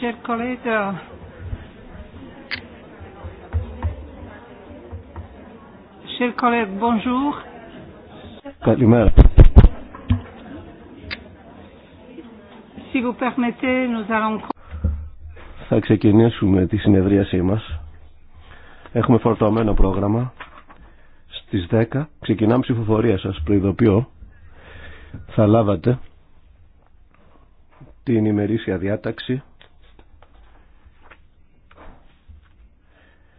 Cher Chers collègues, bonjour. Καλημέρα. Si vous permettez, nous allons... Θα ξεκινήσουμε τη συνεδρίασή μας. Έχουμε φορτωμένο πρόγραμμα. Στις 10 ξεκινάμε ψηφοφορία σας, προειδοποιώ. Θα λάβατε την ημερήσια διάταξη.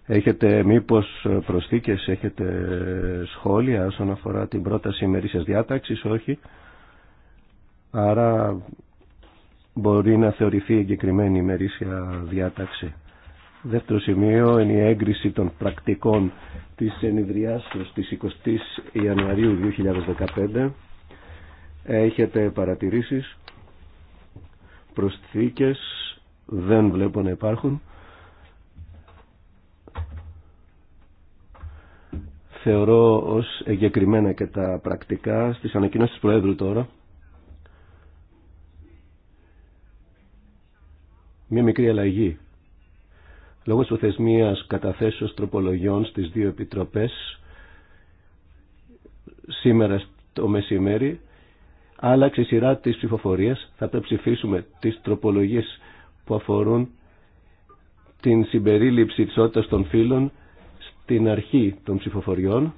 Έχετε μήπως προσθήκες, έχετε σχόλια όσον αφορά την πρόταση ημερήσιας διάταξης, όχι. Άρα μπορεί να θεωρηθεί εγκεκριμένη ημερήσια διάταξη. Δεύτερο σημείο είναι η έγκριση των πρακτικών της ενηδριάσεως της 20 Ιανουαρίου 2015. Έχετε παρατηρήσεις. Προσθήκες δεν βλέπω να υπάρχουν. Θεωρώ ως εγκεκριμένα και τα πρακτικά στις ανακοινώσεις του Προέδρου τώρα. Μία μικρή αλλαγή. Λόγω της οθεσμίας καταθέσεως τροπολογιών στις δύο επιτροπές σήμερα το μεσημέρι άλλαξε η σειρά της ψηφοφορίας. Θα πρέπει ψηφίσουμε τις τροπολογίες που αφορούν την συμπερίληψη ισότητας των φύλων στην αρχή των ψηφοφοριών.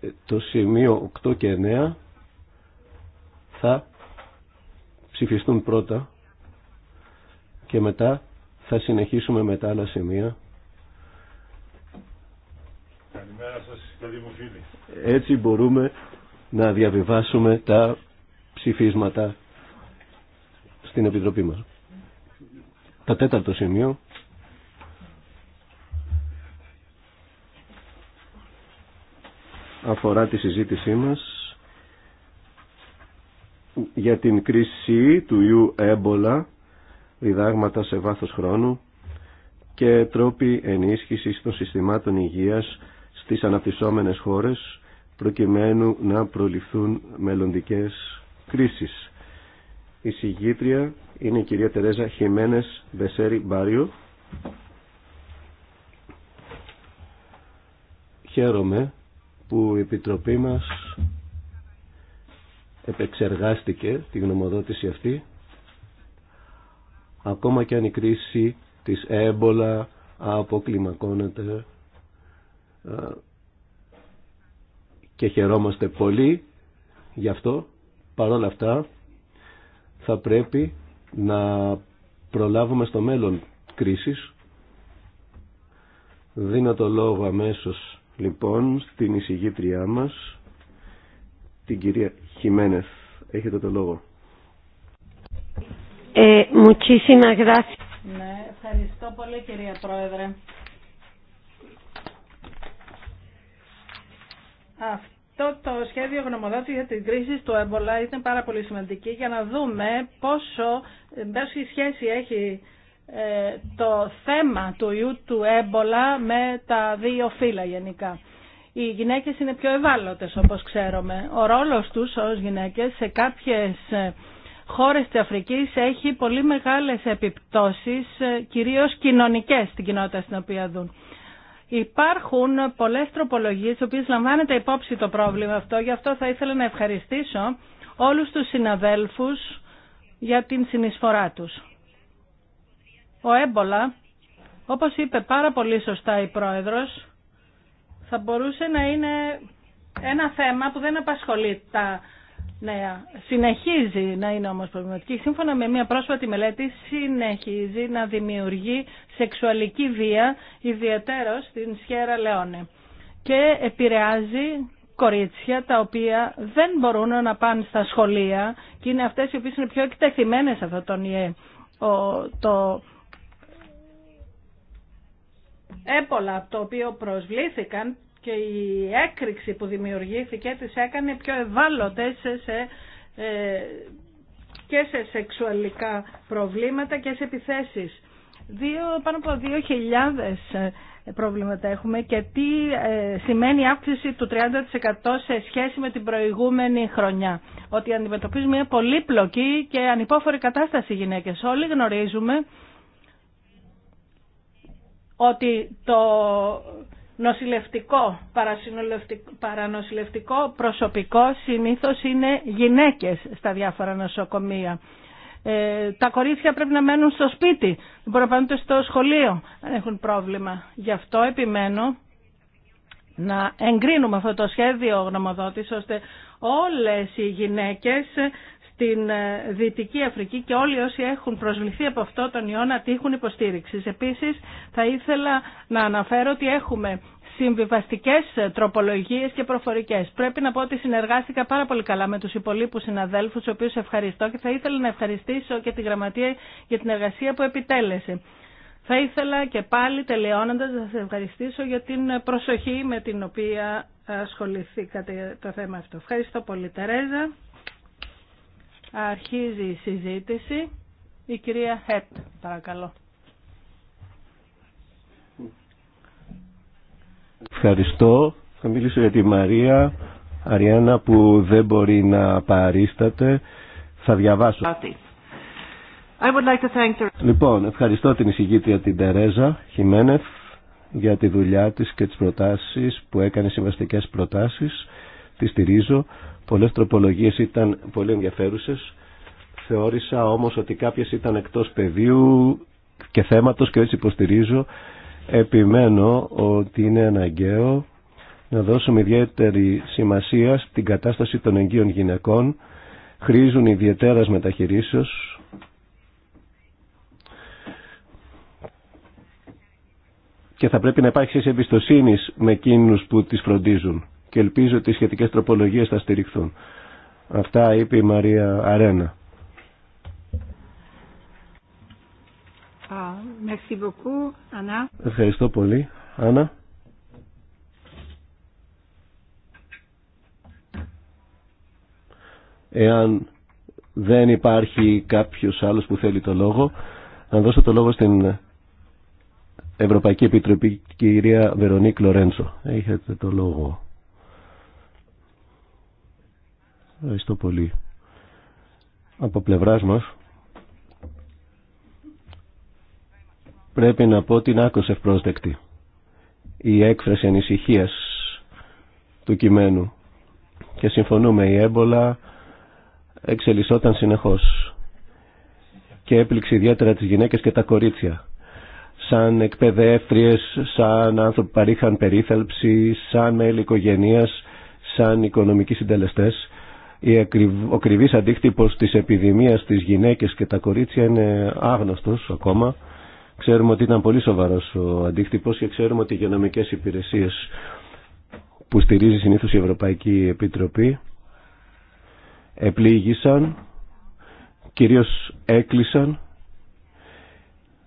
Ε, το σημείο 8 και 9 θα ψηφιστούν πρώτα και μετά θα συνεχίσουμε με τα άλλα σημεία. Καλημέρα σας, Έτσι μπορούμε να διαβιβάσουμε τα ψηφίσματα στην Επιτροπή μας. Το τέταρτο σημείο αφορά τη συζήτησή μας για την κρίση του ιού έμπολα, διδάγματα σε βάθος χρόνου και τρόποι ενίσχυσης των συστημάτων υγείας στις αναπτυσσόμενες χώρες προκειμένου να προληφθούν μελλοντικές κρίσεις. Η συγγήτρια είναι η κυρία Τερέζα Χιμένες Μπεσέρι Μπάριο. Χαίρομαι που η Επιτροπή μας επεξεργάστηκε τη γνωμοδότηση αυτή ακόμα και αν η κρίση της έμπολα αποκλιμακώνεται ε, και χαιρόμαστε πολύ γι' αυτό. Παρόλα αυτά θα πρέπει να προλάβουμε στο μέλλον κρίσης. Δίνω το λόγο αμέσως λοιπόν στην εισηγήτριά μας, την κυρία Χιμένεθ. Έχετε το λόγο. Ε, ναι, ευχαριστώ πολύ κυρία Πρόεδρε. Αυτό το σχέδιο γνωμοδότηση για την κρίση του έμπολα ήταν πάρα πολύ σημαντική για να δούμε πόσο, πόση σχέση έχει ε, το θέμα του ιού του έμπολα με τα δύο φύλλα γενικά. Οι γυναίκες είναι πιο ευάλωτες όπως ξέρουμε. Ο ρόλος τους ως γυναίκες σε κάποιες ε, χώρες της Αφρικής έχει πολύ μεγάλες επιπτώσεις, ε, κυρίως κοινωνικές στην κοινότητα στην οποία δουν. Υπάρχουν πολλές τροπολογίες, οι οποίες λαμβάνεται υπόψη το πρόβλημα αυτό, γι' αυτό θα ήθελα να ευχαριστήσω όλους τους συναδέλφους για την συνεισφορά τους. Ο έμπολα, όπως είπε πάρα πολύ σωστά η Πρόεδρος, θα μπορούσε να είναι ένα θέμα που δεν απασχολεί τα ναι, Συνεχίζει να είναι όμως προβληματική. Σύμφωνα με μια πρόσφατη μελέτη, συνεχίζει να δημιουργεί σεξουαλική βία, ιδιαίτερο στην Σιέρα Λεόνε. Και επηρεάζει κορίτσια τα οποία δεν μπορούν να πάνε στα σχολεία και είναι αυτές οι οποίες είναι πιο εκτεθειμένες αυτό τον ΙΕ. το έπολα από το οποίο προσβλήθηκαν και η έκρηξη που δημιουργήθηκε τις έκανε πιο ευάλωτες σε, ε, και σε σεξουαλικά προβλήματα και σε επιθέσεις. Δύο, πάνω από 2.000 ε, προβλήματα έχουμε και τι ε, σημαίνει αύξηση του 30% σε σχέση με την προηγούμενη χρονιά. Ότι αντιμετωπίζουμε μια πολύπλοκη και ανυπόφορη κατάσταση γυναίκες. Όλοι γνωρίζουμε ότι το νοσηλευτικό, παρανοσηλευτικό προσωπικό συνήθως είναι γυναίκες στα διάφορα νοσοκομεία. Ε, τα κορίτσια πρέπει να μένουν στο σπίτι, δεν μπορούν να πάνε στο σχολείο αν έχουν πρόβλημα. Γι' αυτό επιμένω να εγκρίνουμε αυτό το σχέδιο γνωμοδότης ώστε όλες οι γυναίκες την ε, Δυτική Αφρική και όλοι όσοι έχουν προσβληθεί από αυτό τον ιό να τύχουν υποστήριξη. Επίσης θα ήθελα να αναφέρω ότι έχουμε συμβιβαστικές ε, τροπολογίες και προφορικές. Πρέπει να πω ότι συνεργάστηκα πάρα πολύ καλά με τους υπολείπους συναδέλφους, του οποίους ευχαριστώ και θα ήθελα να ευχαριστήσω και τη Γραμματεία για την εργασία που επιτέλεσε. Θα ήθελα και πάλι τελειώνοντας να σας ευχαριστήσω για την προσοχή με την οποία ασχοληθήκατε το θέμα αυτό. Ευχαριστώ πολύ Τερέζα. Αρχίζει η συζήτηση. Η κυρία Χέτ, παρακαλώ. Ευχαριστώ. Θα μιλήσω για τη Μαρία Αριάννα που δεν μπορεί να παρίσταται. Θα διαβάσω. I would like to Λοιπόν, ευχαριστώ την εισηγήτρια την Τερέζα Χιμένεφ για τη δουλειά της και τις προτάσεις που έκανε συμβαστικές προτάσεις. Τη στηρίζω. Πολλές τροπολογίες ήταν πολύ ενδιαφέρουσες. Θεώρησα όμως ότι κάποιες ήταν εκτός πεδίου και θέματος και έτσι υποστηρίζω. Επιμένω ότι είναι αναγκαίο να δώσουμε ιδιαίτερη σημασία στην κατάσταση των εγγύων γυναικών. Χρήζουν ιδιαίτερας μεταχειρήσεως. Και θα πρέπει να υπάρχει σχέση εμπιστοσύνη με εκείνους που τις φροντίζουν και ελπίζω ότι οι σχετικές τροπολογίες θα στηριχθούν. Αυτά είπε η Μαρία Αρένα. Ευχαριστώ πολύ. Άννα. Εάν δεν υπάρχει κάποιος άλλος που θέλει το λόγο, να δώσω το λόγο στην Ευρωπαϊκή Επιτροπή, κυρία Βερονίκ Λορέντσο. Έχετε το λόγο. Ευχαριστώ πολύ. Από πλευράς μας πρέπει να πω την άκουσε ευπρόσδεκτη. Η έκφραση ανησυχίας του κειμένου και συμφωνούμε η έμπολα εξελισσόταν συνεχώς και έπληξε ιδιαίτερα τις γυναίκες και τα κορίτσια σαν εκπαιδεύτριες, σαν άνθρωποι που παρήχαν περίθαλψη, σαν μέλη σαν οικονομικοί συντελεστές ο ακριβής αντίκτυπος της επιδημίας στις γυναίκες και τα κορίτσια είναι άγνωστος ακόμα. Ξέρουμε ότι ήταν πολύ σοβαρός ο αντίκτυπος και ξέρουμε ότι οι υγειονομικές υπηρεσίες που στηρίζει συνήθως η Ευρωπαϊκή Επιτροπή επλήγησαν, κυρίως έκλεισαν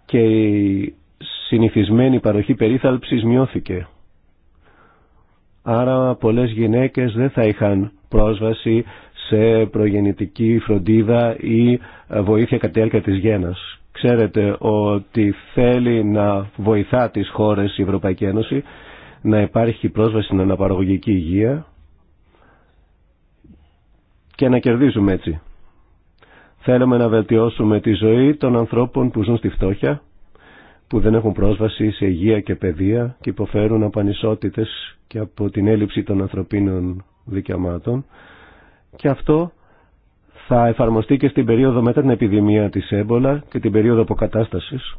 και η συνηθισμένη παροχή περίθαλψης μειώθηκε. Άρα πολλές γυναίκες δεν θα είχαν πρόσβαση σε προγεννητική φροντίδα ή βοήθεια κατά τη της γένας. Ξέρετε ότι θέλει να βοηθά τις χώρες η Ευρωπαϊκή Ένωση να υπάρχει πρόσβαση στην αναπαραγωγική υγεία και να κερδίζουμε έτσι. Θέλουμε να βελτιώσουμε τη ζωή των ανθρώπων που ζουν στη φτώχεια, που δεν έχουν πρόσβαση σε υγεία και παιδεία και υποφέρουν από ανισότητες και από την έλλειψη των ανθρωπίνων δικαιωμάτων και αυτό θα εφαρμοστεί και στην περίοδο μετά την επιδημία της έμπολα και την περίοδο αποκατάστασης.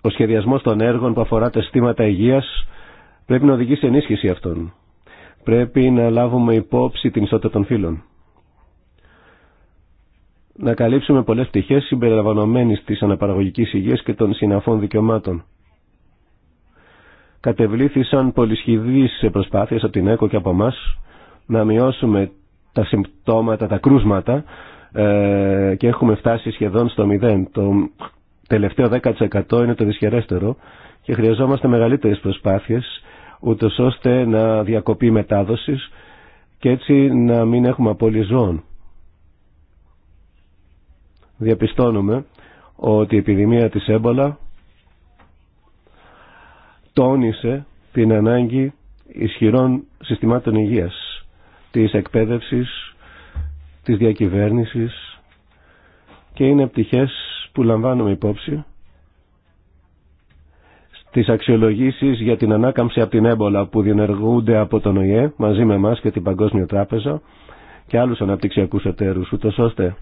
Ο σχεδιασμός των έργων που αφορά τα στήματα υγείας πρέπει να οδηγήσει ενίσχυση αυτών. Πρέπει να λάβουμε υπόψη την ισότητα των φύλων. Να καλύψουμε πολλές πτυχές συμπεριλαμβανομένης της αναπαραγωγικής υγείας και των συναφών δικαιωμάτων κατεβλήθησαν πολυσχηδείς προσπάθειες από την ΕΚΟ και από εμά να μειώσουμε τα συμπτώματα, τα κρούσματα ε, και έχουμε φτάσει σχεδόν στο μηδέν. Το τελευταίο 10% είναι το δυσχερέστερο και χρειαζόμαστε μεγαλύτερες προσπάθειες ούτω ώστε να διακοπεί η μετάδοση και έτσι να μην έχουμε απώλειες ζώων. Διαπιστώνουμε ότι η επιδημία της έμπολα τόνισε την ανάγκη ισχυρών συστημάτων υγείας, της εκπαίδευσης, της διακυβέρνησης και είναι πτυχές που λαμβάνουμε υπόψη στις αξιολογήσεις για την ανάκαμψη από την έμπολα που διενεργούνται από τον ΟΗΕ μαζί με μας και την Παγκόσμια Τράπεζα και άλλους αναπτυξιακούς εταίρους, ούτως ώστε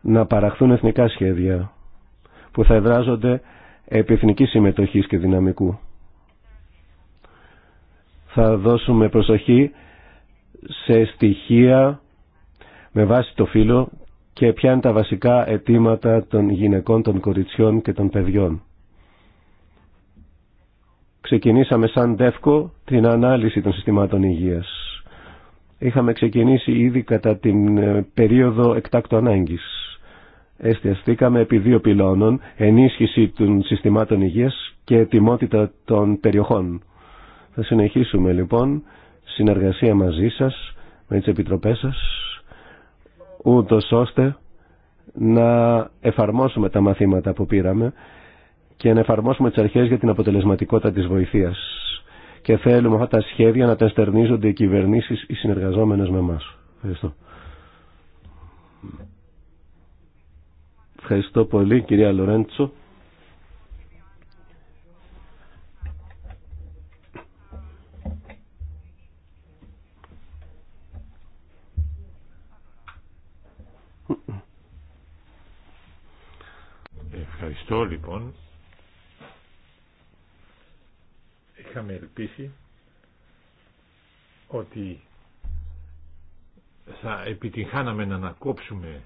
να παραχθούν εθνικά σχέδια που θα εδράζονται επιεθνικής συμμετοχής και δυναμικού. Θα δώσουμε προσοχή σε στοιχεία με βάση το φύλλο και ποια είναι τα βασικά αιτήματα των γυναικών, των κοριτσιών και των παιδιών. Ξεκινήσαμε σαν ΤΕΦΚΟ την ανάλυση των συστημάτων υγείας. Είχαμε ξεκινήσει ήδη κατά την ε, περίοδο εκτάκτου ανάγκης εστιαστήκαμε επί δύο πυλώνων, ενίσχυση των συστημάτων υγείας και ετοιμότητα των περιοχών. Θα συνεχίσουμε λοιπόν συνεργασία μαζί σας, με τις επιτροπές σας, ούτως ώστε να εφαρμόσουμε τα μαθήματα που πήραμε και να εφαρμόσουμε τις αρχές για την αποτελεσματικότητα της βοηθείας. Και θέλουμε αυτά τα σχέδια να τα στερνίζονται οι κυβερνήσεις οι συνεργαζόμενες με εμάς. Ευχαριστώ. Ευχαριστώ πολύ κυρία Λορέντσο. Ευχαριστώ λοιπόν. Είχαμε ελπίσει ότι θα επιτυχάναμε να ανακόψουμε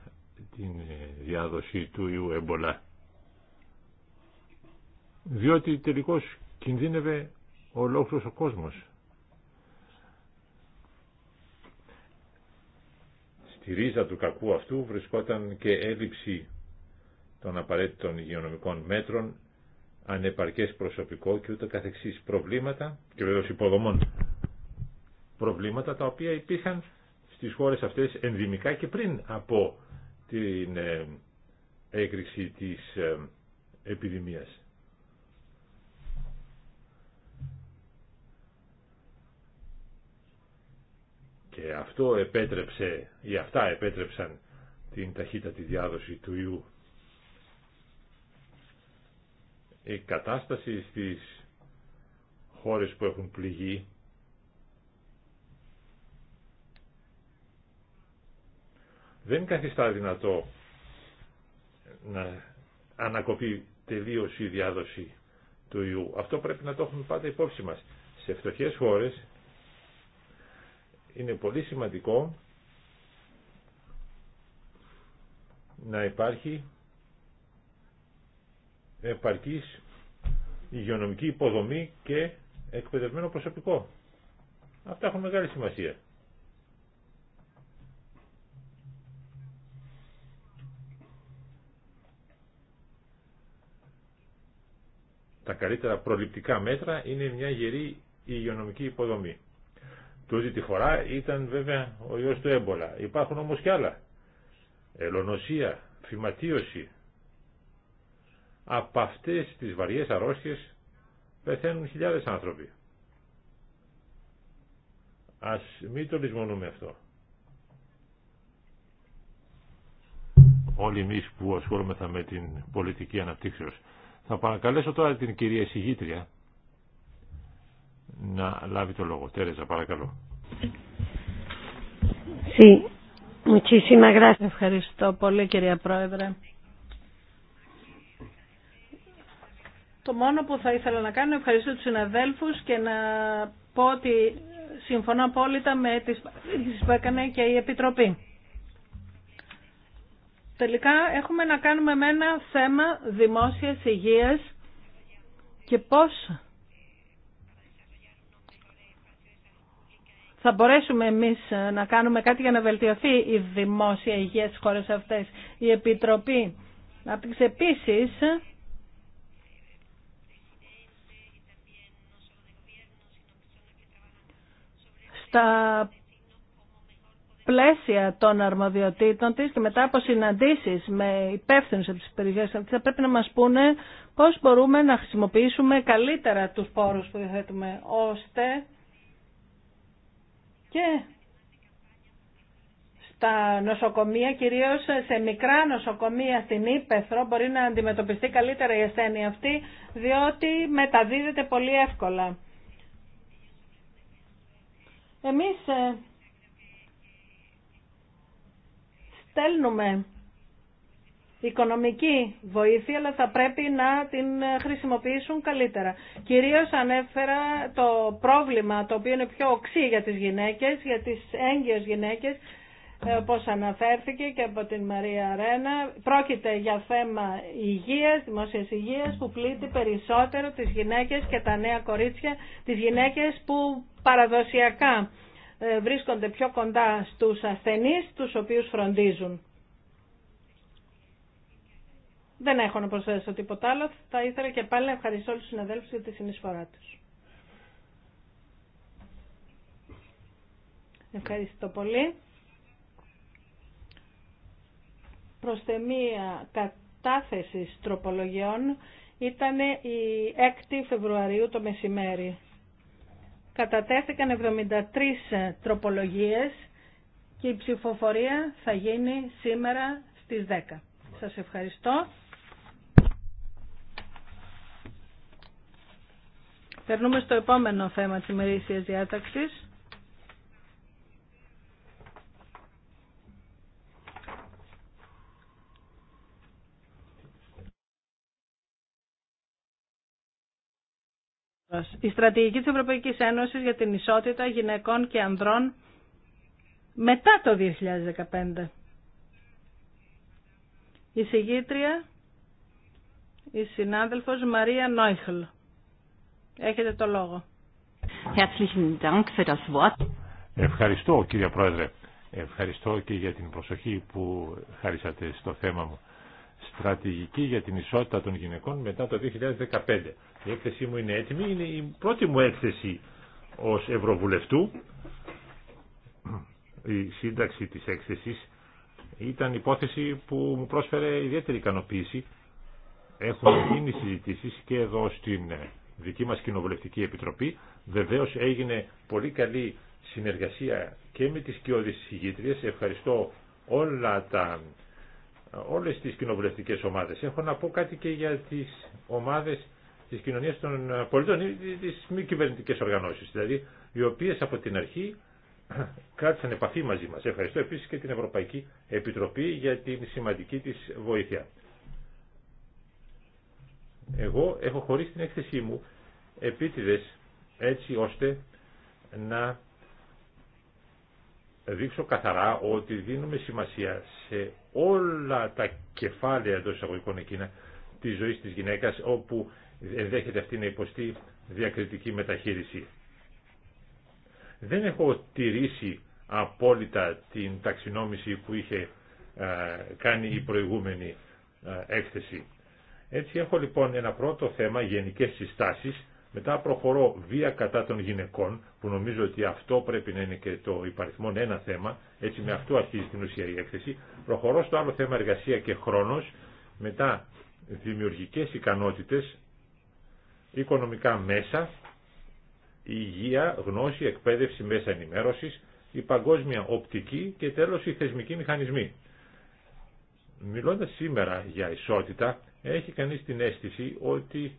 την ε, διάδοση του ιού έμπολα. Διότι τελικώς κινδύνευε ολόκληρος ο κόσμος. Στη ρίζα του κακού αυτού βρισκόταν και έλλειψη των απαραίτητων υγειονομικών μέτρων, ανεπαρκές προσωπικό και ούτε καθεξής προβλήματα και βεβαίως υποδομών προβλήματα τα οποία υπήρχαν στις χώρες αυτές ενδυμικά και πριν από την ε, έκρηξη της ε, επιδημίας. Και αυτό επέτρεψε, ή αυτά επέτρεψαν την ταχύτατη διάδοση του ιού. Η κατάσταση στις χώρες που έχουν πληγεί δεν καθιστά δυνατό να ανακοπεί τελείω η διάδοση του ιού. Αυτό πρέπει να το έχουμε πάντα υπόψη μας. Σε φτωχές χώρες είναι πολύ σημαντικό να υπάρχει επαρκής υγειονομική υποδομή και εκπαιδευμένο προσωπικό. Αυτά έχουν μεγάλη σημασία. τα καλύτερα προληπτικά μέτρα είναι μια γερή υγειονομική υποδομή. Τούτη τη φορά ήταν βέβαια ο ιός του έμπολα. Υπάρχουν όμως κι άλλα. Ελονοσία, φυματίωση. Από αυτές τις βαριές αρρώστιες πεθαίνουν χιλιάδες άνθρωποι. Ας μην το λησμονούμε αυτό. Όλοι εμείς που ασχολούμεθα με την πολιτική αναπτύξεως θα παρακαλέσω τώρα την κυρία εισηγήτρια να λάβει το λόγο. Τέρεζα, παρακαλώ. Ευχαριστώ πολύ κυρία Πρόεδρε. Το μόνο που θα ήθελα να κάνω ευχαριστώ τους συναδέλφους και να πω ότι συμφωνώ απόλυτα με τις παρατηρήσεις που έκανε και η Επιτροπή. Τελικά έχουμε να κάνουμε με ένα θέμα δημόσιας υγείας και πώς θα μπορέσουμε εμείς να κάνουμε κάτι για να βελτιωθεί η δημόσια υγεία στις χώρες αυτές. Η Επιτροπή Ανάπτυξη επίσης στα πλαίσια των αρμοδιοτήτων της και μετά από συναντήσεις με υπεύθυνους από τις περιοχές αυτές θα πρέπει να μας πούνε πώς μπορούμε να χρησιμοποιήσουμε καλύτερα τους πόρους που διαθέτουμε ώστε και στα νοσοκομεία, κυρίως σε μικρά νοσοκομεία στην Ήπεθρο μπορεί να αντιμετωπιστεί καλύτερα η ασθένεια αυτή διότι μεταδίδεται πολύ εύκολα. Εμείς ε, στέλνουμε οικονομική βοήθεια, αλλά θα πρέπει να την χρησιμοποιήσουν καλύτερα. Κυρίως ανέφερα το πρόβλημα το οποίο είναι πιο οξύ για τις γυναίκες, για τις έγκυες γυναίκες, ε, όπως αναφέρθηκε και από την Μαρία Ρένα. Πρόκειται για θέμα υγείας, δημόσιας υγείας, που πλήττει περισσότερο τις γυναίκες και τα νέα κορίτσια, τις γυναίκες που παραδοσιακά ε, βρίσκονται πιο κοντά στους ασθενείς, τους οποίους φροντίζουν. Δεν έχω να προσθέσω τίποτα άλλο. Θα ήθελα και πάλι να ευχαριστώ όλους τους συναδέλφους για τη συνεισφορά τους. Ευχαριστώ πολύ. Προστεμία κατάθεσης τροπολογιών ήταν η 6η Φεβρουαρίου το μεσημέρι κατατέθηκαν 73 ε, τροπολογίες και η ψηφοφορία θα γίνει σήμερα στις 10. Σας ευχαριστώ. Περνούμε στο επόμενο θέμα της ημερήσιας διάταξης. Η στρατηγική της Ευρωπαϊκής Ένωσης για την ισότητα γυναικών και ανδρών μετά το 2015. Η συγγήτρια, η συνάδελφος Μαρία Νόιχλ. Έχετε το λόγο. Ευχαριστώ κύριε Πρόεδρε. Ευχαριστώ και για την προσοχή που χάρισατε στο θέμα μου στρατηγική για την ισότητα των γυναικών μετά το 2015. Η έκθεσή μου είναι έτοιμη, είναι η πρώτη μου έκθεση ως Ευρωβουλευτού. Η σύνταξη της έκθεσης ήταν υπόθεση που μου πρόσφερε ιδιαίτερη ικανοποίηση. Έχουν γίνει συζητήσεις και εδώ στην δική μας Κοινοβουλευτική Επιτροπή. Βεβαίως έγινε πολύ καλή συνεργασία και με τις κοιόδης συγγήτριες. Ευχαριστώ όλα τα όλες τις κοινοβουλευτικές ομάδες. Έχω να πω κάτι και για τις ομάδες της κοινωνίας των ε, πολιτών ή τις μη κυβερνητικέ οργανώσεις, δηλαδή οι οποίες από την αρχή κράτησαν επαφή μαζί μας. Ευχαριστώ επίσης και την Ευρωπαϊκή Επιτροπή για την σημαντική της βοήθεια. Εγώ έχω χωρίσει την έκθεσή μου επίτηδες έτσι ώστε να δείξω καθαρά ότι δίνουμε σημασία σε όλα τα κεφάλαια εντό εισαγωγικών εκείνα τη ζωή τη γυναίκα όπου ενδέχεται αυτή να υποστεί διακριτική μεταχείριση. Δεν έχω τηρήσει απόλυτα την ταξινόμηση που είχε ε, κάνει η προηγούμενη ε, έκθεση. Έτσι έχω λοιπόν ένα πρώτο θέμα γενικές συστάσεις μετά προχωρώ βία κατά των γυναικών, που νομίζω ότι αυτό πρέπει να είναι και το υπαριθμόν ένα θέμα, έτσι με αυτό αρχίζει την ουσία η έκθεση. Προχωρώ στο άλλο θέμα εργασία και χρόνος, μετά δημιουργικές ικανότητες, οικονομικά μέσα, υγεία, γνώση, εκπαίδευση, μέσα ενημέρωσης, η παγκόσμια οπτική και τέλος οι θεσμικοί μηχανισμοί. Μιλώντας σήμερα για ισότητα, έχει κανείς την αίσθηση ότι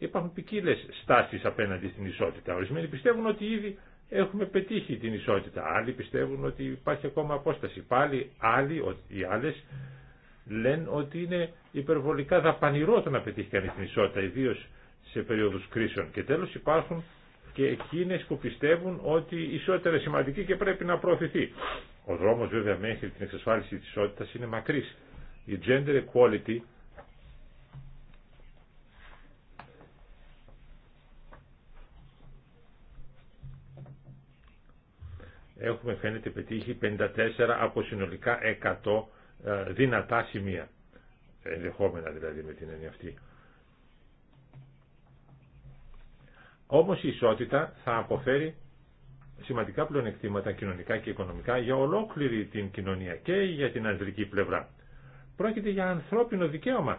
Υπάρχουν ποικίλε στάσει απέναντι στην ισότητα. Ορισμένοι πιστεύουν ότι ήδη έχουμε πετύχει την ισότητα. Άλλοι πιστεύουν ότι υπάρχει ακόμα απόσταση. Πάλι άλλοι, οι άλλε, λένε ότι είναι υπερβολικά δαπανηρό το να πετύχει κανεί την ισότητα, ιδίω σε περίοδους κρίσεων. Και τέλο υπάρχουν και εκείνε που πιστεύουν ότι η ισότητα είναι σημαντική και πρέπει να προωθηθεί. Ο δρόμο βέβαια μέχρι την εξασφάλιση της ισότητας είναι μακρύ. Η gender equality έχουμε φαίνεται πετύχει 54 από συνολικά 100 ε, δυνατά σημεία. Ενδεχόμενα δηλαδή με την έννοια αυτή. Όμως η ισότητα θα αποφέρει σημαντικά πλεονεκτήματα κοινωνικά και οικονομικά για ολόκληρη την κοινωνία και για την ανδρική πλευρά. Πρόκειται για ανθρώπινο δικαίωμα.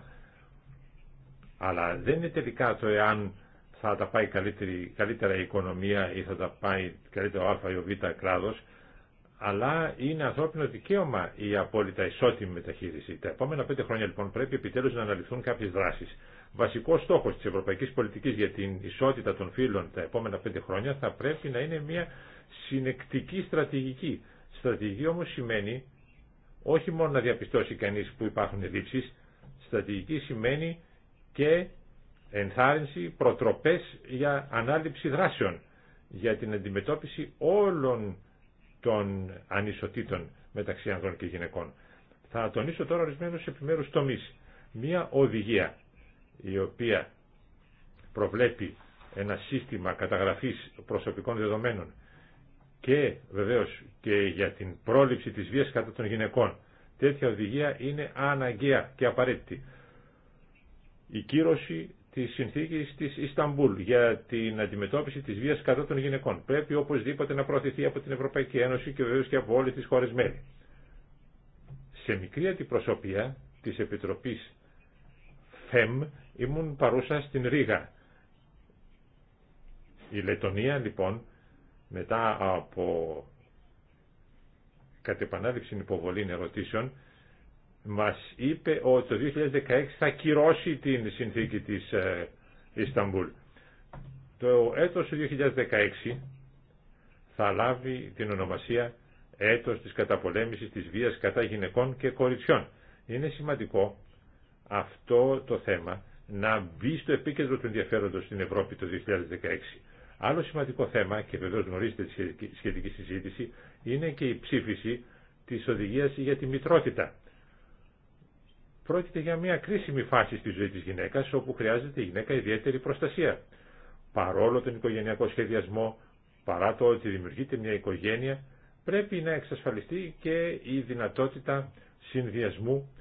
Αλλά δεν είναι τελικά το εάν θα τα πάει καλύτερη, καλύτερα η οικονομία ή θα τα πάει καλύτερα ο Α ή Β κράτος, αλλά είναι ανθρώπινο δικαίωμα η απόλυτα ισότιμη μεταχείριση. Τα επόμενα πέντε χρόνια λοιπόν πρέπει επιτέλους να αναλυθούν κάποιες δράσεις. Βασικό στόχος της ευρωπαϊκής πολιτικής για την ισότητα των φύλων τα επόμενα πέντε χρόνια θα πρέπει να είναι μια συνεκτική στρατηγική. Στρατηγική όμως σημαίνει όχι μόνο να διαπιστώσει κανείς που υπάρχουν ελλείψει, στρατηγική σημαίνει και ενθάρρυνση, προτροπές για ανάληψη δράσεων, για την αντιμετώπιση όλων των ανισοτήτων μεταξύ ανδρών και γυναικών. Θα τονίσω τώρα ορισμένου επιμέρους τομείς. Μία οδηγία η οποία προβλέπει ένα σύστημα καταγραφής προσωπικών δεδομένων και βεβαίως και για την πρόληψη της βίας κατά των γυναικών. Τέτοια οδηγία είναι αναγκαία και απαραίτητη. Η κύρωση τη συνθήκη τη Ισταμπούλ για την αντιμετώπιση τη βία κατά των γυναικών. Πρέπει οπωσδήποτε να προωθηθεί από την Ευρωπαϊκή Ένωση και βεβαίω και από όλε τι χώρε μέλη. Σε μικρή αντιπροσωπεία της Επιτροπής ΦΕΜ ήμουν παρούσα στην Ρήγα. Η Λετωνία λοιπόν μετά από κατ' επανάληψη υποβολή ερωτήσεων μας είπε ότι το 2016 θα κυρώσει την συνθήκη της ε, Ισταμπούλ. Το έτος του 2016 θα λάβει την ονομασία έτος της καταπολέμησης της βίας κατά γυναικών και κοριτσιών. Είναι σημαντικό αυτό το θέμα να μπει στο επίκεντρο του ενδιαφέροντος στην Ευρώπη το 2016. Άλλο σημαντικό θέμα, και βεβαίως γνωρίζετε τη σχετική συζήτηση, είναι και η ψήφιση της οδηγίας για τη μητρότητα πρόκειται για μια κρίσιμη φάση στη ζωή της γυναίκας όπου χρειάζεται η γυναίκα ιδιαίτερη προστασία. Παρόλο τον οικογενειακό σχεδιασμό, παρά το ότι δημιουργείται μια οικογένεια, πρέπει να εξασφαλιστεί και η δυνατότητα συνδυασμού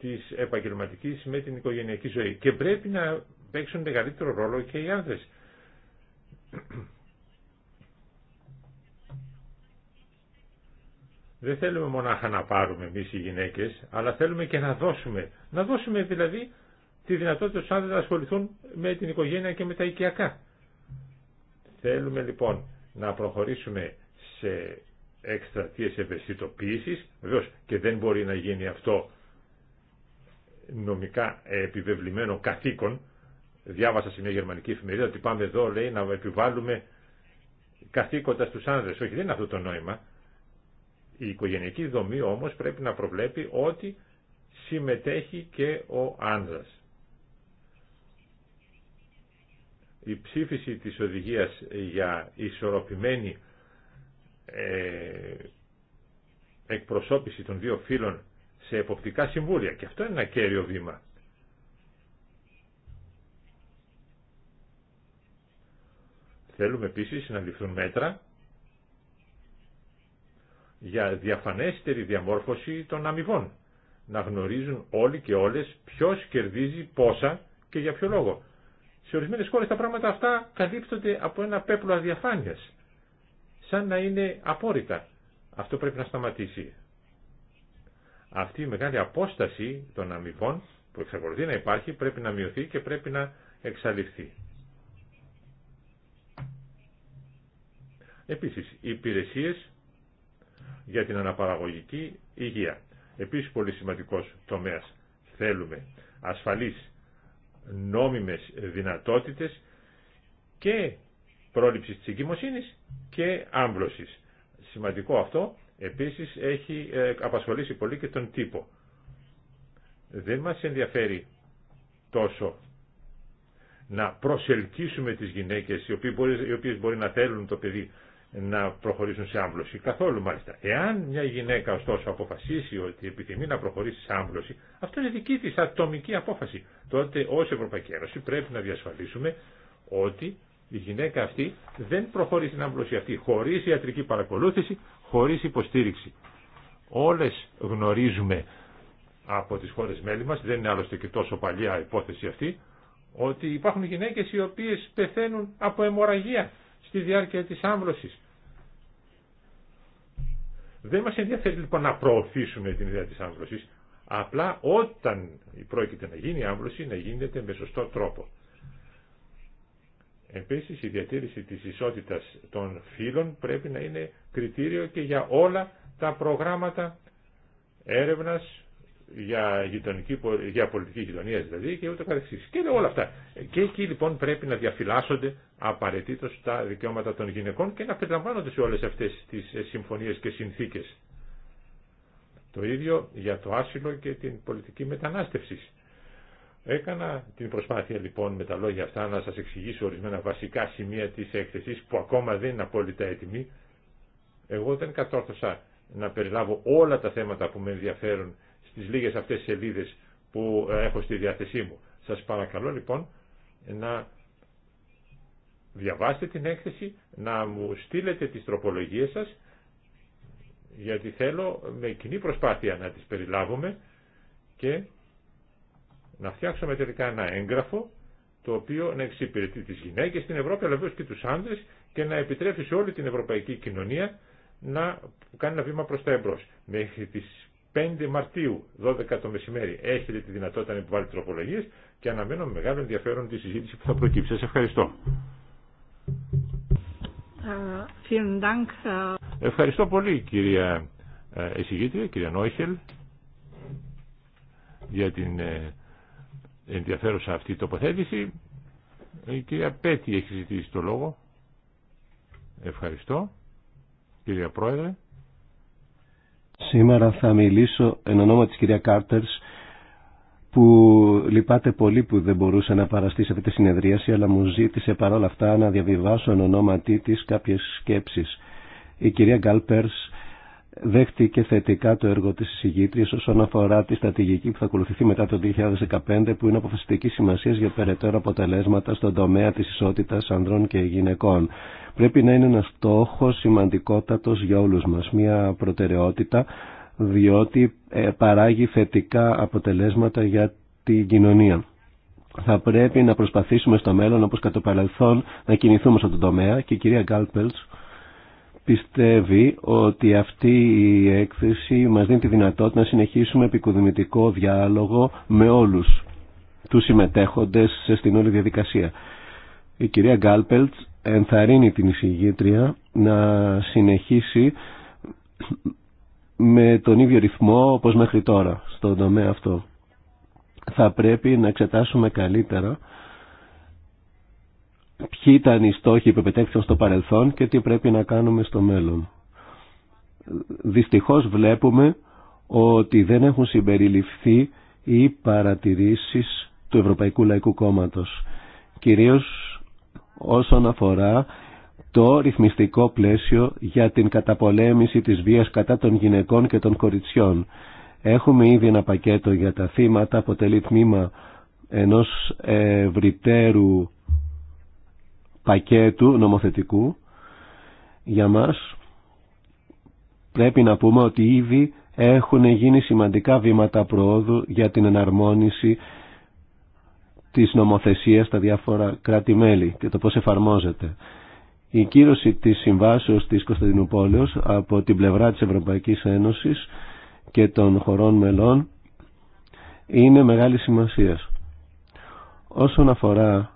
της επαγγελματικής με την οικογενειακή ζωή. Και πρέπει να παίξουν μεγαλύτερο ρόλο και οι άνδρες. Δεν θέλουμε μονάχα να πάρουμε εμεί οι γυναίκες, αλλά θέλουμε και να δώσουμε. Να δώσουμε δηλαδή τη δυνατότητα στους άνδρες να ασχοληθούν με την οικογένεια και με τα οικιακά. Θέλουμε λοιπόν να προχωρήσουμε σε εκστρατείες ευαισθητοποίησης, βεβαίως και δεν μπορεί να γίνει αυτό νομικά επιβεβλημένο καθήκον. Διάβασα σε μια γερμανική εφημερίδα ότι πάμε εδώ λέει να επιβάλλουμε καθήκοντα στους άνδρες. Όχι, δεν είναι αυτό το νόημα. Η οικογενειακή δομή όμως πρέπει να προβλέπει ότι συμμετέχει και ο άνδρας. Η ψήφιση της οδηγίας για ισορροπημένη ε, εκπροσώπηση των δύο φίλων σε εποπτικά συμβούλια. Και αυτό είναι ένα κέριο βήμα. Θέλουμε επίσης να ληφθούν μέτρα για διαφανέστερη διαμόρφωση των αμοιβών. Να γνωρίζουν όλοι και όλες ποιος κερδίζει πόσα και για ποιο λόγο. Σε ορισμένε χώρε τα πράγματα αυτά καλύπτονται από ένα πέπλο αδιαφάνεια. Σαν να είναι απόρριτα. Αυτό πρέπει να σταματήσει. Αυτή η μεγάλη απόσταση των αμοιβών που εξακολουθεί να υπάρχει πρέπει να μειωθεί και πρέπει να εξαλειφθεί. Επίσης, οι υπηρεσίες για την αναπαραγωγική υγεία. Επίσης πολύ σημαντικός τομέας θέλουμε ασφαλείς νόμιμες δυνατότητες και πρόληψης της εγκυμοσύνης και άμβλωσης. Σημαντικό αυτό επίσης έχει ε, απασχολήσει πολύ και τον τύπο. Δεν μας ενδιαφέρει τόσο να προσελκύσουμε τις γυναίκες οι οποίες μπορεί να θέλουν το παιδί να προχωρήσουν σε άμβλωση. Καθόλου μάλιστα. Εάν μια γυναίκα ωστόσο αποφασίσει ότι επιθυμεί να προχωρήσει σε άμβλωση, αυτό είναι δική της ατομική απόφαση. Τότε ως Ευρωπαϊκή Ένωση πρέπει να διασφαλίσουμε ότι η γυναίκα αυτή δεν προχωρεί στην άμβλωση αυτή χωρίς ιατρική παρακολούθηση, χωρίς υποστήριξη. Όλες γνωρίζουμε από τις χώρες μέλη μας, δεν είναι άλλωστε και τόσο παλιά υπόθεση αυτή, ότι υπάρχουν γυναίκες οι οποίες πεθαίνουν από αιμορραγία στη διάρκεια της άμβλωσης. Δεν μας ενδιαφέρει λοιπόν να προωθήσουμε την ιδέα της άμβλωσης, απλά όταν πρόκειται να γίνει η άμβλωση να γίνεται με σωστό τρόπο. Επίσης η διατήρηση της ισότητας των φύλων πρέπει να είναι κριτήριο και για όλα τα προγράμματα έρευνας, για, γειτονική, για πολιτική γειτονία δηλαδή και ούτω καθεξής. Και όλα αυτά. Και εκεί λοιπόν πρέπει να διαφυλάσσονται απαραίτητο τα δικαιώματα των γυναικών και να περιλαμβάνονται σε όλες αυτές τις ε, συμφωνίες και συνθήκες. Το ίδιο για το άσυλο και την πολιτική μετανάστευση. Έκανα την προσπάθεια λοιπόν με τα λόγια αυτά να σας εξηγήσω ορισμένα βασικά σημεία της έκθεσης που ακόμα δεν είναι απόλυτα έτοιμη. Εγώ δεν κατόρθωσα να περιλάβω όλα τα θέματα που με ενδιαφέρουν τις λίγες αυτές σελίδες που ε, έχω στη διάθεσή μου. Σας παρακαλώ λοιπόν να διαβάσετε την έκθεση, να μου στείλετε τις τροπολογίες σας, γιατί θέλω με κοινή προσπάθεια να τις περιλάβουμε και να φτιάξουμε τελικά ένα έγγραφο το οποίο να εξυπηρετεί τις γυναίκες στην Ευρώπη αλλά βέβαια και τους άντρες και να επιτρέψει σε όλη την ευρωπαϊκή κοινωνία να κάνει ένα βήμα προς τα εμπρός. Μέχρι τις 5 Μαρτίου, 12 το μεσημέρι, έχετε τη δυνατότητα να υποβάλλετε τροπολογίες και αναμένω με μεγάλο ενδιαφέρον τη συζήτηση που θα προκύψει. σα. ευχαριστώ. Ευχαριστώ πολύ κυρία ε, εισηγήτρια, κυρία Νόιχελ, για την ε, ενδιαφέρουσα αυτή τοποθέτηση. Ε, η κυρία Πέτη έχει ζητήσει το λόγο. Ευχαριστώ, κυρία Πρόεδρε. Σήμερα θα μιλήσω εν ονόμα της κυρία Κάρτερς που λυπάται πολύ που δεν μπορούσε να παραστεί σε αυτή τη συνεδρίαση αλλά μου ζήτησε παρόλα αυτά να διαβιβάσω εν ονόματί της κάποιες σκέψεις. Η κυρία Γκάλπερς δέχτηκε θετικά το έργο της εισηγήτριας όσον αφορά τη στρατηγική που θα ακολουθηθεί μετά το 2015 που είναι αποφασιστική σημασία για περαιτέρω αποτελέσματα στον τομέα της ισότητας ανδρών και γυναικών. Πρέπει να είναι ένα στόχο σημαντικότατος για όλους μας, μια προτεραιότητα διότι ε, παράγει θετικά αποτελέσματα για την κοινωνία. Θα πρέπει να προσπαθήσουμε στο μέλλον όπως κατά παρελθόν να κινηθούμε στον τομέα και η κυρία Γκάλπελτς πιστεύει ότι αυτή η έκθεση μας δίνει τη δυνατότητα να συνεχίσουμε επικοδημητικό διάλογο με όλους τους συμμετέχοντες στην όλη διαδικασία. Η κυρία Γκάλπελτς ενθαρρύνει την εισηγήτρια να συνεχίσει με τον ίδιο ρυθμό όπως μέχρι τώρα στον τομέα αυτό. Θα πρέπει να εξετάσουμε καλύτερα ποιοι ήταν οι στόχοι που επιτέχθηκαν στο παρελθόν και τι πρέπει να κάνουμε στο μέλλον. Δυστυχώς βλέπουμε ότι δεν έχουν συμπεριληφθεί οι παρατηρήσεις του Ευρωπαϊκού Λαϊκού Κόμματος, κυρίως όσον αφορά το ρυθμιστικό πλαίσιο για την καταπολέμηση της βίας κατά των γυναικών και των κοριτσιών. Έχουμε ήδη ένα πακέτο για τα θύματα, αποτελεί τμήμα ενός ευρυτέρου πακέτου νομοθετικού για μας πρέπει να πούμε ότι ήδη έχουν γίνει σημαντικά βήματα προόδου για την εναρμόνιση της νομοθεσίας στα διάφορα κράτη-μέλη και το πώς εφαρμόζεται. Η κύρωση της συμβάσεως της Κωνσταντινούπολης από την πλευρά της Ευρωπαϊκής Ένωσης και των χωρών μελών είναι μεγάλη σημασία. Όσον αφορά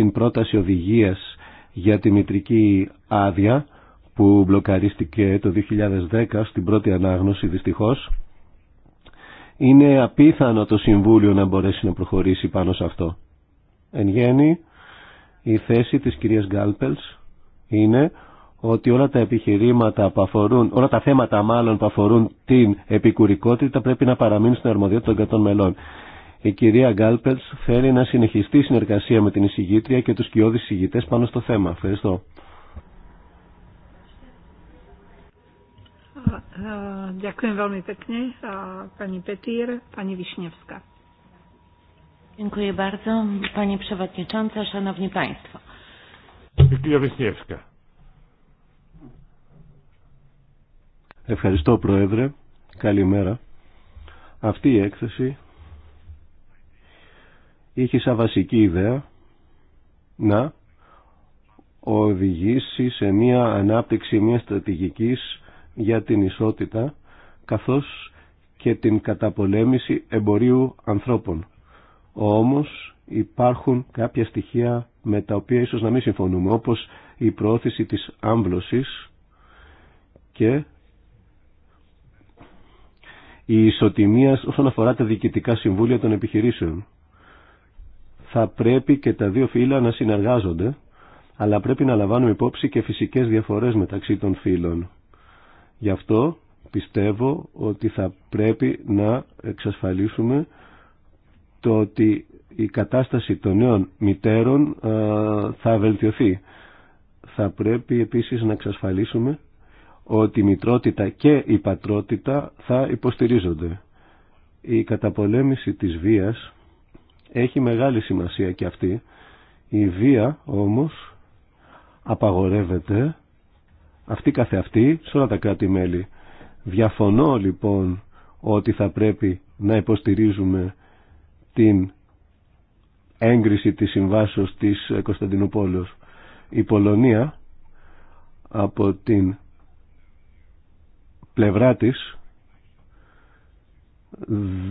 την πρόταση οδηγίας για τη μητρική άδεια που μπλοκαρίστηκε το 2010 στην πρώτη ανάγνωση δυστυχώς. Είναι απίθανο το Συμβούλιο να μπορέσει να προχωρήσει πάνω σε αυτό. Εν γέννη, η θέση της κυρίας Γκάλπελς είναι ότι όλα τα επιχειρήματα που αφορούν, όλα τα θέματα μάλλον που αφορούν την επικουρικότητα πρέπει να παραμείνουν στην αρμοδιότητα των 100 μελών. Η κυρία Γκάλπελ θέλει να συνεχιστεί η συνεργασία με την εισηγήτρια και του κοιόδης εισηγητέ πάνω στο θέμα. Ευχαριστώ. Ε, Ευχαριστώ Πρόεδρε. Καλημέρα. Αυτή η έκθεση είχε σαν βασική ιδέα να οδηγήσει σε μια ανάπτυξη μια στρατηγικής για την ισότητα καθώς και την καταπολέμηση εμπορίου ανθρώπων. Όμως υπάρχουν κάποια στοιχεία με τα οποία ίσως να μην συμφωνούμε όπως η πρόθεση της άμβλωσης και η ισοτιμία όσον αφορά τα διοικητικά συμβούλια των επιχειρήσεων θα πρέπει και τα δύο φύλλα να συνεργάζονται, αλλά πρέπει να λαμβάνουμε υπόψη και φυσικές διαφορές μεταξύ των φύλων. Γι' αυτό πιστεύω ότι θα πρέπει να εξασφαλίσουμε το ότι η κατάσταση των νέων μητέρων ε, θα βελτιωθεί. Θα πρέπει επίσης να εξασφαλίσουμε ότι η μητρότητα και η πατρότητα θα υποστηρίζονται. Η καταπολέμηση της βίας έχει μεγάλη σημασία και αυτή. Η βία όμως απαγορεύεται αυτή καθεαυτή σε όλα τα κράτη-μέλη. Διαφωνώ λοιπόν ότι θα πρέπει να υποστηρίζουμε την έγκριση της συμβάσεως της Κωνσταντινούπολης. Η Πολωνία από την πλευρά της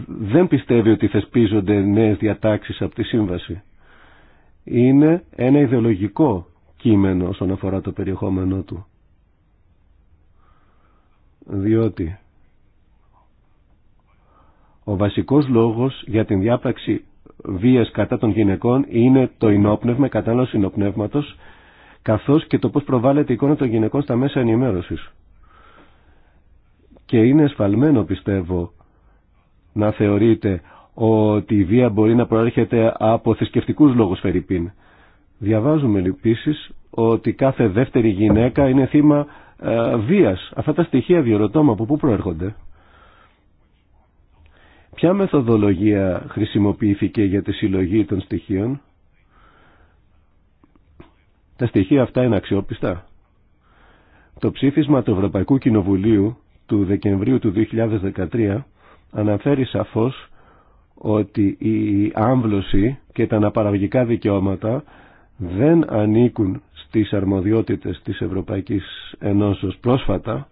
δεν πιστεύει ότι θεσπίζονται νέες διατάξεις από τη σύμβαση. Είναι ένα ιδεολογικό κείμενο όσον αφορά το περιεχόμενό του. Διότι ο βασικός λόγος για την διάπραξη βίας κατά των γυναικών είναι το ενόπνευμα, κατάλληλος ενόπνευματος, καθώς και το πώς προβάλλεται η εικόνα των γυναικών στα μέσα ενημέρωσης. Και είναι εσφαλμένο πιστεύω να θεωρείτε ότι η βία μπορεί να προέρχεται από θρησκευτικού λόγους Φερρυπίν. Διαβάζουμε επίση ότι κάθε δεύτερη γυναίκα είναι θύμα ε, βίας. Αυτά τα στοιχεία διορωτώμα από πού προέρχονται. Ποια μεθοδολογία χρησιμοποιήθηκε για τη συλλογή των στοιχείων. Τα στοιχεία αυτά είναι αξιόπιστα. Το ψήφισμα του Ευρωπαϊκού Κοινοβουλίου του Δεκεμβρίου του 2013 αναφέρει σαφώς ότι η άμβλωση και τα αναπαραγωγικά δικαιώματα δεν ανήκουν στις αρμοδιότητες της Ευρωπαϊκής Ενώσεως πρόσφατα.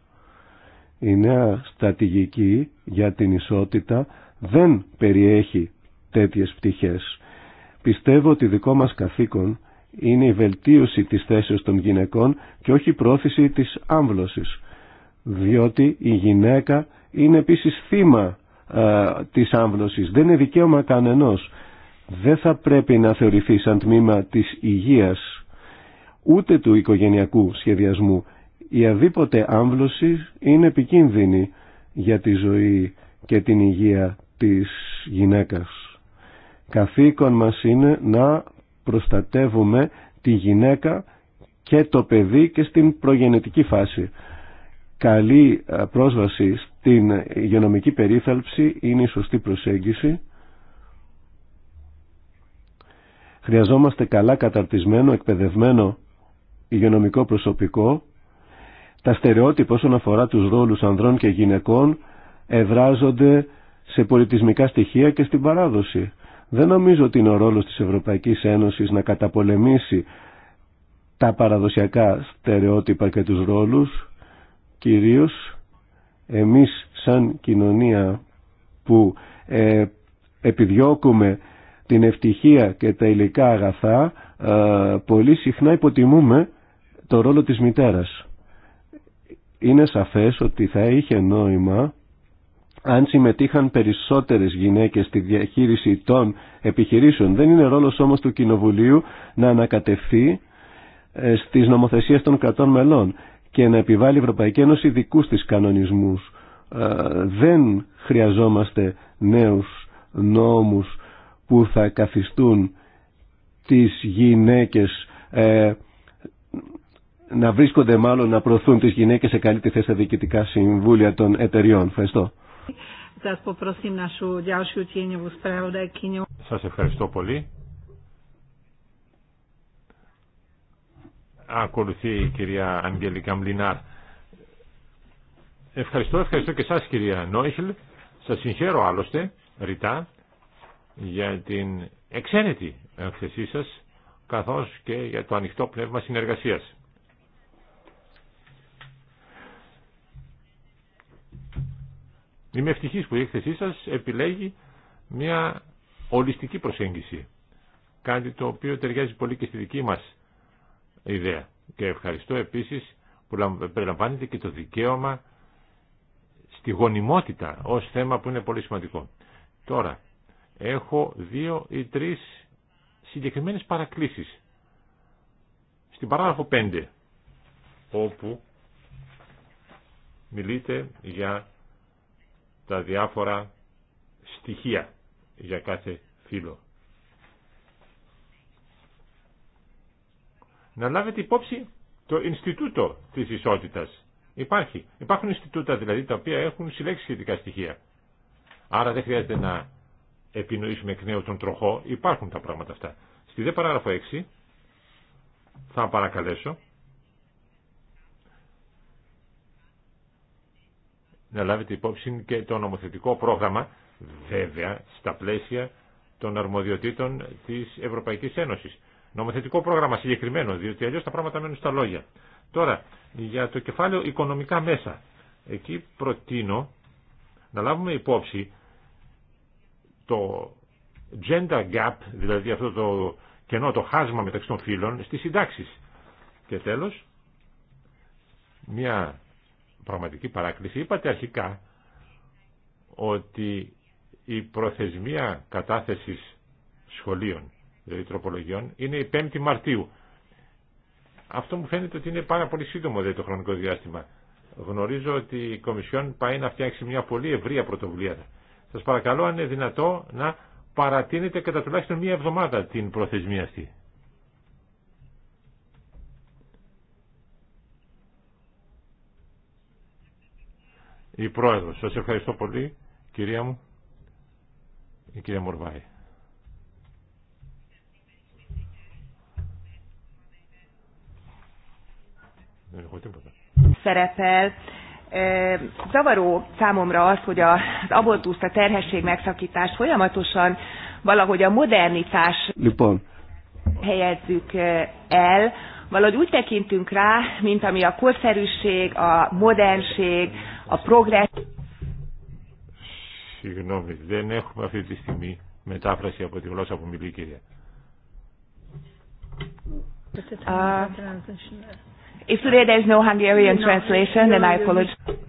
Η νέα στρατηγική για την ισότητα δεν περιέχει τέτοιες πτυχές. Πιστεύω ότι δικό μας καθήκον είναι η βελτίωση της θέσεως των γυναικών και όχι η πρόθεση της άμβλωσης, διότι η γυναίκα είναι επίσης θύμα ε, της άμβλωσης. Δεν είναι δικαίωμα κανενός. Δεν θα πρέπει να θεωρηθεί σαν τμήμα της υγείας ούτε του οικογενειακού σχεδιασμού. Η αδίποτε άμβλωση είναι επικίνδυνη για τη ζωή και την υγεία της γυναίκας. Καθήκον μας είναι να προστατεύουμε τη γυναίκα και το παιδί και στην προγενετική φάση καλή ε, πρόσβαση στην υγειονομική περίθαλψη είναι η σωστή προσέγγιση. Χρειαζόμαστε καλά καταρτισμένο, εκπαιδευμένο υγειονομικό προσωπικό. Τα στερεότυπα όσον αφορά τους ρόλους ανδρών και γυναικών ευράζονται σε πολιτισμικά στοιχεία και στην παράδοση. Δεν νομίζω ότι είναι ο ρόλος της Ευρωπαϊκής Ένωσης να καταπολεμήσει τα παραδοσιακά στερεότυπα και τους ρόλους κυρίως εμείς σαν κοινωνία που ε, επιδιώκουμε την ευτυχία και τα υλικά αγαθά ε, πολύ συχνά υποτιμούμε το ρόλο της μητέρας. Είναι σαφές ότι θα είχε νόημα αν συμμετείχαν περισσότερες γυναίκες στη διαχείριση των επιχειρήσεων. Δεν είναι ρόλος όμως του Κοινοβουλίου να ανακατευθεί ε, στις νομοθεσίες των κρατών μελών και να επιβάλλει η Ευρωπαϊκή Ένωση δικούς της κανονισμούς. Ε, δεν χρειαζόμαστε νέους νόμους που θα καθιστούν τις γυναίκες ε, να βρίσκονται μάλλον να προωθούν τις γυναίκες σε καλύτερη θέση στα διοικητικά συμβούλια των εταιριών. Ευχαριστώ. Σας ευχαριστώ πολύ. Ακολουθεί η κυρία Αγγελικά Μλινάρ. Ευχαριστώ, ευχαριστώ και σας κυρία Νόιχλ. Σας συγχαίρω άλλωστε, ρητά, για την εξαίρετη έκθεσή σας, καθώς και για το ανοιχτό πνεύμα συνεργασίας. Είμαι ευτυχής που η έκθεσή σας επιλέγει μια ολιστική προσέγγιση. Κάτι το οποίο ταιριάζει πολύ και στη δική μας ιδέα. Και ευχαριστώ επίσης που περιλαμβάνεται και το δικαίωμα στη γονιμότητα ως θέμα που είναι πολύ σημαντικό. Τώρα, έχω δύο ή τρεις συγκεκριμένες παρακλήσεις. Στην παράγραφο 5, όπου μιλείτε για τα διάφορα στοιχεία για κάθε φύλλο. να λάβετε υπόψη το Ινστιτούτο τη ισότητα. Υπάρχει. Υπάρχουν Ινστιτούτα δηλαδή τα οποία έχουν συλλέξει σχετικά στοιχεία. Άρα δεν χρειάζεται να επινοήσουμε εκ νέου τον τροχό. Υπάρχουν τα πράγματα αυτά. Στη δε παράγραφο 6 θα παρακαλέσω να λάβετε υπόψη και το νομοθετικό πρόγραμμα βέβαια στα πλαίσια των αρμοδιοτήτων της Ευρωπαϊκής Ένωσης νομοθετικό πρόγραμμα συγκεκριμένο, διότι αλλιώ τα πράγματα μένουν στα λόγια. Τώρα, για το κεφάλαιο οικονομικά μέσα. Εκεί προτείνω να λάβουμε υπόψη το gender gap, δηλαδή αυτό το κενό, το χάσμα μεταξύ των φύλων, στις συντάξεις. Και τέλος, μια πραγματική παράκληση. Είπατε αρχικά ότι η προθεσμία κατάθεσης σχολείων δηλαδή τροπολογιών, είναι η 5η Μαρτίου. Αυτό μου φαίνεται ότι είναι πάρα πολύ σύντομο δηλαδή, το χρονικό διάστημα. Γνωρίζω ότι η Κομισιόν πάει να φτιάξει μια πολύ ευρεία πρωτοβουλία. Σα παρακαλώ, αν είναι δυνατό, να παρατείνετε κατά τουλάχιστον μία εβδομάδα την προθεσμία αυτή. Η κομισιον παει να φτιαξει μια πολυ ευρια πρωτοβουλια σα παρακαλω αν ειναι δυνατο να παρατεινετε κατα τουλαχιστον μια εβδομαδα την προθεσμια αυτη η προεδρος σας ευχαριστώ πολύ, κυρία μου, η κυρία Μορβάη. Δεν Szerepel. Zavaró számomra az, hogy az abortusz, a terhesség megszakítás folyamatosan valahogy a modernitás Lupon. helyezzük el. Valahogy úgy tekintünk rá, mint ami a korszerűség, a modernség, a progressz. Συγγνώμη, δεν έχουμε αυτή τη στιγμή μετάφραση από τη γλώσσα που μιλεί η κυρία. Uh, If today there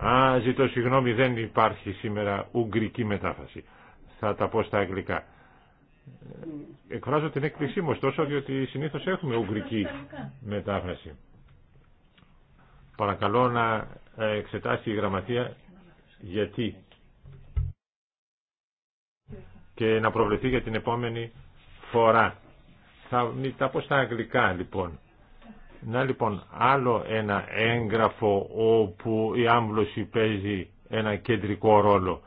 Α, ζητώ συγγνώμη, δεν υπάρχει σήμερα ουγγρική μετάφραση. Θα τα πω στα αγγλικά. Εκφράζω την έκπληξή μου, ωστόσο, διότι συνήθω έχουμε ουγγρική μετάφραση. Παρακαλώ να εξετάσει η γραμματεία γιατί και να προβληθεί για την επόμενη φορά. Θα τα πω στα αγγλικά, λοιπόν. Να λοιπόν άλλο ένα έγγραφο όπου η άμβλωση παίζει ένα κεντρικό ρόλο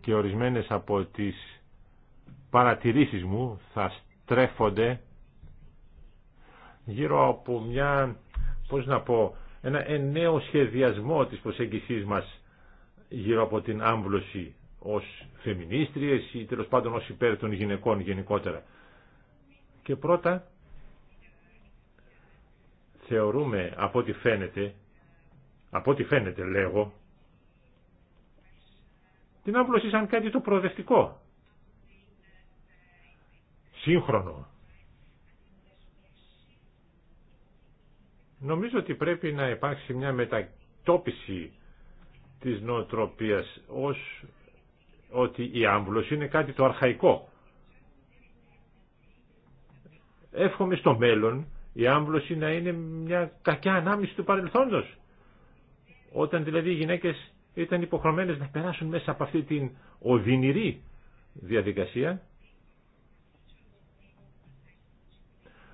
και ορισμένες από τις παρατηρήσεις μου θα στρέφονται γύρω από μια, πώς να πω, ένα νέο σχεδιασμό της προσέγγισής μας γύρω από την άμβλωση ως φεμινίστριες ή τέλος πάντων ως υπέρ των γυναικών γενικότερα. Και πρώτα θεωρούμε από ό,τι φαίνεται, από ό,τι φαίνεται λέγω, την άμβλωση σαν κάτι το προοδευτικό, σύγχρονο. Νομίζω ότι πρέπει να υπάρξει μια μετατόπιση της νοοτροπίας ως ότι η άμβλωση είναι κάτι το αρχαϊκό. Εύχομαι στο μέλλον η άμβλωση να είναι μια κακιά ανάμνηση του παρελθόντος. Όταν δηλαδή οι γυναίκες ήταν υποχρεωμένες να περάσουν μέσα από αυτή την οδυνηρή διαδικασία,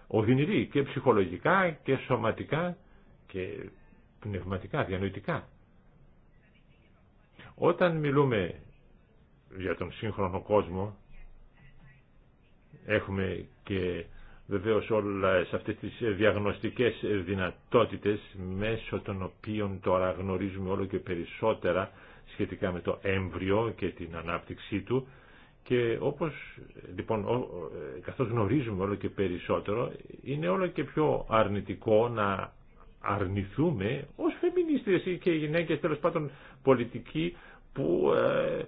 οδυνηρή και ψυχολογικά και σωματικά και πνευματικά, διανοητικά. Όταν μιλούμε για τον σύγχρονο κόσμο, έχουμε και βεβαίως όλα σε αυτές τις διαγνωστικές δυνατότητες μέσω των οποίων τώρα γνωρίζουμε όλο και περισσότερα σχετικά με το έμβριο και την ανάπτυξή του και όπως λοιπόν ε, καθώς γνωρίζουμε όλο και περισσότερο είναι όλο και πιο αρνητικό να αρνηθούμε ως φεμινίστες και γυναίκες τέλος πάντων πολιτικοί που ε,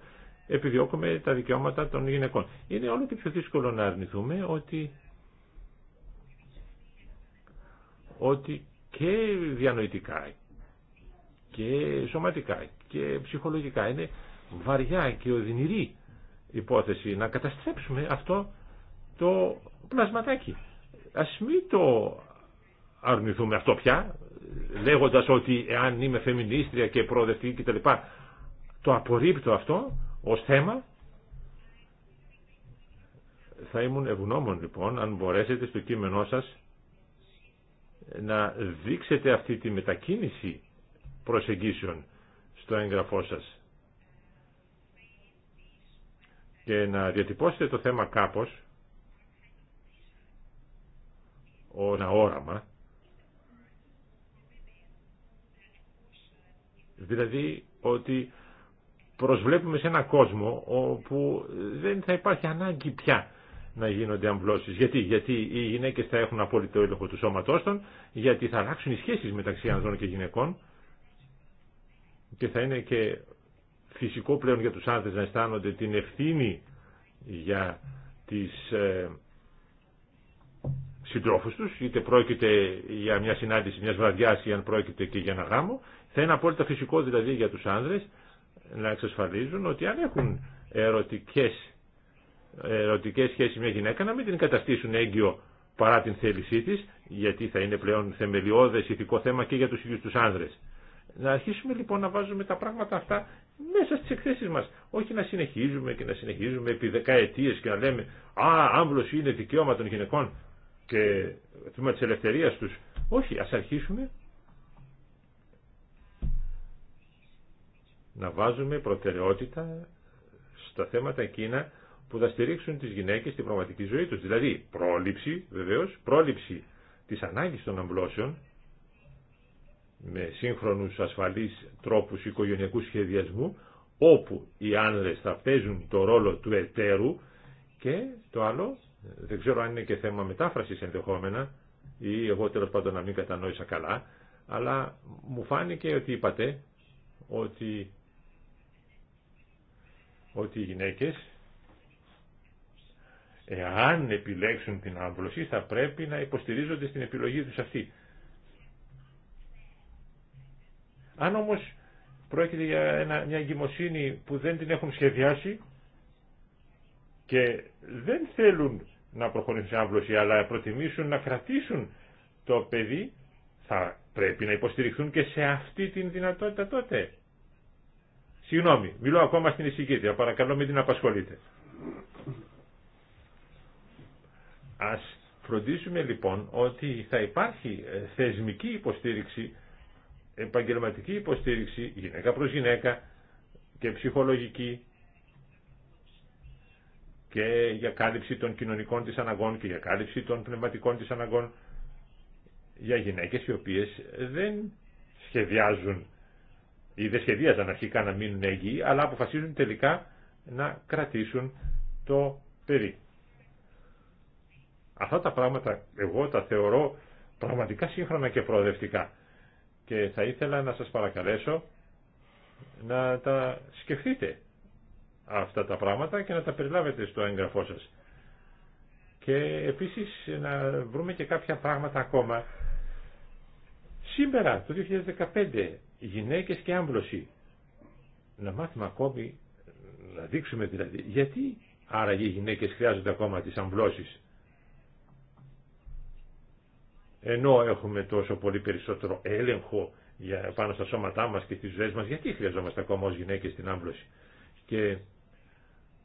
επιδιώκουμε τα δικαιώματα των γυναικών. Είναι όλο και πιο δύσκολο να αρνηθούμε ότι ότι και διανοητικά και σωματικά και ψυχολογικά είναι βαριά και οδυνηρή υπόθεση να καταστρέψουμε αυτό το πλασματάκι. Ας μην το αρνηθούμε αυτό πια, λέγοντας ότι εάν είμαι φεμινίστρια και προοδευτική κτλ. Το απορρίπτω αυτό ως θέμα. Θα ήμουν ευγνώμων λοιπόν αν μπορέσετε στο κείμενό σας να δείξετε αυτή τη μετακίνηση προσεγγίσεων στο έγγραφό σας και να διατυπώσετε το θέμα κάπως ένα όραμα δηλαδή ότι προσβλέπουμε σε ένα κόσμο όπου δεν θα υπάρχει ανάγκη πια να γίνονται αμβλώσεις. Γιατί, γιατί οι γυναίκες θα έχουν απόλυτο έλεγχο του σώματός των, γιατί θα αλλάξουν οι σχέσεις μεταξύ ανδρών και γυναικών και θα είναι και φυσικό πλέον για τους άνδρες να αισθάνονται την ευθύνη για τις ε, συντρόφους τους, είτε πρόκειται για μια συνάντηση μιας βραδιάς ή αν πρόκειται και για ένα γάμο. Θα είναι απόλυτα φυσικό δηλαδή για τους άνδρες να εξασφαλίζουν ότι αν έχουν ερωτικές ερωτικέ σχέσει μια γυναίκα να μην την καταστήσουν έγκυο παρά την θέλησή τη, γιατί θα είναι πλέον θεμελιώδε ηθικό θέμα και για του ίδιου του άνδρες. Να αρχίσουμε λοιπόν να βάζουμε τα πράγματα αυτά μέσα στι εκθέσει μα. Όχι να συνεχίζουμε και να συνεχίζουμε επί δεκαετίε και να λέμε Α, άμβλωση είναι δικαίωμα των γυναικών και τμήμα τη ελευθερία του. Όχι, α αρχίσουμε να βάζουμε προτεραιότητα στα θέματα εκείνα που θα στηρίξουν τις γυναίκες στην πραγματική ζωή τους. Δηλαδή πρόληψη βεβαίως, πρόληψη της ανάγκης των αμβλώσεων με σύγχρονους ασφαλείς τρόπους οικογενειακού σχεδιασμού όπου οι άνδρες θα παίζουν το ρόλο του εταίρου και το άλλο, δεν ξέρω αν είναι και θέμα μετάφρασης ενδεχόμενα ή εγώ τέλος πάντων να μην κατανόησα καλά, αλλά μου φάνηκε ότι είπατε ότι, ότι οι γυναίκες εάν επιλέξουν την άμβλωση θα πρέπει να υποστηρίζονται στην επιλογή τους αυτή. Αν όμως πρόκειται για ένα, μια εγκυμοσύνη που δεν την έχουν σχεδιάσει και δεν θέλουν να προχωρήσουν στην άμβλωση αλλά προτιμήσουν να κρατήσουν το παιδί θα πρέπει να υποστηριχθούν και σε αυτή την δυνατότητα τότε. Συγγνώμη, μιλώ ακόμα στην εισηγήτρια, παρακαλώ μην την απασχολείτε. Ας φροντίσουμε λοιπόν ότι θα υπάρχει ε, θεσμική υποστήριξη, επαγγελματική υποστήριξη, γυναίκα προς γυναίκα και ψυχολογική και για κάλυψη των κοινωνικών της αναγκών και για κάλυψη των πνευματικών της αναγκών για γυναίκες οι οποίες δεν σχεδιάζουν ή δεν σχεδίαζαν αρχικά να μείνουν έγκυοι αλλά αποφασίζουν τελικά να κρατήσουν το περι Αυτά τα πράγματα εγώ τα θεωρώ πραγματικά σύγχρονα και προοδευτικά. Και θα ήθελα να σας παρακαλέσω να τα σκεφτείτε αυτά τα πράγματα και να τα περιλάβετε στο έγγραφό σας. Και επίσης να βρούμε και κάποια πράγματα ακόμα. Σήμερα, το 2015, γυναίκες και άμπλωση. Να μάθουμε ακόμη, να δείξουμε δηλαδή, γιατί άραγε οι γυναίκες χρειάζονται ακόμα τις αμβλώσεις ενώ έχουμε τόσο πολύ περισσότερο έλεγχο για, πάνω στα σώματά μας και τις ζωές μας, γιατί χρειαζόμαστε ακόμα ως γυναίκες την άμβλωση. Και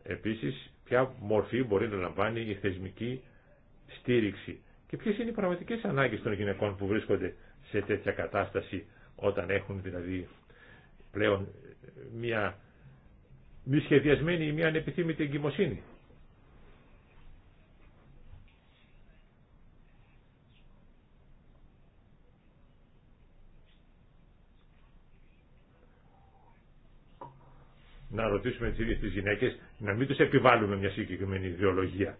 επίσης ποια μορφή μπορεί να λαμβάνει η θεσμική στήριξη και ποιες είναι οι πραγματικές ανάγκες των γυναικών που βρίσκονται σε τέτοια κατάσταση όταν έχουν δηλαδή πλέον μια μη σχεδιασμένη ή μια ανεπιθύμητη εγκυμοσύνη. να ρωτήσουμε τις ίδιες τις γυναίκες να μην τους επιβάλλουμε μια συγκεκριμένη ιδεολογία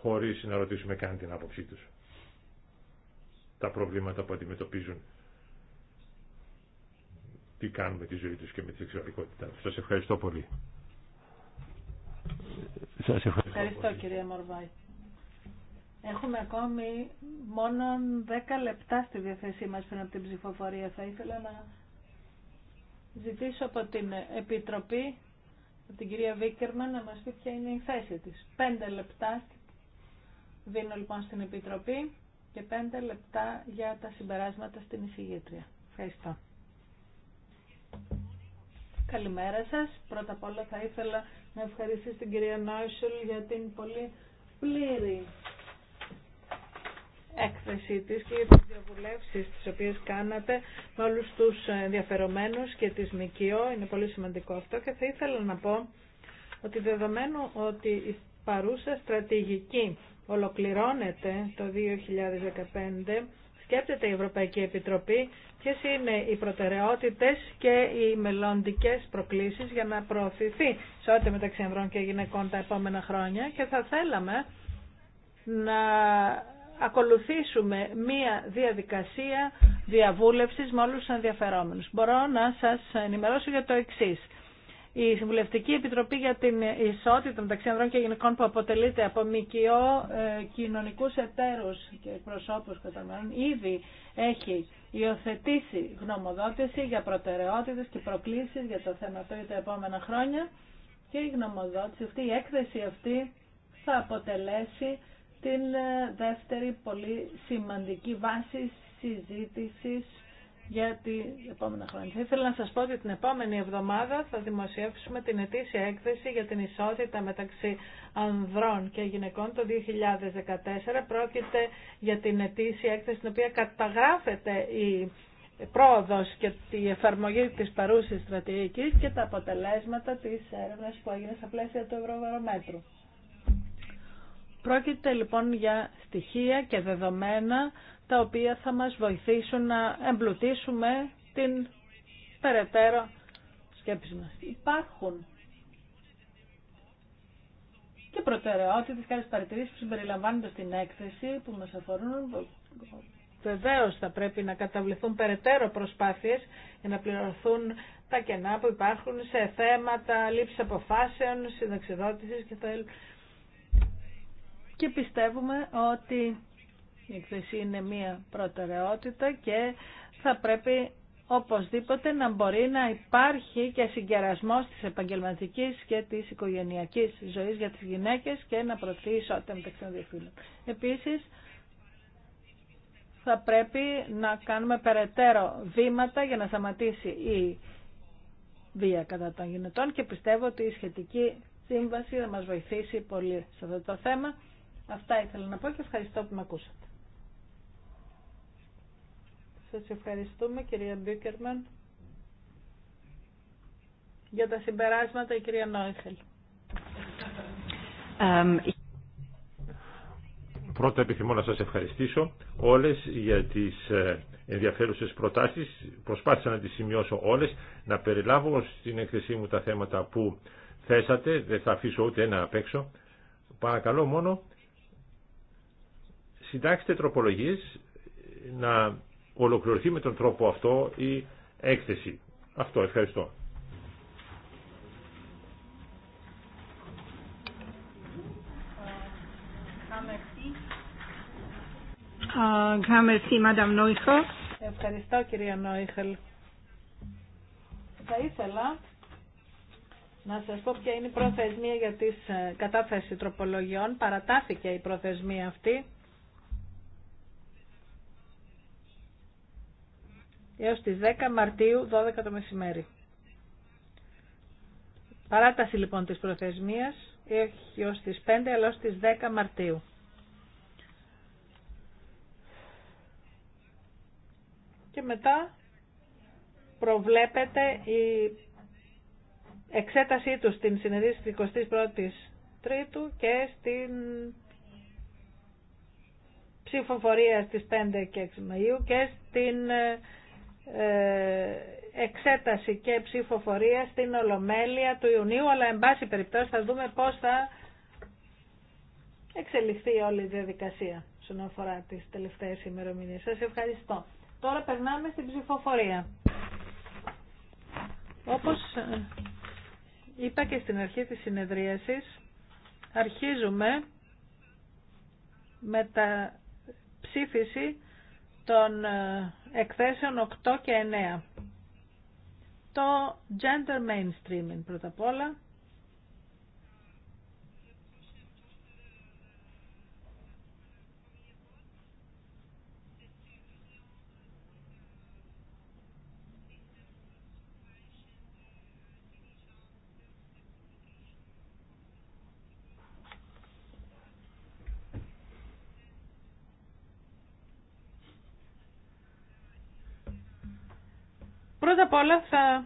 χωρίς να ρωτήσουμε καν την άποψή τους τα προβλήματα που αντιμετωπίζουν τι κάνουν με τη ζωή τους και με τη σεξουαλικότητα Σας ευχαριστώ πολύ Σας ευχαριστώ, ευχαριστώ πολύ. κυρία Μορβάη Έχουμε ακόμη μόνο 10 λεπτά στη διαθέσή μας πριν από την ψηφοφορία. Θα ήθελα να ζητήσω από την Επιτροπή, από την κυρία Βίκερμαν, να μας πει ποια είναι η θέση της. Πέντε λεπτά δίνω λοιπόν στην Επιτροπή και πέντε λεπτά για τα συμπεράσματα στην εισηγήτρια. Ευχαριστώ. Καλημέρα σας. Πρώτα απ' όλα θα ήθελα να ευχαριστήσω την κυρία Νόησουλ για την πολύ πλήρη έκθεσή της και για τις διαβουλεύσεις τις οποίες κάνατε με όλους τους ενδιαφερομένους και τις ΜΚΙΟ. Είναι πολύ σημαντικό αυτό και θα ήθελα να πω ότι δεδομένου ότι η παρούσα στρατηγική ολοκληρώνεται το 2015, σκέπτεται η Ευρωπαϊκή Επιτροπή ποιες είναι οι προτεραιότητες και οι μελλοντικέ προκλήσεις για να προωθηθεί σε ό,τι μεταξύ ανδρών και γυναικών τα επόμενα χρόνια και θα θέλαμε να ακολουθήσουμε μία διαδικασία διαβούλευσης με όλους τους ενδιαφερόμενους. Μπορώ να σας ενημερώσω για το εξής. Η Συμβουλευτική Επιτροπή για την Ισότητα μεταξύ ανδρών και γυναικών που αποτελείται από ΜΚΟ, ε, κοινωνικού εταίρου και προσώπους καταμένων ήδη έχει υιοθετήσει γνωμοδότηση για προτεραιότητες και προκλήσεις για το θέμα αυτό για τα επόμενα χρόνια και η γνωμοδότηση αυτή, η έκθεση αυτή θα αποτελέσει την ε, δεύτερη πολύ σημαντική βάση συζήτησης για την επόμενη χρόνια. Θα ήθελα να σας πω ότι την επόμενη εβδομάδα θα δημοσιεύσουμε την ετήσια έκθεση για την ισότητα μεταξύ ανδρών και γυναικών το 2014. Πρόκειται για την ετήσια έκθεση στην οποία καταγράφεται η πρόοδος και η εφαρμογή της παρούσης στρατηγικής και τα αποτελέσματα της έρευνας που έγινε στα πλαίσια του Ευρωβαρομέτρου. Πρόκειται λοιπόν για στοιχεία και δεδομένα τα οποία θα μας βοηθήσουν να εμπλουτίσουμε την περαιτέρω σκέψη μας. Υπάρχουν και προτεραιότητες και άλλε παρατηρήσεις που συμπεριλαμβάνονται στην έκθεση που μας αφορούν. Βεβαίω θα πρέπει να καταβληθούν περαιτέρω προσπάθειες για να πληρωθούν τα κενά που υπάρχουν σε θέματα λήψη αποφάσεων, συνταξιδότησης και και πιστεύουμε ότι η εκθεσή είναι μία προτεραιότητα και θα πρέπει οπωσδήποτε να μπορεί να υπάρχει και συγκερασμός της επαγγελματικής και της οικογενειακής ζωής για τις γυναίκες και να προωθεί ισότητα μεταξύ των διευθύνων. Επίσης, θα πρέπει να κάνουμε περαιτέρω βήματα για να σταματήσει η βία κατά των γυναικών και πιστεύω ότι η σχετική σύμβαση θα μας βοηθήσει πολύ σε αυτό το θέμα. Αυτά ήθελα να πω και ευχαριστώ που με ακούσατε. Σας ευχαριστούμε κυρία Μπίκερμαν για τα συμπεράσματα η κυρία Νόιχελ. Πρώτα επιθυμώ να σας ευχαριστήσω όλες για τις ε, ενδιαφέρουσες προτάσεις. Προσπάθησα να τις σημειώσω όλες, να περιλάβω στην έκθεσή μου τα θέματα που θέσατε, δεν θα αφήσω ούτε ένα απ' έξω. Παρακαλώ μόνο συντάξτε τροπολογίες να ολοκληρωθεί με τον τρόπο αυτό η έκθεση. Αυτό, ευχαριστώ. Ευχαριστώ κυρία Νόιχελ. Θα ήθελα να σας πω ποια είναι η προθεσμία για τις ε, κατάθεση τροπολογιών. Παρατάθηκε η προθεσμία αυτή έως τις 10 Μαρτίου 12 το μεσημέρι. Παράταση λοιπόν της προθεσμίας έχει ως τις 5 αλλά ως τις 10 Μαρτίου. Και μετά προβλέπεται η εξέτασή του στην συνεδρίαση της 21ης Τρίτου και στην ψηφοφορία στις 5 και 6 Μαΐου και στην ε, ε, εξέταση και ψηφοφορία στην Ολομέλεια του Ιουνίου, αλλά εν πάση περιπτώσει θα δούμε πώς θα εξελιχθεί όλη η διαδικασία στον αφορά τις τελευταίες ημερομηνίες. Σας ευχαριστώ. Τώρα περνάμε στην ψηφοφορία. Όπως ε, είπα και στην αρχή της συνεδρίασης, αρχίζουμε με τα ψήφιση των ε, εκθέσεων 8 και 9. Το gender mainstreaming πρώτα απ' όλα. όλα θα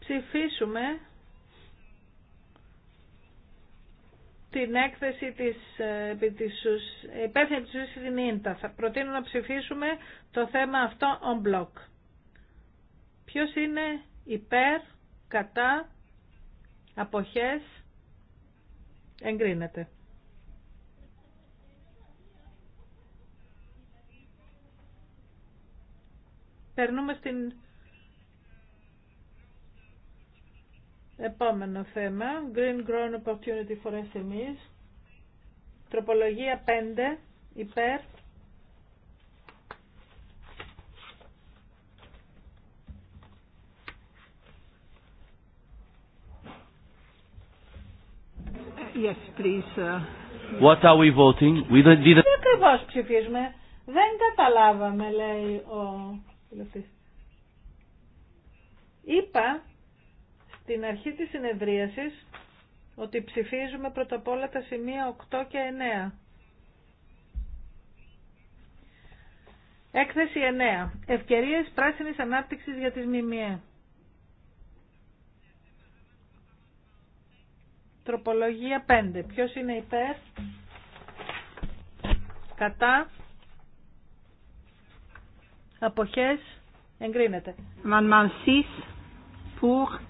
ψηφίσουμε την έκθεση της, της τη στην ίντα. Θα προτείνω να ψηφίσουμε το θέμα αυτό on block. Ποιος είναι υπέρ, κατά, αποχές, εγκρίνεται. Περνούμε στην επόμενο θέμα. Green Grown Opportunity for SMEs. Τροπολογία 5. Υπέρ. Yes, please. Uh, What are we voting? We didn't... Τι ακριβώς ψηφίζουμε. Δεν καταλάβαμε, λέει ο Είπα στην αρχή της συνεδρίασης ότι ψηφίζουμε πρώτα απ' όλα τα σημεία 8 και 9. Έκθεση 9. Ευκαιρίες πράσινης ανάπτυξης για τις ΜΜΕ. Τροπολογία 5. Ποιος είναι υπέρ, κατά, Αποχές. Εγκρίνεται. man Pour.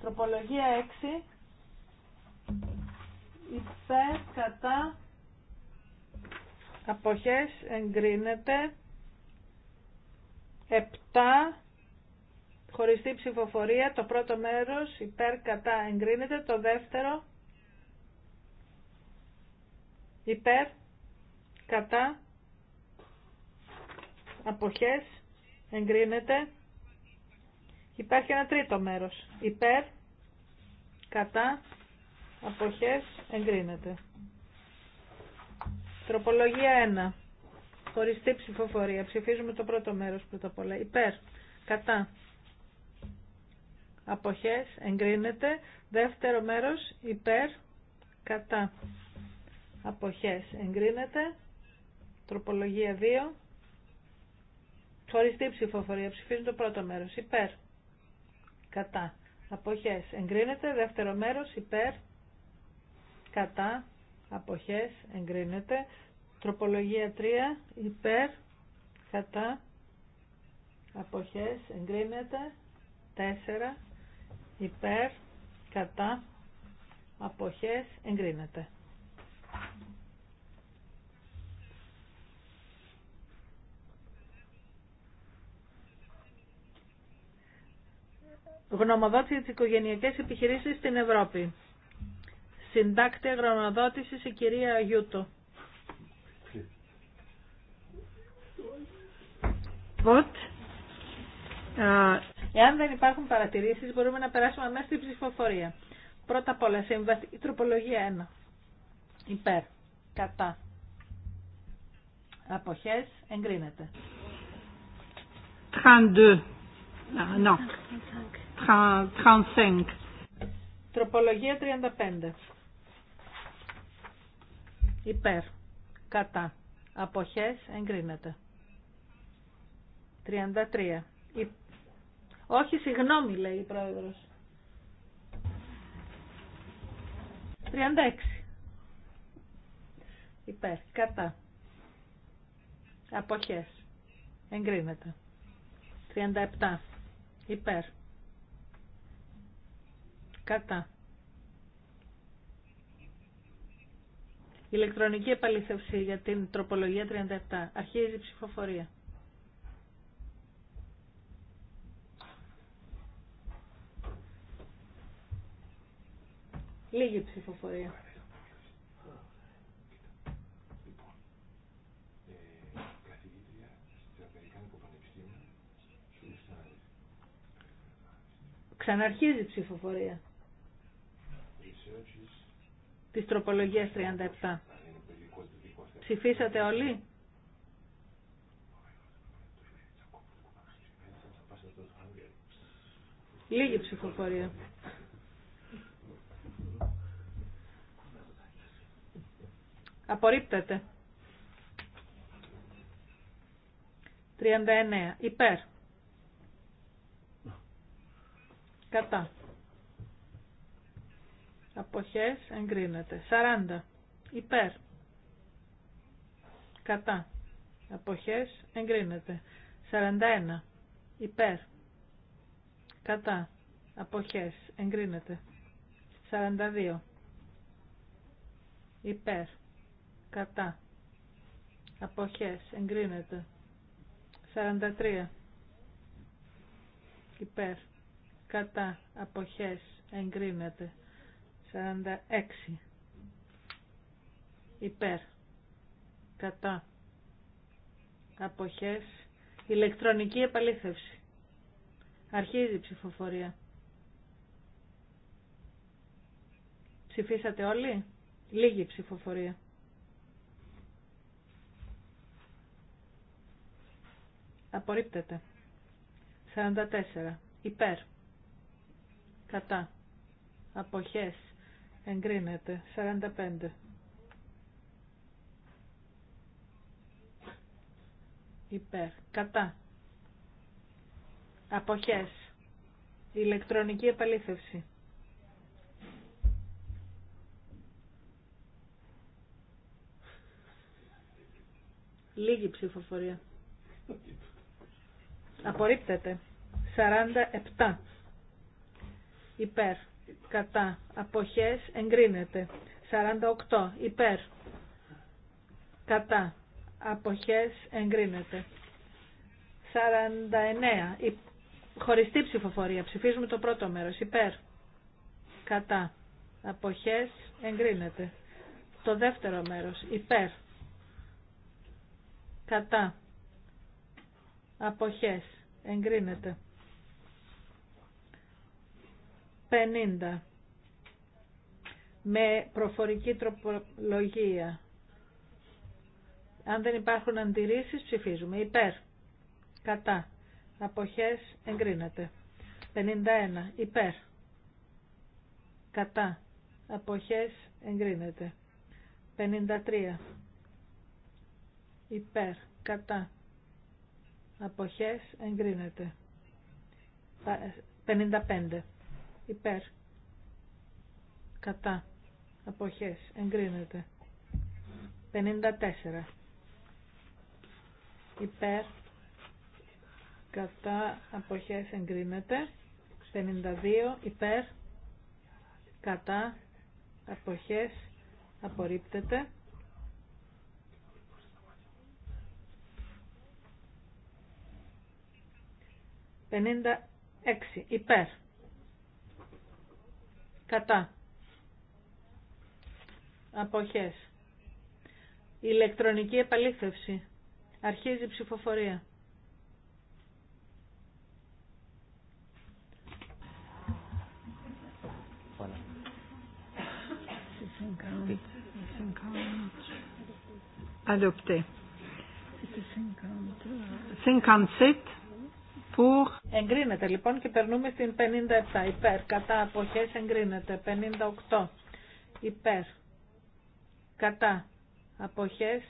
Τροπολογία 6. Υπέρ, κατά. Αποχές. Εγκρίνεται. 7. Χωριστή ψηφοφορία. Το πρώτο μέρος. Υπέρ, κατά. Εγκρίνεται. Το δεύτερο. Υπέρ. Κατά αποχές εγκρίνεται. Υπάρχει ένα τρίτο μέρος. Υπέρ, κατά, αποχές εγκρίνεται. Τροπολογία 1. Χωριστή ψηφοφορία. Ψηφίζουμε το πρώτο μέρος πρώτα απ' όλα. Υπέρ, κατά, αποχές εγκρίνεται. Δεύτερο μέρος, υπέρ, κατά, αποχές εγκρίνεται. Τροπολογία 2. Χωριστή ψηφοφορία. Ψηφίζουν το πρώτο μέρος. Υπέρ. Κατά. Αποχές. Εγκρίνεται. Δεύτερο μέρος. Υπέρ. Κατά. Αποχές. Εγκρίνεται. Τροπολογία 3. Υπέρ. Κατά. Αποχές. Εγκρίνεται. 4. Υπέρ. Κατά. Αποχές. Εγκρίνεται. γνωμοδότηση για οικογενειακής οικογενειακές στην Ευρώπη. Συντάκτη γνωμοδότησης η κυρία Αγιούτο. Εάν δεν υπάρχουν παρατηρήσεις μπορούμε να περάσουμε αμέσως στην ψηφοφορία. Πρώτα απ' όλα, η τροπολογία 1. Υπέρ. Κατά. Αποχές. Εγκρίνεται. 32. Non. 35. Τροπολογία 35. Υπέρ. Κατά. Αποχές εγκρίνεται. 33. Υ... Όχι, συγγνώμη, λέει η πρόεδρος. 36. Υπέρ. Κατά. Αποχές. Εγκρίνεται. 37. Υπέρ. Κατά. Ηλεκτρονική επαλήθευση για την τροπολογία 37. Αρχίζει η ψηφοφορία. Λίγη ψηφοφορία. Ξαναρχίζει η ψηφοφορία της τροπολογίας 37. Ψηφίσατε όλοι. Λίγη ψηφοφορία. Απορρίπτεται. 39. Υπέρ. Κατά. Αποχές εγκρίνεται. 40. Υπέρ. Κατά. Αποχές εγκρίνεται. 41. Υπέρ. Κατά. Αποχές εγκρίνεται. 42. Υπέρ. Κατά. Αποχές εγκρίνεται. 43. Υπέρ. Κατά. Αποχές εγκρίνεται. 46 υπέρ κατά αποχές ηλεκτρονική επαλήθευση αρχίζει η ψηφοφορία ψηφίσατε όλοι λίγη ψηφοφορία απορρίπτεται 44 υπέρ κατά αποχές Εγκρίνεται. 45. Υπέρ. Κατά. Αποχές. Ηλεκτρονική επαλήθευση. Λίγη ψηφοφορία. Απορρίπτεται. 47. Υπέρ κατά αποχές εγκρίνεται. 48 υπέρ κατά αποχές εγκρίνεται. 49 η... χωριστή ψηφοφορία. Ψηφίζουμε το πρώτο μέρος υπέρ κατά αποχές εγκρίνεται. Το δεύτερο μέρος υπέρ κατά αποχές εγκρίνεται. 50 με προφορική τροπολογία. Αν δεν υπάρχουν αντιρρήσεις ψηφίζουμε υπέρ, κατά, αποχές εγκρίνεται. 51 υπέρ, κατά, αποχές εγκρίνεται. 53 υπέρ, κατά, αποχές εγκρίνεται. 55 υπέρ κατά αποχές εγκρίνεται 54 υπέρ κατά αποχές εγκρίνεται 52 υπέρ κατά αποχές απορρίπτεται 56 υπέρ Κατά. Αποχές. Ηλεκτρονική επαλήθευση. Αρχίζει η ψηφοφορία. Adopté. 57. Εγκρίνεται λοιπόν και περνούμε στην 57 υπέρ. Κατά αποχές εγκρίνεται. 58 υπέρ. Κατά αποχές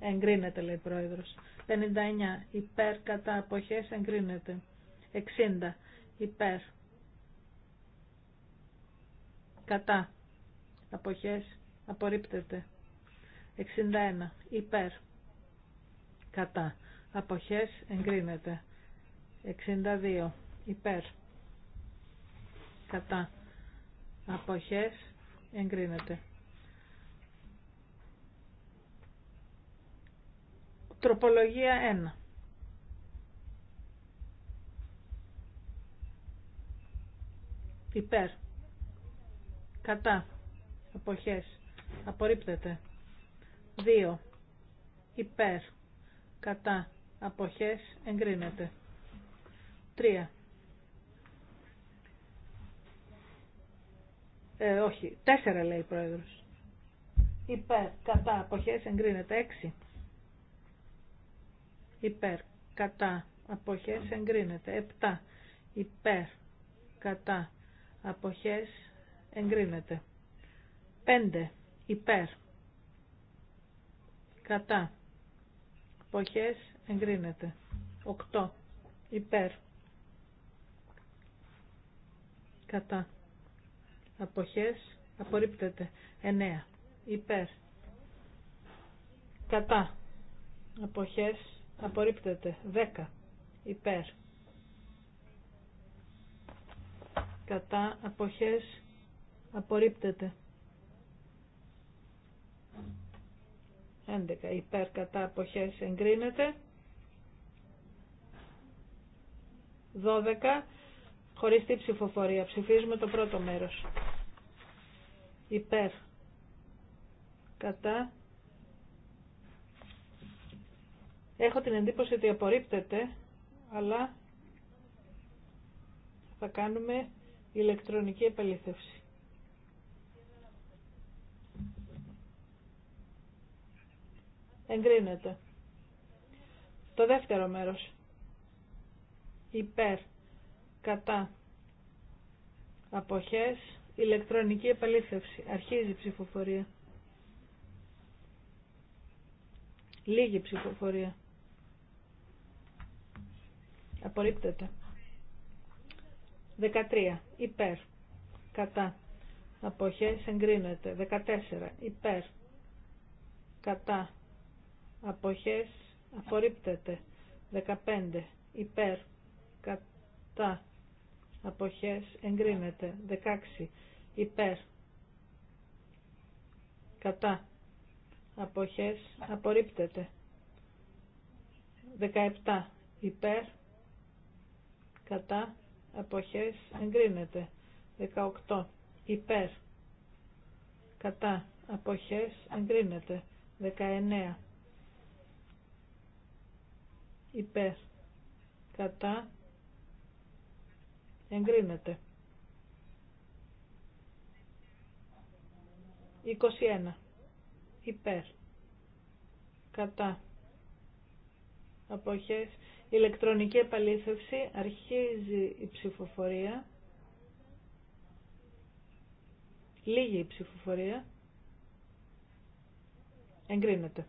εγκρίνεται λέει πρόεδρος. 59 υπέρ. Κατά αποχές εγκρίνεται. 60 υπέρ. Κατά αποχές απορρίπτεται. 61 υπέρ. Κατά αποχές εγκρίνεται. 62 υπέρ κατά αποχές εγκρίνεται. Τροπολογία 1. Υπέρ. Κατά. Αποχές. Απορρίπτεται. 2. Υπέρ. Κατά αποχές εγκρίνεται. 3. Ε, όχι, 4 λέει η πρόεδρος. Υπέρ, κατά, αποχές εγκρίνεται. 6. Υπέρ, κατά, αποχές εγκρίνεται. 7. Υπέρ, κατά, αποχές εγκρίνεται. 5. Υπέρ, κατά, αποχές εγκρίνεται. 8 υπέρ κατά αποχές απορρίπτεται. 9 υπέρ κατά αποχές απορρίπτεται. 10 υπέρ κατά αποχές απορρίπτεται. 11. Υπέρ κατά αποχές εγκρίνεται. 12 χωρίς τη ψηφοφορία. Ψηφίζουμε το πρώτο μέρος. Υπέρ. Κατά. Έχω την εντύπωση ότι απορρίπτεται, αλλά θα κάνουμε ηλεκτρονική επαλήθευση. Εγκρίνεται. Το δεύτερο μέρος υπέρ, κατά, αποχές, ηλεκτρονική επαλήθευση. Αρχίζει η ψηφοφορία. Λίγη ψηφοφορία. Απορρίπτεται. 13. Υπέρ. Κατά. Αποχές εγκρίνεται. 14. Υπέρ. Κατά. Αποχές απορρίπτεται. 15. Υπέρ κατά αποχές εγκρίνεται 16 υπέρ κατά αποχές απορρίπτεται 17 υπέρ κατά αποχές εγκρίνεται 18 υπέρ κατά αποχές εγκρίνεται 19 υπέρ κατά Εγκρίνεται. 21. Υπέρ. Κατά. Αποχές. Ηλεκτρονική επαλήθευση. Αρχίζει η ψηφοφορία. Λίγη η ψηφοφορία. Εγκρίνεται.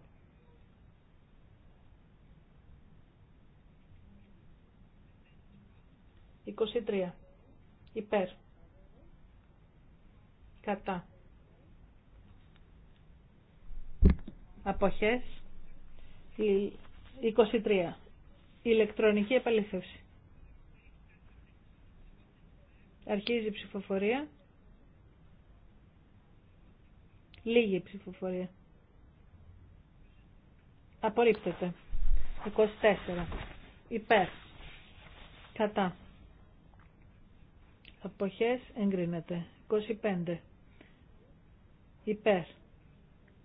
23. Υπέρ. Κατά. Αποχές. 23. Ηλεκτρονική επαλήθευση. Αρχίζει η ψηφοφορία. Λίγη ψηφοφορία. Απορρίπτεται. 24. Υπέρ. Κατά αποχές εγκρίνεται. 25 υπέρ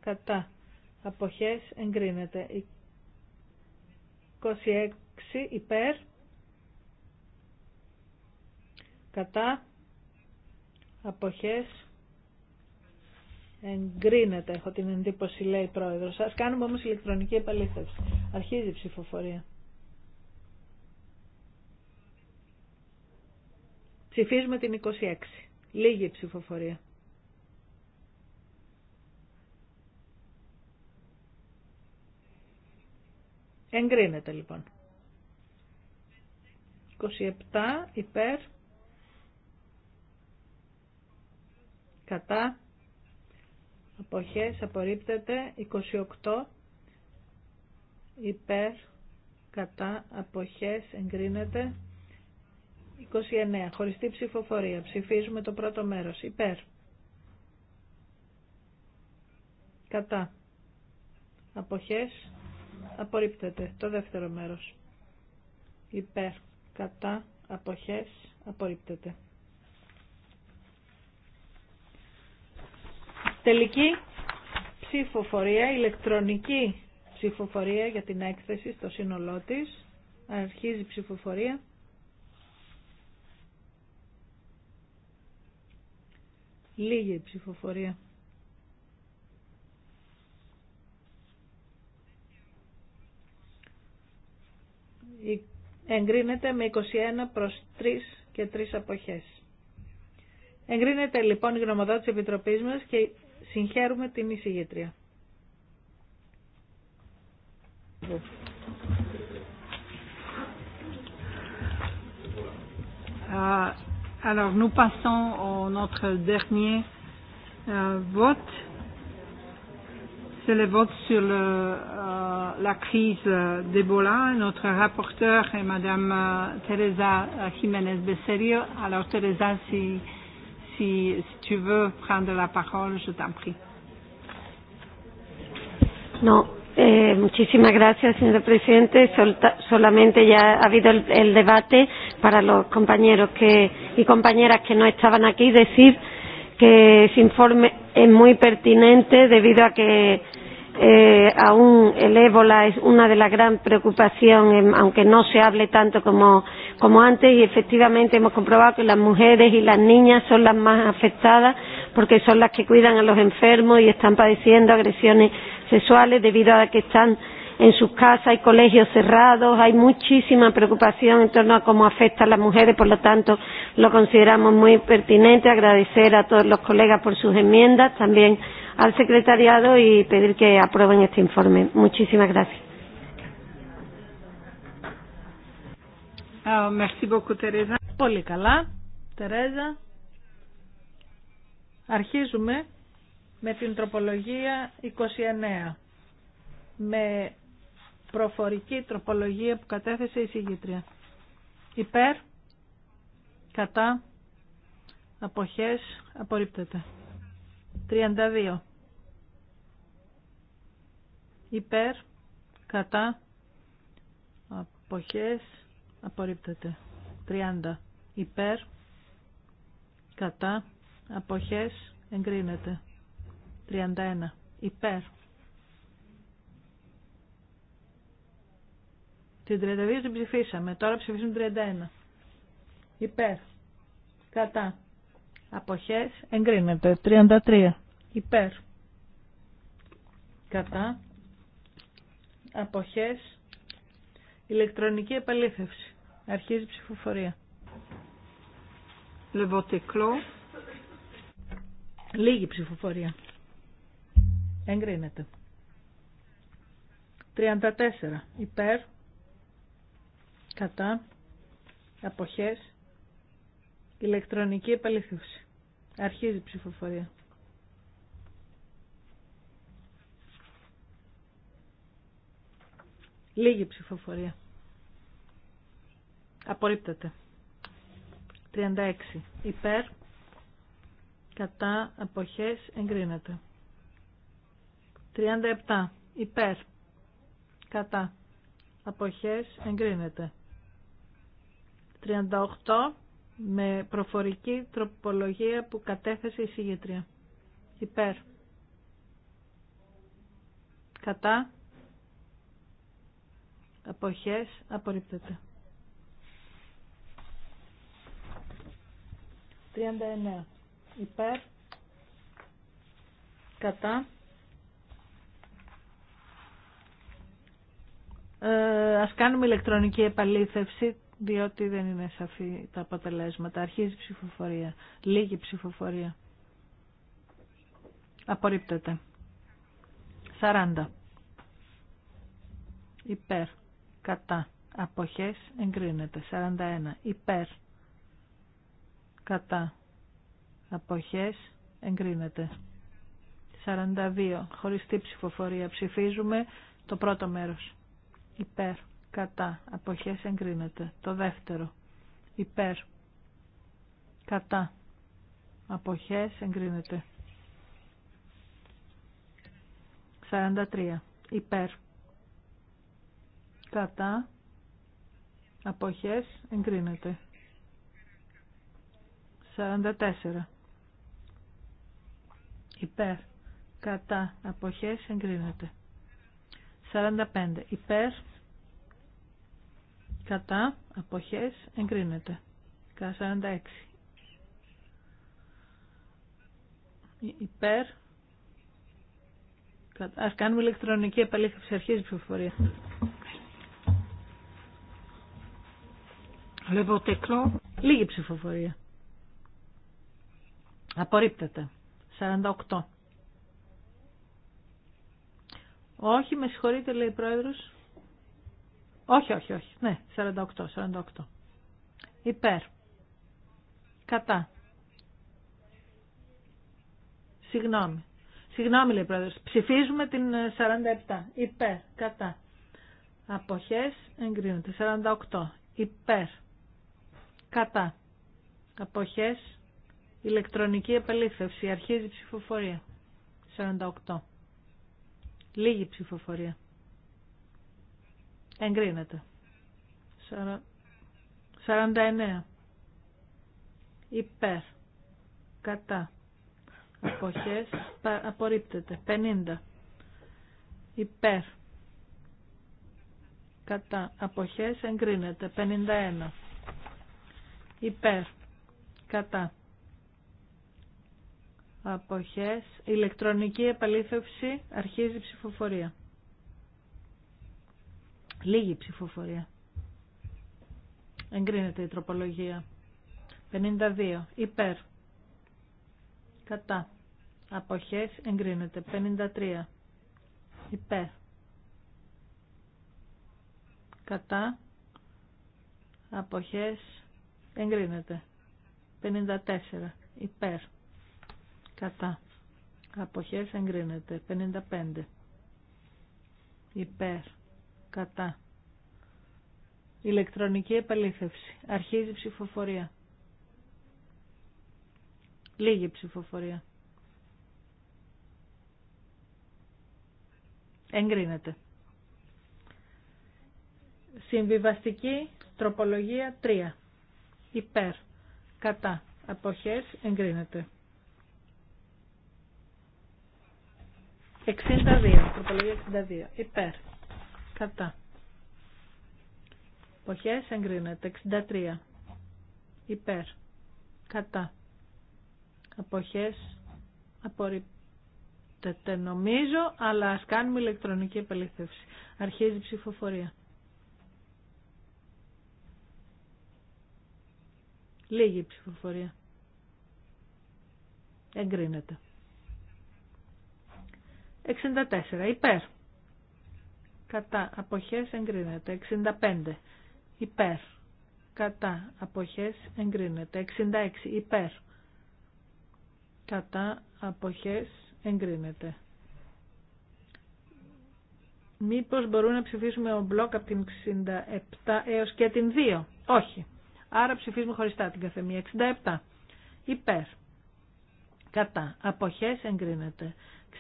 κατά αποχές εγκρίνεται. 26 υπέρ κατά αποχές εγκρίνεται έχω την εντύπωση λέει η πρόεδρος ας κάνουμε όμως ηλεκτρονική επαλήθευση αρχίζει η ψηφοφορία Ψηφίζουμε την 26. Λίγη ψηφοφορία. Εγκρίνεται λοιπόν. 27 υπέρ. Κατά. Αποχές απορρίπτεται. 28 υπέρ. Κατά. Αποχές εγκρίνεται. 29. Χωριστή ψηφοφορία. Ψηφίζουμε το πρώτο μέρος. Υπέρ. Κατά. Αποχές. Απορρίπτεται. Το δεύτερο μέρος. Υπέρ. Κατά. Αποχές. Απορρίπτεται. Τελική ψηφοφορία, ηλεκτρονική ψηφοφορία για την έκθεση στο σύνολό της. Αρχίζει η ψηφοφορία. Λίγη ψηφοφορία. Εγκρίνεται με 21 προς 3 και 3 αποχές. Εγκρίνεται λοιπόν η γνωμοδότηση της Επιτροπής μας και συγχαίρουμε την εισηγήτρια. Uh, Alors nous passons au notre dernier euh, vote. C'est le vote sur le, euh, la crise d'Ebola. Notre rapporteur est Madame euh, Teresa Jiménez Becerril. Alors Teresa, si, si, si tu veux prendre la parole, je t'en prie. non eh, muchísimas gracias, señor presidente. Sol, solamente ya ha habido el, el debate para los compañeros que, y compañeras que no estaban aquí decir que ese informe es muy pertinente debido a que eh, aún el ébola es una de las grandes preocupaciones, aunque no se hable tanto como, como antes, y efectivamente hemos comprobado que las mujeres y las niñas son las más afectadas porque son las que cuidan a los enfermos y están padeciendo agresiones sexuales debido a que están en sus casas, hay colegios cerrados, hay muchísima preocupación en torno a cómo afecta a las mujeres, por lo tanto lo consideramos muy pertinente. Agradecer a todos los colegas por sus enmiendas, también al secretariado y pedir que aprueben este informe. Muchísimas gracias. Merci beaucoup, Teresa. Αρχίζουμε με 29. Με προφορική τροπολογία που κατέθεσε η συγγήτρια. Υπέρ, κατά, αποχές, απορρίπτεται. 32. Υπέρ, κατά, αποχές, απορρίπτεται. 30. Υπέρ, κατά, αποχές, εγκρίνεται. 31. Υπέρ, Την 32 την ψηφίσαμε. Τώρα ψηφίσουμε 31. Υπέρ. Κατά. Αποχές. Εγκρίνεται. 33. Υπέρ. Κατά. Αποχές. Ηλεκτρονική επαλήθευση. Αρχίζει ψηφοφορία. Λεβοτεκλό. Λίγη ψηφοφορία. Εγκρίνεται. 34. Υπέρ κατά αποχές ηλεκτρονική επαλήθευση. Αρχίζει η ψηφοφορία. Λίγη ψηφοφορία. Απορρίπτεται. 36. Υπέρ. Κατά αποχές εγκρίνεται. 37. Υπέρ. Κατά. Αποχές εγκρίνεται. 38 με προφορική τροπολογία που κατέθεσε η συγγετρία. Υπέρ. Κατά. Αποχές απορρίπτεται. 39. Υπέρ. Κατά. Ε, ας κάνουμε ηλεκτρονική επαλήθευση διότι δεν είναι σαφή τα αποτελέσματα. Αρχίζει η ψηφοφορία. Λίγη ψηφοφορία. Απορρίπτεται. 40. Υπέρ. Κατά. Αποχές εγκρίνεται. 41. Υπέρ. Κατά. Αποχές εγκρίνεται. 42. Χωριστή ψηφοφορία. Ψηφίζουμε το πρώτο μέρος. Υπέρ κατά αποχές εγκρίνεται. Το δεύτερο υπέρ κατά αποχές εγκρίνεται. 43 υπέρ κατά αποχές εγκρίνεται. 44 υπέρ κατά αποχές εγκρίνεται. 45 υπέρ κατά αποχές εγκρίνεται. 46. Υπέρ. Ας κάνουμε ηλεκτρονική επαλήθευση αρχής ψηφοφορία. τεκνό. Λίγη ψηφοφορία. Απορρίπτεται. 48. Όχι, με συγχωρείτε λέει η Πρόεδρος. Όχι, όχι, όχι. Ναι, 48, 48. Υπέρ. Κατά. Συγγνώμη. Συγγνώμη λέει πρόεδρος. Ψηφίζουμε την 47. Ε, Υπέρ. Κατά. Αποχές εγκρίνονται. 48. Υπέρ. Κατά. Αποχές. Ηλεκτρονική επαλήθευση. Αρχίζει η ψηφοφορία. 48. Λίγη ψηφοφορία. Εγκρίνεται. 49. Υπέρ. Κατά. Αποχές. Απορρίπτεται. 50. Υπέρ. Κατά. Αποχές. Εγκρίνεται. 51. Υπέρ. Κατά. Αποχές. Ηλεκτρονική επαλήθευση. Αρχίζει ψηφοφορία. Λίγη ψηφοφορία. Εγκρίνεται η τροπολογία. 52. Υπέρ. Κατά. Αποχές εγκρίνεται. 53. Υπέρ. Κατά. Αποχές εγκρίνεται. 54. Υπέρ. Κατά. Αποχές εγκρίνεται. 55. Υπέρ κατά. Ηλεκτρονική επαλήθευση. Αρχίζει ψηφοφορία. Λίγη ψηφοφορία. Εγκρίνεται. Συμβιβαστική τροπολογία 3. Υπέρ. Κατά. Αποχές εγκρίνεται. 62. Τροπολογία 62. Υπέρ. Κατά. Εποχές εγκρίνεται. 63. Υπέρ. Κατά. Αποχές απορρίπτεται νομίζω, αλλά ας κάνουμε ηλεκτρονική επελήθευση. Αρχίζει η ψηφοφορία. Λίγη ψηφοφορία. Εγκρίνεται. 64. Υπέρ κατά αποχές εγκρίνεται 65 υπέρ κατά αποχές εγκρίνεται 66 υπέρ κατά αποχές εγκρίνεται Μήπως μπορούν να ψηφίσουμε ο μπλοκ από την 67 έως και την 2 Όχι Άρα ψηφίζουμε χωριστά την καθεμία 67 υπέρ κατά αποχές εγκρίνεται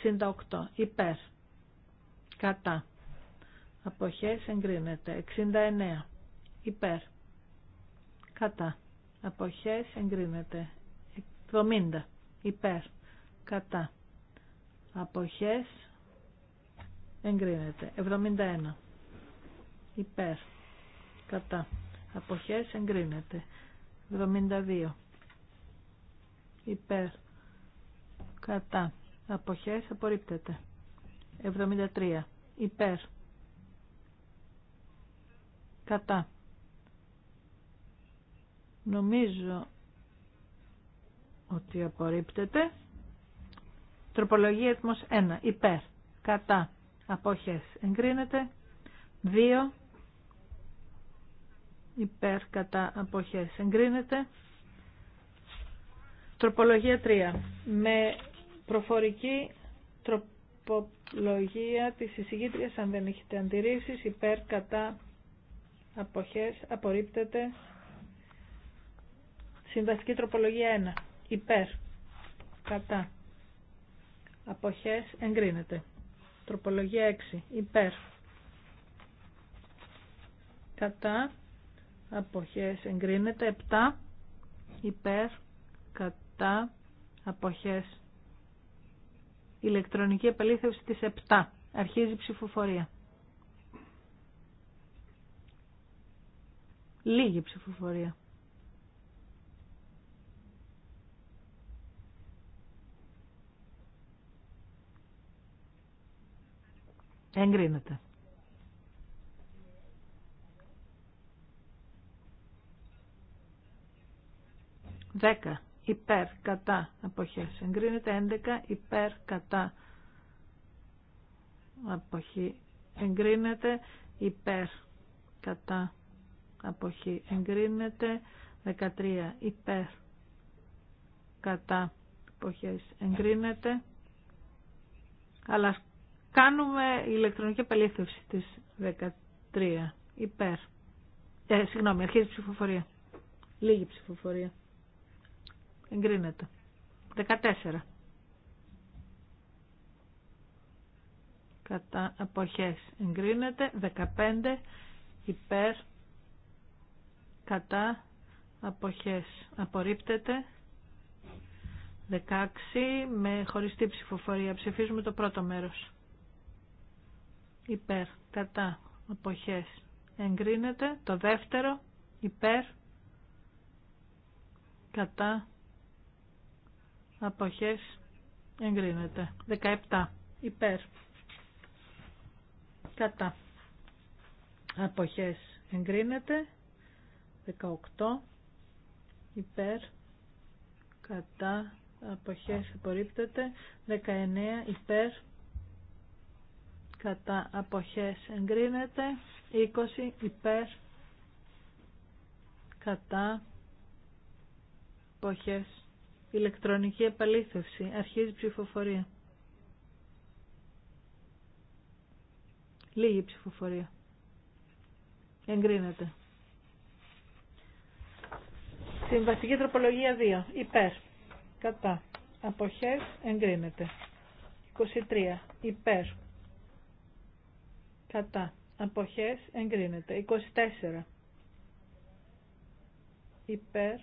68 υπέρ κατά Αποχές εγκρίνεται. 69. Υπέρ. Κατά. Αποχές εγκρίνεται. 70. Υπέρ. Κατά. Αποχές εγκρίνεται. 71. Υπέρ. Κατά. Αποχές εγκρίνεται. 72. Υπέρ. Κατά. Αποχές απορρίπτεται. 73. Υπέρ Κατά. Νομίζω ότι απορρίπτεται. Τροπολογία 1. Υπέρ. Κατά. Απόχες. Εγκρίνεται. 2. Υπέρ. Κατά. Απόχες. Εγκρίνεται. Τροπολογία 3. Με προφορική τροπολογία της εισηγήτριας αν δεν έχετε αντιρρήσεις υπέρ κατά αποχές απορρίπτεται συμβαστική τροπολογία 1 υπέρ κατά αποχές εγκρίνεται τροπολογία 6 υπέρ κατά αποχές εγκρίνεται 7 υπέρ κατά αποχές ηλεκτρονική επελήθευση της 7 αρχίζει η ψηφοφορία Λίγη ψηφοφορία. Εγκρίνεται. Δέκα. Υπέρ, κατά, αποχές. Εγκρίνεται Έντεκα υπέρ, κατά, αποχή. Εγκρίνεται υπέρ, κατά, αποχή εγκρίνεται 13 υπέρ κατά Εποχές. εγκρίνεται αλλά κάνουμε ηλεκτρονική επαλήθευση της 13 υπέρ ε, συγγνώμη αρχίζει ψηφοφορία λίγη ψηφοφορία εγκρίνεται 14 κατά αποχές εγκρίνεται 15 υπέρ κατά αποχές απορρίπτεται 16 με χωριστή ψηφοφορία ψηφίζουμε το πρώτο μέρος υπέρ κατά αποχές εγκρίνεται το δεύτερο υπέρ κατά αποχές εγκρίνεται 17 υπέρ κατά αποχές εγκρίνεται 18 υπέρ κατά αποχές απορρίπτεται 19 υπέρ κατά αποχές εγκρίνεται 20 υπέρ κατά αποχές ηλεκτρονική επαλήθευση αρχίζει ψηφοφορία λίγη ψηφοφορία εγκρίνεται Συμβαστική τροπολογία 2. Υπέρ. Κατά. Αποχές εγκρίνεται. 23. Υπέρ. Κατά. Αποχές εγκρίνεται. 24. Υπέρ.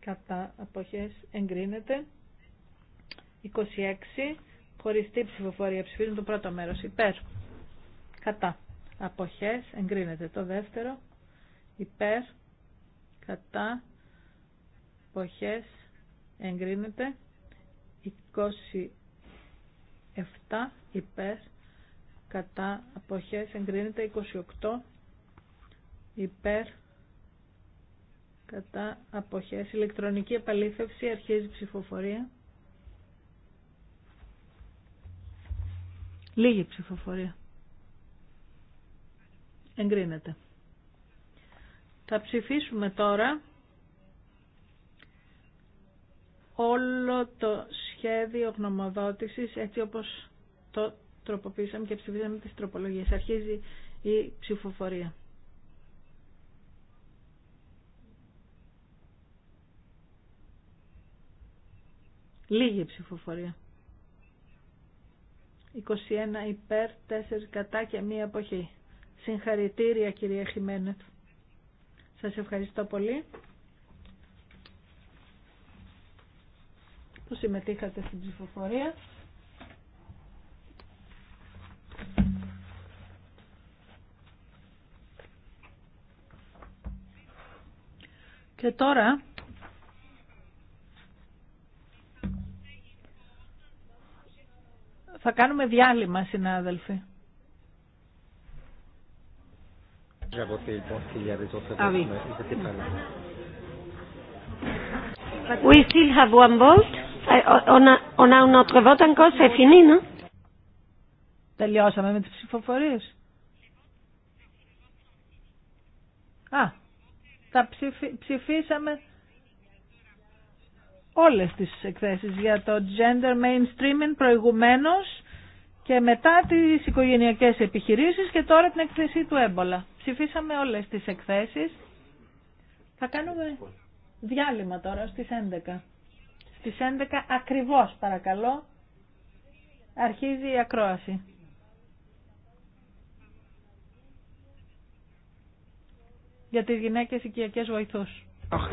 Κατά. Αποχές εγκρίνεται. 26. Χωριστή ψηφοφορία. Ψηφίζουν το πρώτο μέρος. Υπέρ. Κατά. Αποχές εγκρίνεται. Το δεύτερο. Υπέρ κατά εποχές εγκρίνεται 27 υπέρ κατά αποχές εγκρίνεται 28 υπέρ κατά αποχές ηλεκτρονική επαλήθευση αρχίζει ψηφοφορία λίγη ψηφοφορία εγκρίνεται θα ψηφίσουμε τώρα όλο το σχέδιο γνωμοδότησης έτσι όπως το τροποποίησαμε και ψηφίσαμε τις τροπολογίες. Αρχίζει η ψηφοφορία. Λίγη ψηφοφορία. 21 υπέρ, 4 κατά και μία αποχή. Συγχαρητήρια κυρία Χιμένεθ. Σας ευχαριστώ πολύ που συμμετείχατε στην ψηφοφορία. Και τώρα θα κάνουμε διάλειμμα, συνάδελφοι. Ah, we still have one vote. On a autre vote encore, c'est fini, non? Τελειώσαμε με τις ψηφοφορίες. Α, τα ψηφι... ψηφίσαμε όλες τις εκθέσεις για το gender mainstreaming προηγουμένως και μετά τις οικογενειακές επιχειρήσεις και τώρα την εκθεσή του έμπολα. Ψηφίσαμε όλες τις εκθέσεις. Θα κάνουμε διάλειμμα τώρα στις 11. Στις 11 ακριβώς παρακαλώ αρχίζει η ακρόαση. Για τις γυναίκες οικιακές βοηθούς.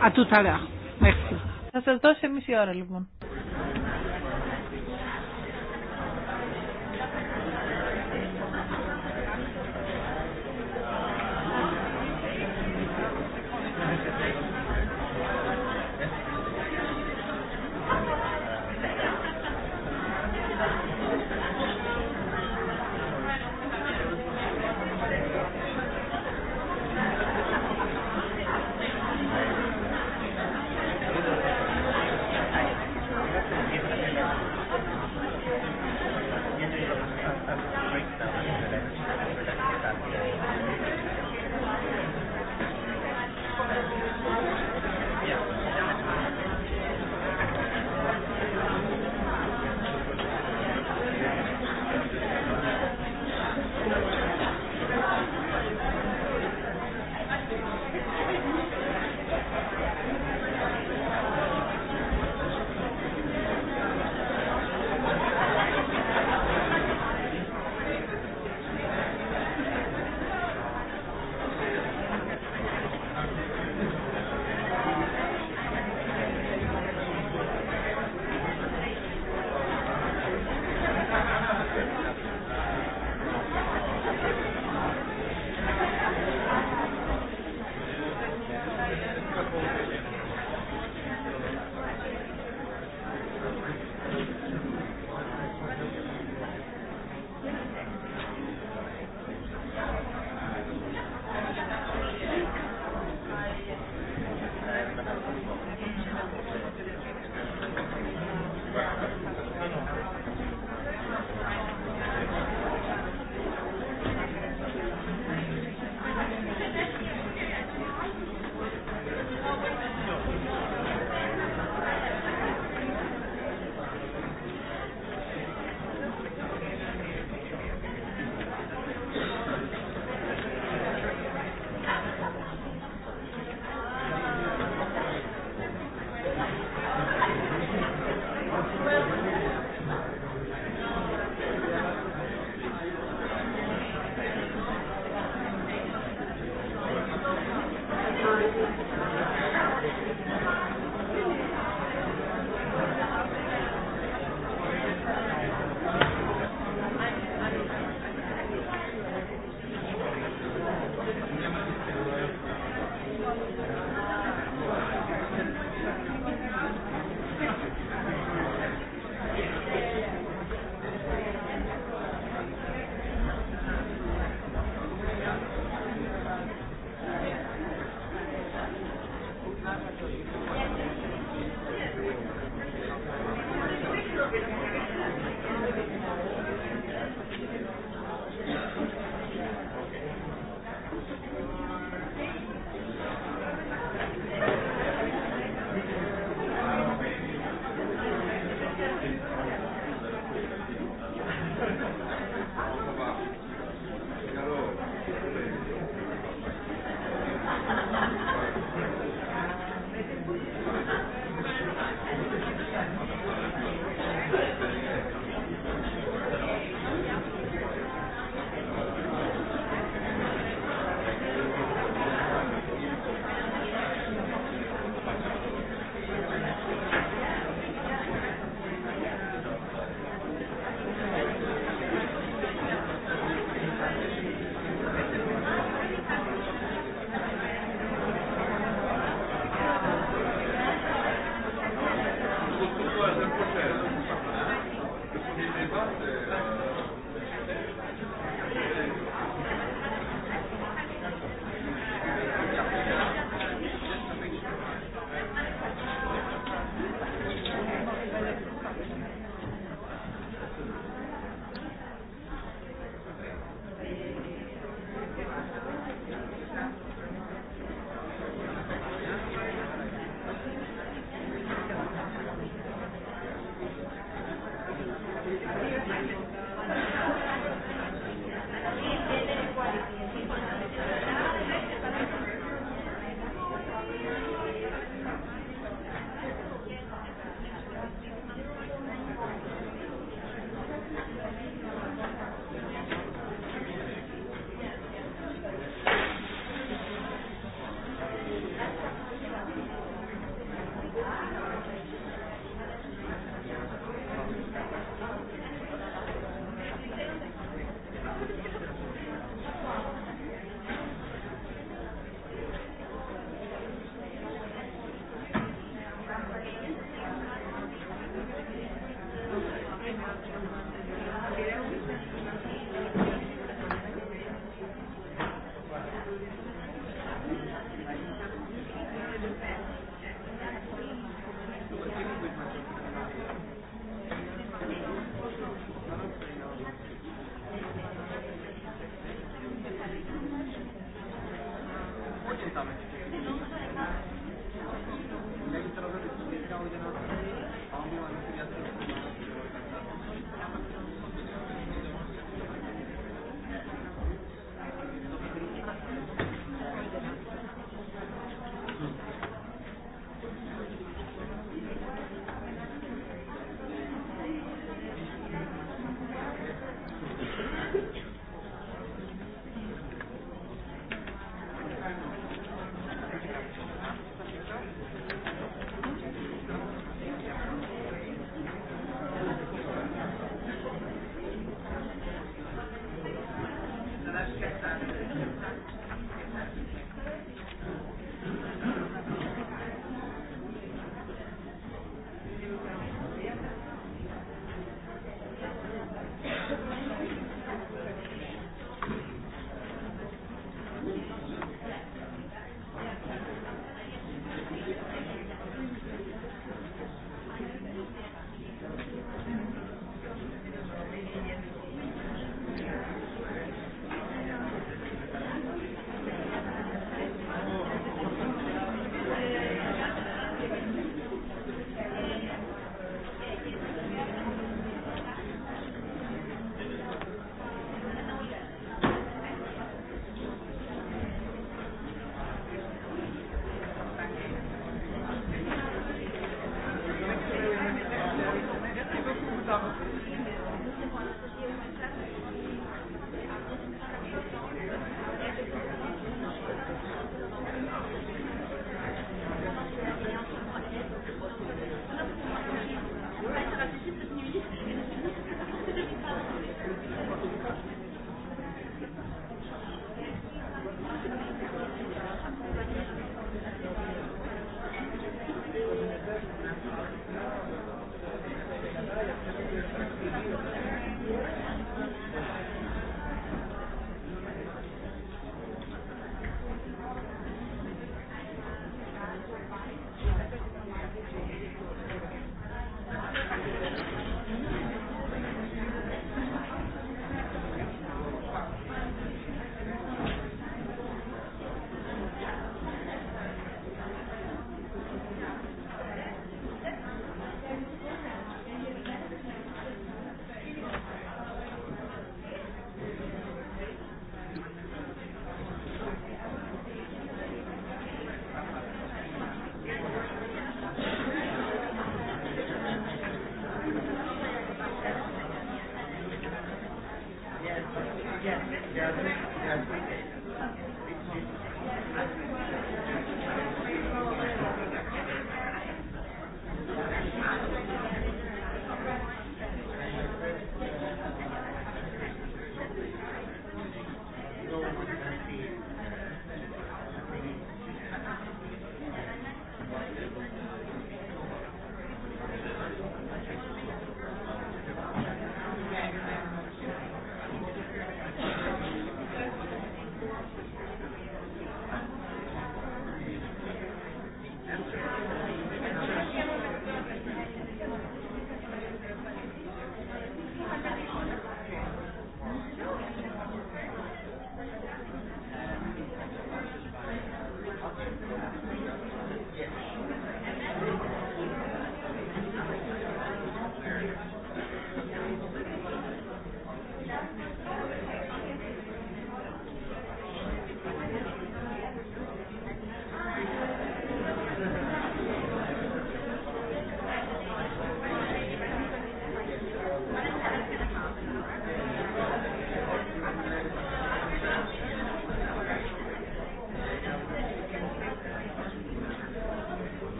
Α, τούτα Θα σας δώσω μισή ώρα λοιπόν.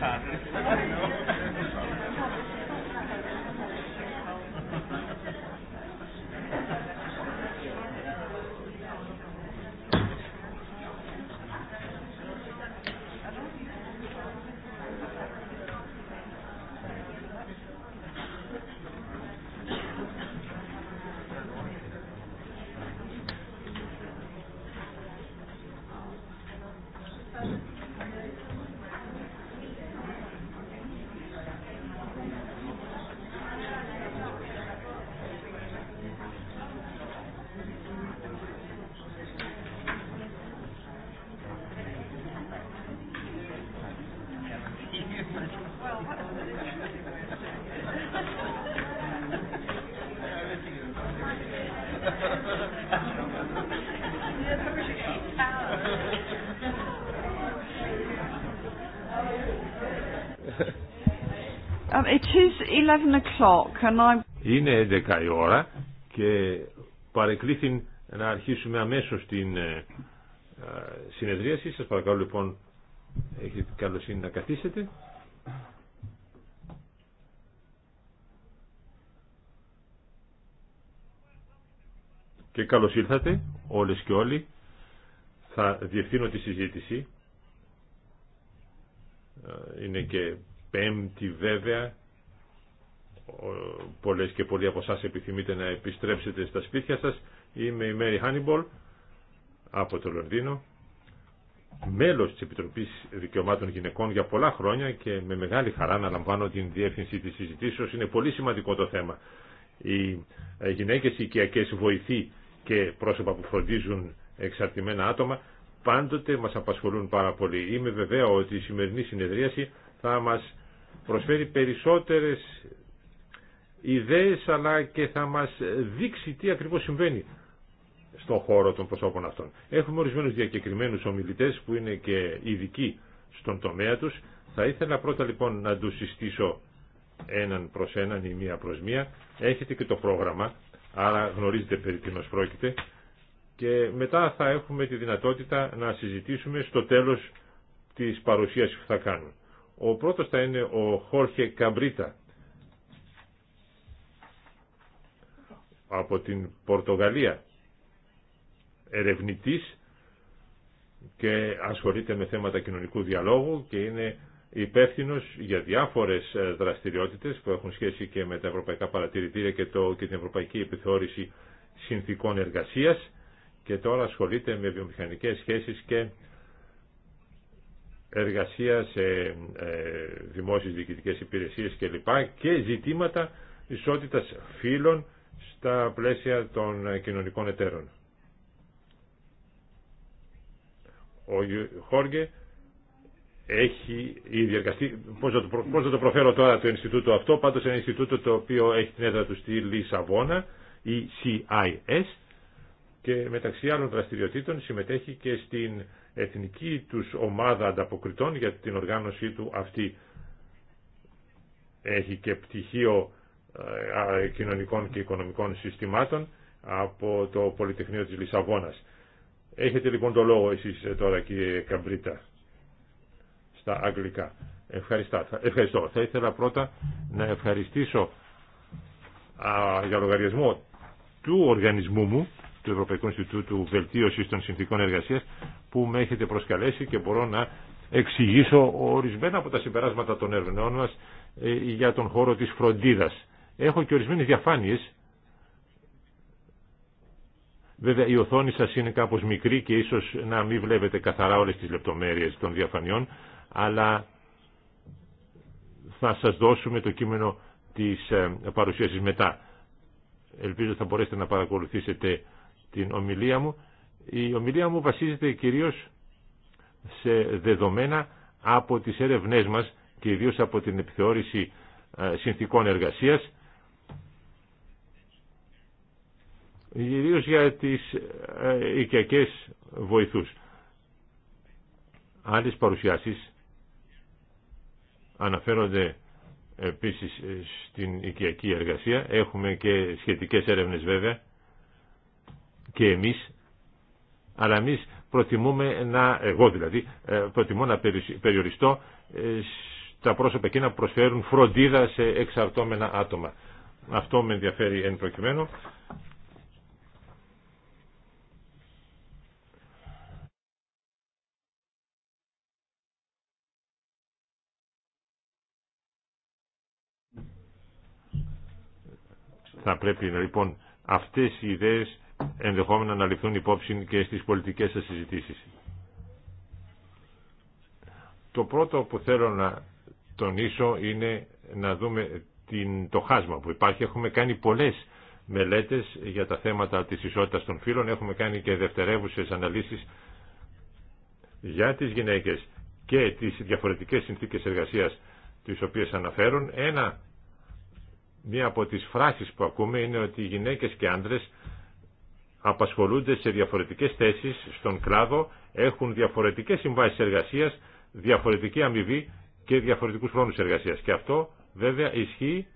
Σα Είναι 11 η ώρα και παρεκκλήθη να αρχίσουμε αμέσως την ε, ε, συνεδρίαση. Σας παρακαλώ λοιπόν, έχετε την καλοσύνη να καθίσετε. Και καλώς ήρθατε όλες και όλοι. Θα διευθύνω τη συζήτηση. Ε, είναι και πέμπτη βέβαια πολλές και πολλοί από εσά επιθυμείτε να επιστρέψετε στα σπίτια σας. Είμαι η Μέρι Χάνιμπολ από το Λονδίνο, μέλος της Επιτροπής Δικαιωμάτων Γυναικών για πολλά χρόνια και με μεγάλη χαρά να λαμβάνω την διεύθυνση της συζητήσεως. Είναι πολύ σημαντικό το θέμα. Οι ε, γυναίκες οικιακές βοηθοί και πρόσωπα που φροντίζουν εξαρτημένα άτομα πάντοτε μας απασχολούν πάρα πολύ. Είμαι βεβαίω ότι η σημερινή συνεδρίαση θα μας προσφέρει περισσότερες ιδέες αλλά και θα μας δείξει τι ακριβώς συμβαίνει στον χώρο των προσώπων αυτών. Έχουμε ορισμένους διακεκριμένους ομιλητές που είναι και ειδικοί στον τομέα τους. Θα ήθελα πρώτα λοιπόν να τους συστήσω έναν προς έναν ή μία προς μία. Έχετε και το πρόγραμμα, άρα γνωρίζετε περί τίνος πρόκειται. Και μετά θα έχουμε τη δυνατότητα να συζητήσουμε στο τέλος της παρουσίασης που θα κάνουν. Ο πρώτος θα είναι ο Χόρχε Καμπρίτα, από την Πορτογαλία, ερευνητής και ασχολείται με θέματα κοινωνικού διαλόγου και είναι υπεύθυνο για διάφορες ε, δραστηριότητες που έχουν σχέση και με τα ευρωπαϊκά παρατηρητήρια και, το, και την ευρωπαϊκή επιθεώρηση συνθήκων εργασίας και τώρα ασχολείται με βιομηχανικές σχέσεις και εργασία σε ε, δημόσιες διοικητικές υπηρεσίες κλπ. και ζητήματα ισότητας φύλων στα πλαίσια των κοινωνικών εταίρων. Ο Χόργε έχει ήδη εργαστεί, πώς θα, το, προ... πώς θα το προφέρω τώρα το Ινστιτούτο αυτό, πάντως ένα Ινστιτούτο το οποίο έχει την έδρα του στη Λισαβόνα, η CIS, και μεταξύ άλλων δραστηριοτήτων συμμετέχει και στην εθνική τους ομάδα ανταποκριτών για την οργάνωσή του αυτή. Έχει και πτυχίο ε, κοινωνικών και οικονομικών συστημάτων από το Πολυτεχνείο της Λισαβόνας. Έχετε λοιπόν το λόγο εσείς ε, τώρα κύριε Καμπρίτα στα αγγλικά. Ευχαριστώ. Ευχαριστώ. Θα ήθελα πρώτα να ευχαριστήσω για λογαριασμό του οργανισμού μου, του Ευρωπαϊκού Ινστιτούτου Βελτίωσης των Συνθήκων Εργασίας, που με έχετε προσκαλέσει και μπορώ να εξηγήσω ορισμένα από τα συμπεράσματα των ερευνών μας ε, για τον χώρο της φροντίδας. Έχω και ορισμένες διαφάνειες. Βέβαια η οθόνη σας είναι κάπως μικρή και ίσως να μην βλέπετε καθαρά όλες τις λεπτομέρειες των διαφανειών, αλλά θα σας δώσουμε το κείμενο της ε, παρουσίασης μετά. Ελπίζω θα μπορέσετε να παρακολουθήσετε την ομιλία μου. Η ομιλία μου βασίζεται κυρίως σε δεδομένα από τις έρευνές μας και ιδίως από την επιθεώρηση ε, συνθήκων εργασίας Ιδίως για τις ε, οικιακές βοηθούς. Άλλες παρουσιάσεις αναφέρονται επίσης στην οικιακή εργασία. Έχουμε και σχετικές έρευνες βέβαια και εμείς. Αλλά εμείς προτιμούμε να, εγώ δηλαδή, ε, προτιμώ να περιοριστώ ε, τα πρόσωπα εκείνα που προσφέρουν φροντίδα σε εξαρτώμενα άτομα. Αυτό με ενδιαφέρει εν προκειμένου Θα πρέπει λοιπόν αυτές οι ιδέες ενδεχόμενα να ληφθούν υπόψη και στις πολιτικές σας συζητήσεις. Το πρώτο που θέλω να τονίσω είναι να δούμε την, το χάσμα που υπάρχει. Έχουμε κάνει πολλές μελέτες για τα θέματα της ισότητας των φύλων. Έχουμε κάνει και δευτερεύουσες αναλύσεις για τις γυναίκες και τις διαφορετικές συνθήκες εργασίας τις οποίες αναφέρουν. Ένα Μία από τις φράσεις που ακούμε είναι ότι οι γυναίκες και άντρες απασχολούνται σε διαφορετικές θέσεις στον κλάδο, έχουν διαφορετικές συμβάσεις εργασίας, διαφορετική αμοιβή και διαφορετικούς χρόνους εργασίας. Και αυτό βέβαια ισχύει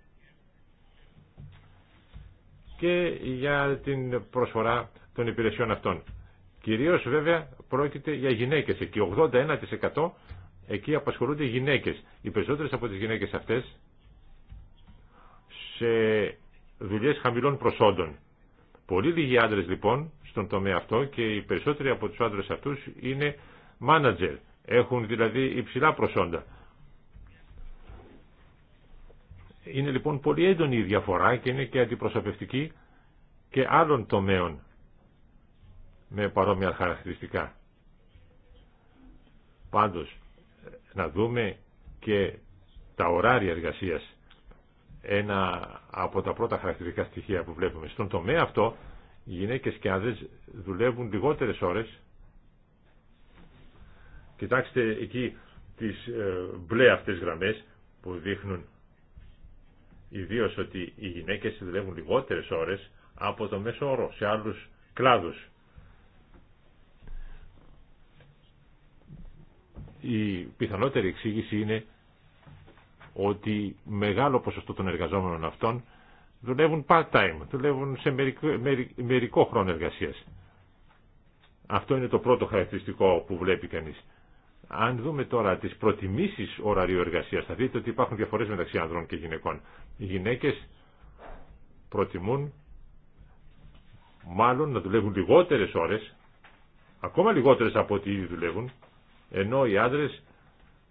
και για την προσφορά των υπηρεσιών αυτών. Κυρίως βέβαια πρόκειται για γυναίκες. Εκεί 81% εκεί απασχολούνται γυναίκες. Οι περισσότερες από τις γυναίκες αυτές σε δουλειές χαμηλών προσόντων. Πολύ λίγοι άντρες λοιπόν στον τομέα αυτό και οι περισσότεροι από τους άντρες αυτούς είναι μάνατζερ. Έχουν δηλαδή υψηλά προσόντα. Είναι λοιπόν πολύ έντονη η διαφορά και είναι και αντιπροσωπευτική και άλλων τομέων με παρόμοια χαρακτηριστικά. Πάντως, να δούμε και τα ωράρια εργασίας ένα από τα πρώτα χαρακτηριστικά στοιχεία που βλέπουμε. Στον τομέα αυτό οι γυναίκες και άνδρες δουλεύουν λιγότερες ώρες. Κοιτάξτε εκεί τις ε, μπλε αυτές γραμμές που δείχνουν ιδίω ότι οι γυναίκες δουλεύουν λιγότερες ώρες από το μέσο όρο σε άλλους κλάδους. Η πιθανότερη εξήγηση είναι ότι μεγάλο ποσοστό των εργαζόμενων αυτών δουλεύουν part-time, δουλεύουν σε μερικό, μερικό χρόνο εργασίας. Αυτό είναι το πρώτο χαρακτηριστικό που βλέπει κανείς. Αν δούμε τώρα τις προτιμήσεις ωραρίου εργασίας, θα δείτε ότι υπάρχουν διαφορές μεταξύ ανδρών και γυναικών. Οι γυναίκες προτιμούν μάλλον να δουλεύουν λιγότερες ώρες, ακόμα λιγότερες από ό,τι ήδη δουλεύουν, ενώ οι άντρες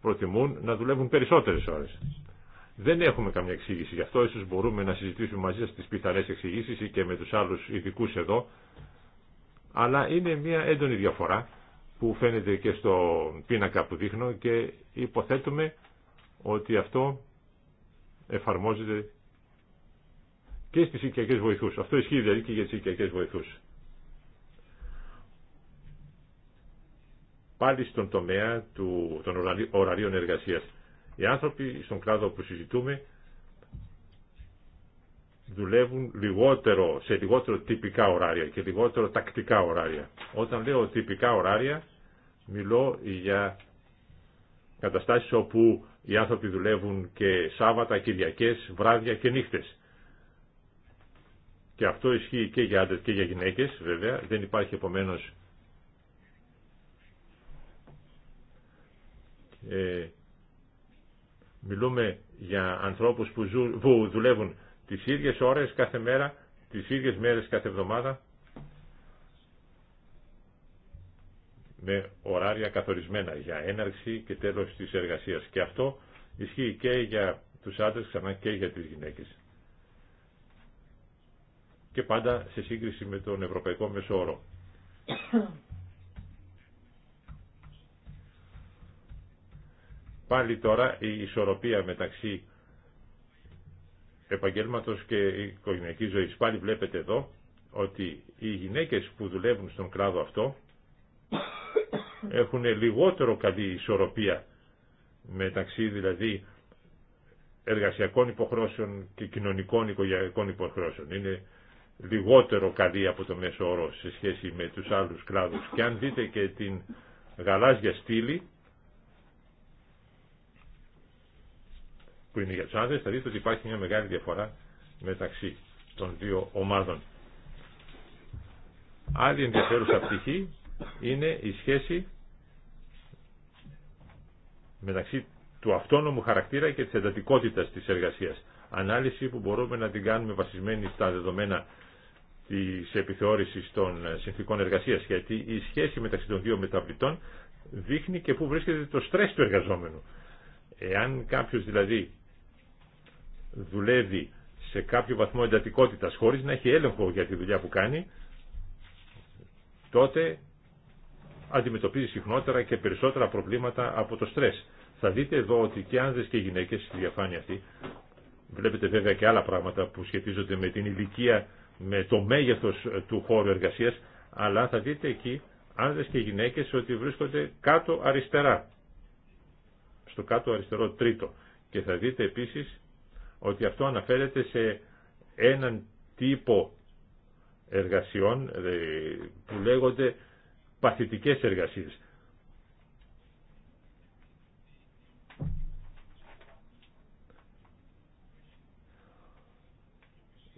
προτιμούν να δουλεύουν περισσότερες ώρες. Δεν έχουμε καμία εξήγηση γι' αυτό, ίσως μπορούμε να συζητήσουμε μαζί σας τις πιθανές εξηγήσεις και με τους άλλους ειδικού εδώ, αλλά είναι μια έντονη διαφορά που φαίνεται και στο πίνακα που δείχνω και υποθέτουμε ότι αυτό εφαρμόζεται και στις οικιακές βοηθούς. Αυτό ισχύει δηλαδή και για τις οικιακές βοηθούς. πάλι στον τομέα του, των ωραρίων εργασίας. Οι άνθρωποι στον κλάδο που συζητούμε δουλεύουν λιγότερο, σε λιγότερο τυπικά ωράρια και λιγότερο τακτικά ωράρια. Όταν λέω τυπικά ωράρια, μιλώ για καταστάσεις όπου οι άνθρωποι δουλεύουν και Σάββατα, Κυριακές, βράδια και νύχτες. Και αυτό ισχύει και για άντρες και για γυναίκες, βέβαια. Δεν υπάρχει επομένως Ε, μιλούμε για ανθρώπους που, δουλεύουν τις ίδιες ώρες κάθε μέρα, τις ίδιες μέρες κάθε εβδομάδα, με ωράρια καθορισμένα για έναρξη και τέλος της εργασίας. Και αυτό ισχύει και για τους άντρες ξανά και για τις γυναίκες. Και πάντα σε σύγκριση με τον Ευρωπαϊκό Μεσόρο. Πάλι τώρα η ισορροπία μεταξύ επαγγέλματος και οικογενειακής ζωής. Πάλι βλέπετε εδώ ότι οι γυναίκες που δουλεύουν στον κλάδο αυτό έχουν λιγότερο καλή ισορροπία μεταξύ δηλαδή εργασιακών υποχρώσεων και κοινωνικών οικογενειακών υποχρώσεων. Είναι λιγότερο καλή από το μέσο όρο σε σχέση με τους άλλους κλάδους. Και αν δείτε και την γαλάζια στήλη που είναι για τους άνδρες, θα δείτε ότι υπάρχει μια μεγάλη διαφορά μεταξύ των δύο ομάδων. Άλλη ενδιαφέρουσα πτυχή είναι η σχέση μεταξύ του αυτόνομου χαρακτήρα και της εντατικότητας της εργασίας. Ανάλυση που μπορούμε να την κάνουμε βασισμένη στα δεδομένα της επιθεώρησης των συνθήκων εργασίας, γιατί η σχέση μεταξύ των δύο μεταβλητών δείχνει και πού βρίσκεται το στρες του εργαζόμενου. Εάν κάποιος δηλαδή δουλεύει σε κάποιο βαθμό εντατικότητας χωρίς να έχει έλεγχο για τη δουλειά που κάνει, τότε αντιμετωπίζει συχνότερα και περισσότερα προβλήματα από το στρες. Θα δείτε εδώ ότι και άνδρες και γυναίκες στη διαφάνεια αυτή, βλέπετε βέβαια και άλλα πράγματα που σχετίζονται με την ηλικία, με το μέγεθος του χώρου εργασίας, αλλά θα δείτε εκεί άνδρες και γυναίκες ότι βρίσκονται κάτω αριστερά, στο κάτω αριστερό τρίτο. Και θα δείτε επίσης ότι αυτό αναφέρεται σε έναν τύπο εργασιών που λέγονται παθητικές εργασίες.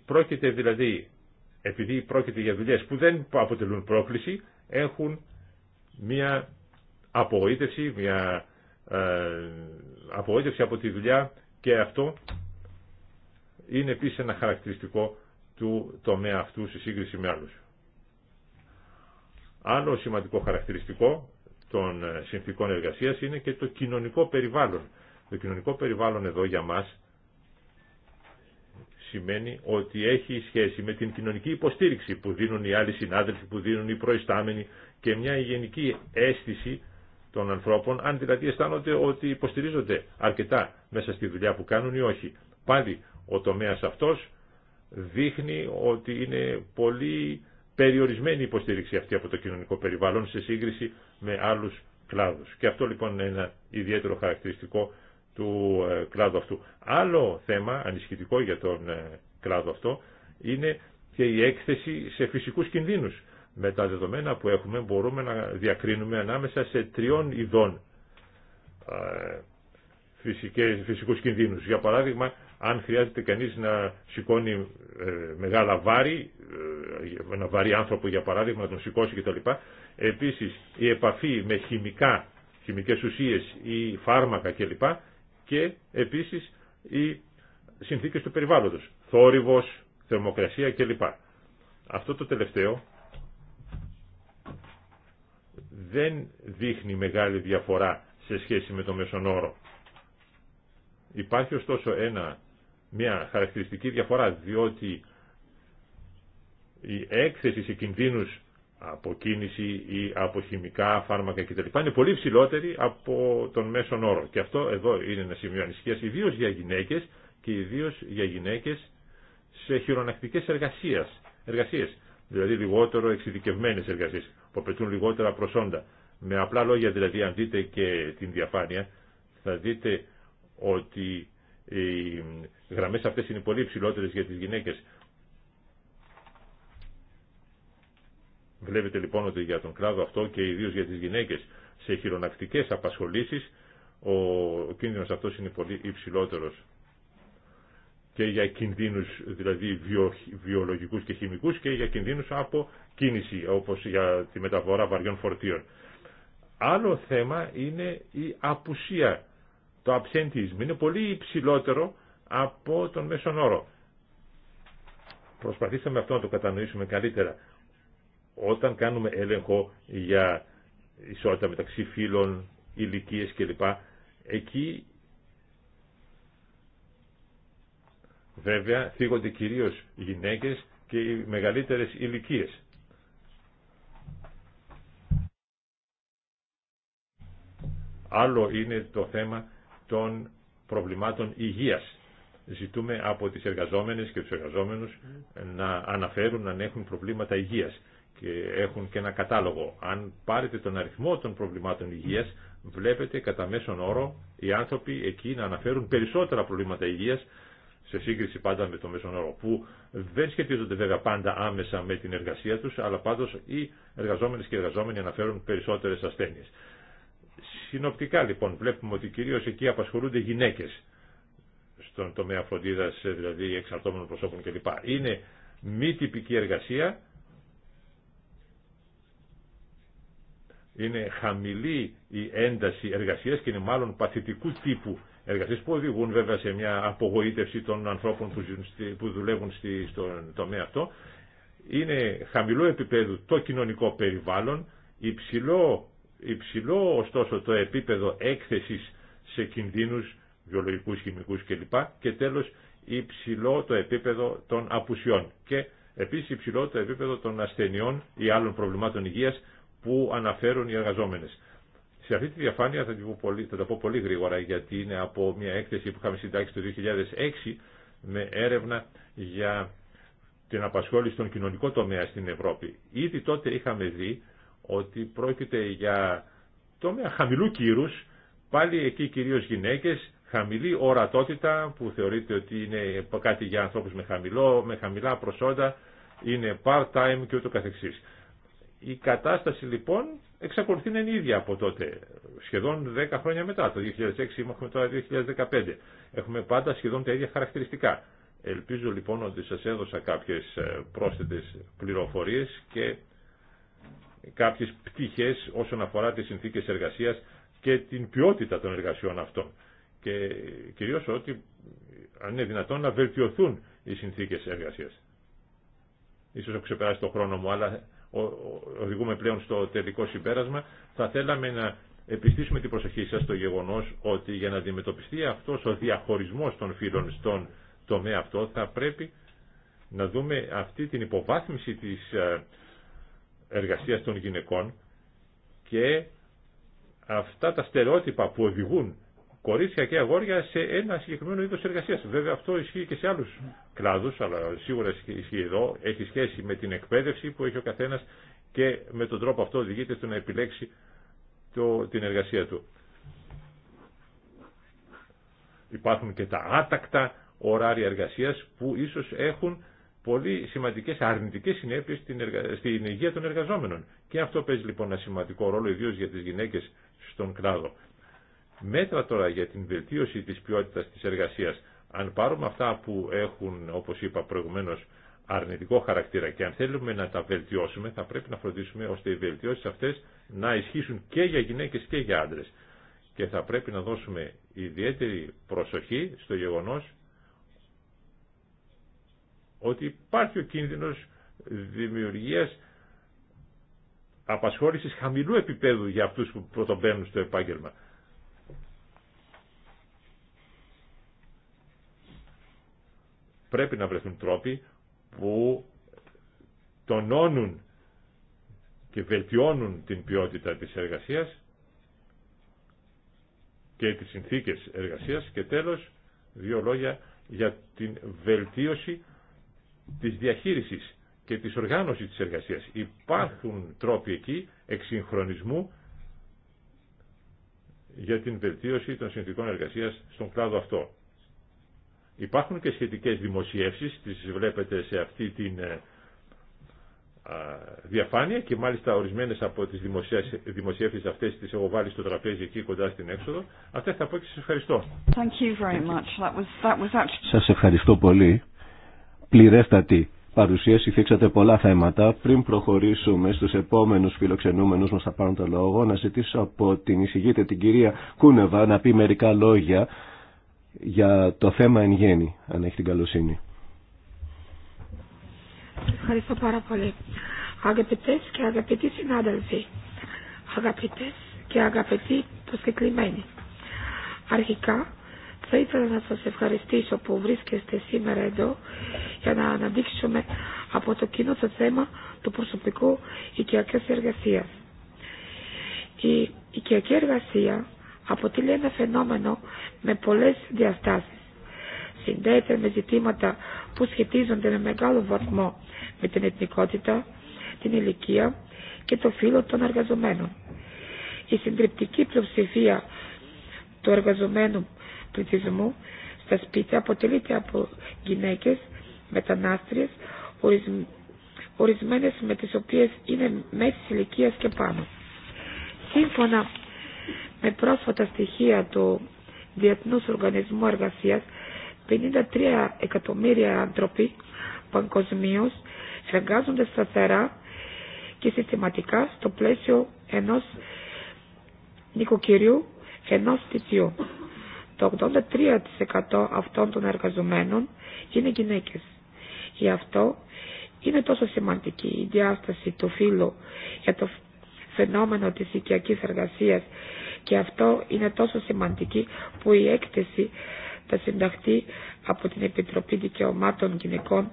Πρόκειται δηλαδή, επειδή πρόκειται για δουλειές που δεν αποτελούν πρόκληση, έχουν μια απογοήτευση, μια ε, απογοήτευση από τη δουλειά και αυτό είναι επίσης ένα χαρακτηριστικό του τομέα αυτού σε σύγκριση με άλλους. Άλλο σημαντικό χαρακτηριστικό των ε, συνθήκων εργασίας είναι και το κοινωνικό περιβάλλον. Το κοινωνικό περιβάλλον εδώ για μας σημαίνει ότι έχει σχέση με την κοινωνική υποστήριξη που δίνουν οι άλλοι συνάδελφοι, που δίνουν οι προϊστάμενοι και μια γενική αίσθηση των ανθρώπων, αν δηλαδή αισθάνονται ότι υποστηρίζονται αρκετά μέσα στη δουλειά που κάνουν ή όχι. Πάλι ο τομέας αυτός δείχνει ότι είναι πολύ περιορισμένη η υποστήριξη αυτή από το κοινωνικό περιβάλλον σε σύγκριση με άλλους κλάδους. Και αυτό λοιπόν είναι ένα ιδιαίτερο χαρακτηριστικό του ε, κλάδου αυτού. Άλλο θέμα ανισχυτικό για τον ε, κλάδο αυτό είναι και η έκθεση σε φυσικούς κινδύνους. Με τα δεδομένα που έχουμε μπορούμε να διακρίνουμε ανάμεσα σε τριών ειδών ε, φυσικούς κινδύνους. Για παράδειγμα αν χρειάζεται κανείς να σηκώνει ε, μεγάλα βάρη, ένα ε, βαρύ άνθρωπο για παράδειγμα να τον σηκώσει κτλ. Επίσης η επαφή με χημικά, χημικές ουσίες ή φάρμακα κλπ. Και επίσης οι συνθήκες του περιβάλλοντος, θόρυβος, θερμοκρασία κλπ. Αυτό το τελευταίο δεν δείχνει μεγάλη διαφορά σε σχέση με το μεσονόρο. Υπάρχει ωστόσο ένα μια χαρακτηριστική διαφορά, διότι η έκθεση σε κινδύνους από κίνηση ή από χημικά φάρμακα κτλ. είναι πολύ ψηλότερη από τον μέσον όρο. Και αυτό εδώ είναι ένα σημείο ανησυχίας, ιδίω για γυναίκες και ιδίω για γυναίκες σε χειρονακτικές εργασίες, εργασίες δηλαδή λιγότερο εξειδικευμένες εργασίες, που απαιτούν λιγότερα προσόντα. Με απλά λόγια δηλαδή, αν δείτε και την διαφάνεια, θα δείτε ότι οι γραμμές αυτές είναι πολύ υψηλότερες για τις γυναίκες. Βλέπετε λοιπόν ότι για τον κλάδο αυτό και ιδίω για τις γυναίκες σε χειρονακτικές απασχολήσεις ο, κίνδυνος αυτός είναι πολύ υψηλότερος και για κινδύνους δηλαδή βιο, βιολογικούς και χημικούς και για κινδύνους από κίνηση όπως για τη μεταφορά βαριών φορτίων. Άλλο θέμα είναι η απουσία το absenteeism είναι πολύ υψηλότερο από τον μέσον όρο. Προσπαθήσαμε αυτό να το κατανοήσουμε καλύτερα. Όταν κάνουμε έλεγχο για ισότητα μεταξύ φύλων, ηλικίες κλπ. Εκεί βέβαια θίγονται κυρίως γυναίκες και οι μεγαλύτερες ηλικίες. Άλλο είναι το θέμα των προβλημάτων υγείας. Ζητούμε από τις εργαζόμενες και τους εργαζόμενους να αναφέρουν αν έχουν προβλήματα υγείας και έχουν και ένα κατάλογο. Αν πάρετε τον αριθμό των προβλημάτων υγείας, βλέπετε κατά μέσον όρο οι άνθρωποι εκεί να αναφέρουν περισσότερα προβλήματα υγείας σε σύγκριση πάντα με το μέσον όρο, που δεν σχετίζονται βέβαια πάντα άμεσα με την εργασία τους, αλλά πάντως οι εργαζόμενες και οι εργαζόμενοι αναφέρουν περισσότερες ασθένειες. Συνοπτικά λοιπόν βλέπουμε ότι κυρίως εκεί απασχολούνται γυναίκες στον τομέα φροντίδας, ε, δηλαδή εξαρτώμενων προσώπων κλπ. Είναι μη τυπική εργασία, είναι χαμηλή η ένταση εργασίας και είναι μάλλον παθητικού τύπου εργασίες που οδηγούν βέβαια σε μια απογοήτευση των ανθρώπων που, που δουλεύουν στη, στον τομέα αυτό. Είναι χαμηλό επίπεδο το κοινωνικό περιβάλλον, υψηλό Υψηλό ωστόσο το επίπεδο έκθεσης σε κινδύνους βιολογικούς, χημικούς κλπ. Και τέλος υψηλό το επίπεδο των απουσιών και επίσης υψηλό το επίπεδο των ασθενειών ή άλλων προβλημάτων υγείας που αναφέρουν οι εργαζόμενες. Σε αυτή τη διαφάνεια θα, πολύ, πω πολύ γρήγορα γιατί είναι από μια έκθεση που είχαμε συντάξει το 2006 με έρευνα για την απασχόληση στον κοινωνικό τομέα στην Ευρώπη. Ήδη τότε είχαμε δει ότι πρόκειται για τομέα χαμηλού κύρους, πάλι εκεί κυρίως γυναίκες, χαμηλή ορατότητα που θεωρείται ότι είναι κάτι για ανθρώπους με, χαμηλό, με χαμηλά προσόντα, είναι part-time και ούτω καθεξής. Η κατάσταση λοιπόν εξακολουθεί να είναι ίδια από τότε, σχεδόν 10 χρόνια μετά, το 2006 είμαστε τώρα 2015. Έχουμε πάντα σχεδόν τα ίδια χαρακτηριστικά. Ελπίζω λοιπόν ότι σας έδωσα κάποιες ε, πρόσθετες πληροφορίες και κάποιες πτυχές όσον αφορά τις συνθήκες εργασίας και την ποιότητα των εργασιών αυτών. Και κυρίως ότι αν είναι δυνατόν να βελτιωθούν οι συνθήκες εργασίας. Ίσως έχω ξεπεράσει το χρόνο μου, αλλά οδηγούμε πλέον στο τελικό συμπέρασμα. Θα θέλαμε να επιστήσουμε την προσοχή σας στο γεγονός ότι για να αντιμετωπιστεί αυτός ο διαχωρισμός των φύλων στον τομέα αυτό θα πρέπει να δούμε αυτή την υποβάθμιση της ε, εργασίας των γυναικών και αυτά τα στερεότυπα που οδηγούν κορίτσια και αγόρια σε ένα συγκεκριμένο είδος εργασίας. Βέβαια αυτό ισχύει και σε άλλους κλάδους, αλλά σίγουρα ισχύει εδώ, έχει σχέση με την εκπαίδευση που έχει ο καθένας και με τον τρόπο αυτό οδηγείται στο να επιλέξει το, την εργασία του. Υπάρχουν και τα άτακτα ωράρια εργασίας που ίσως έχουν πολύ σημαντικές αρνητικές συνέπειες στην, στην υγεία των εργαζόμενων. Και αυτό παίζει λοιπόν ένα σημαντικό ρόλο, ιδίως για τις γυναίκες στον κλάδο. Μέτρα τώρα για την βελτίωση της ποιότητας της εργασίας. Αν πάρουμε αυτά που έχουν, όπως είπα προηγουμένως, αρνητικό χαρακτήρα και αν θέλουμε να τα βελτιώσουμε, θα πρέπει να φροντίσουμε ώστε οι βελτιώσεις αυτές να ισχύσουν και για γυναίκες και για άντρες. Και θα πρέπει να δώσουμε ιδιαίτερη προσοχή στο γεγονός ότι υπάρχει ο κίνδυνος δημιουργίας απασχόλησης χαμηλού επίπεδου για αυτούς που πρωτομπαίνουν στο επάγγελμα. Πρέπει να βρεθούν τρόποι που τονώνουν και βελτιώνουν την ποιότητα της εργασίας και τις συνθήκες εργασίας και τέλος δύο λόγια για την βελτίωση της διαχείρισης και της οργάνωσης της εργασίας. Υπάρχουν τρόποι εκεί εξυγχρονισμού για την βελτίωση των συνθηκών εργασίας στον κλάδο αυτό. Υπάρχουν και σχετικές δημοσιεύσεις, τις βλέπετε σε αυτή τη ε, διαφάνεια και μάλιστα ορισμένες από τις δημοσιεύσεις αυτές τις έχω βάλει στο τραπέζι εκεί κοντά στην έξοδο. Αυτές θα πω και σας ευχαριστώ. Thank Σας ευχαριστώ πολύ πληρέστατη παρουσίαση. Θίξατε πολλά θέματα. Πριν προχωρήσουμε στους επόμενους φιλοξενούμενους μα θα πάρουν το λόγο, να ζητήσω από την εισηγήτρια την κυρία Κούνεβα να πει μερικά λόγια για το θέμα εν γέννη, αν έχει την καλοσύνη. Ευχαριστώ πάρα πολύ. Αγαπητές και αγαπητοί συνάδελφοι, αγαπητές και αγαπητοί προσκεκλημένοι. Αρχικά θα ήθελα να σας ευχαριστήσω που βρίσκεστε σήμερα εδώ για να αναδείξουμε από το κοινό το θέμα το προσωπικό οικιακής εργασίας. Η οικιακή εργασία αποτελεί ένα φαινόμενο με πολλές διαστάσεις. Συνδέεται με ζητήματα που σχετίζονται με μεγάλο βαθμό με την εθνικότητα, την ηλικία και το φύλλο των εργαζομένων. Η συντριπτική πλειοψηφία του εργαζομένου πληθυσμού στα σπίτια αποτελείται από γυναίκες, μετανάστριες, ορισμένες με τις οποίες είναι μέση ηλικία και πάνω. Σύμφωνα με πρόσφατα στοιχεία του Διεθνούς Οργανισμού Εργασίας, 53 εκατομμύρια άνθρωποι παγκοσμίω εργάζονται σταθερά και συστηματικά στο πλαίσιο ενός νοικοκυριού ενός σπιτιού το 83% αυτών των εργαζομένων είναι γυναίκες. Γι' αυτό είναι τόσο σημαντική η διάσταση του φύλου για το φαινόμενο της οικιακής εργασίας και αυτό είναι τόσο σημαντική που η έκθεση θα συνταχθεί από την Επιτροπή Δικαιωμάτων Γυναικών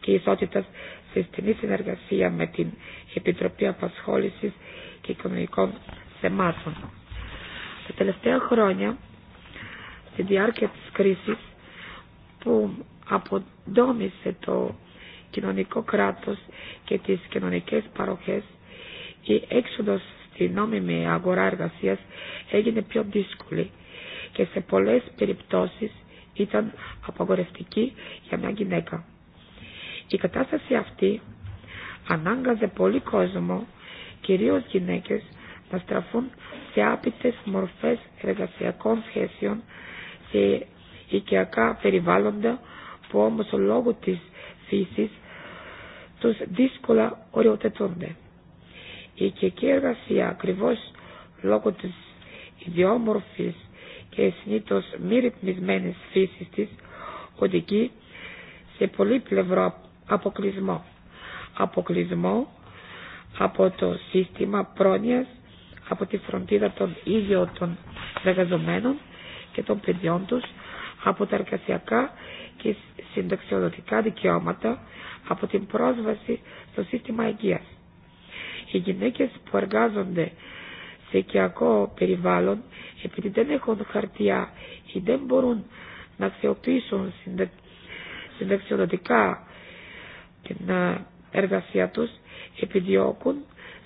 και Ισότητας σε στενή συνεργασία με την Επιτροπή Απασχόλησης και Οικονομικών Θεμάτων. Τα τελευταία χρόνια στη διάρκεια της κρίσης που αποδόμησε το κοινωνικό κράτος και τις κοινωνικές παροχές η έξοδος στη νόμιμη αγορά εργασίας έγινε πιο δύσκολη και σε πολλές περιπτώσεις ήταν απαγορευτική για μια γυναίκα. Η κατάσταση αυτή ανάγκαζε πολύ κόσμο, κυρίως γυναίκες, να στραφούν σε άπειτες μορφές εργασιακών σχέσεων σε οικιακά περιβάλλοντα που όμως λόγω της φύσης τους δύσκολα οριοθετούνται. Η οικιακή εργασία ακριβώ λόγω της ιδιόμορφης και συνήθω μη ρυθμισμένης φύσης της οδηγεί σε πολύπλευρο αποκλεισμό. Αποκλεισμό από το σύστημα πρόνοιας από τη φροντίδα των ίδιων των εργαζομένων των παιδιών τους από τα εργασιακά και συνταξιοδοτικά δικαιώματα από την πρόσβαση στο σύστημα υγείας. Οι γυναίκες που εργάζονται σε οικιακό περιβάλλον επειδή δεν έχουν χαρτιά ή δεν μπορούν να αξιοποιήσουν συνταξιοδοτικά την ε, εργασία τους επιδιώκουν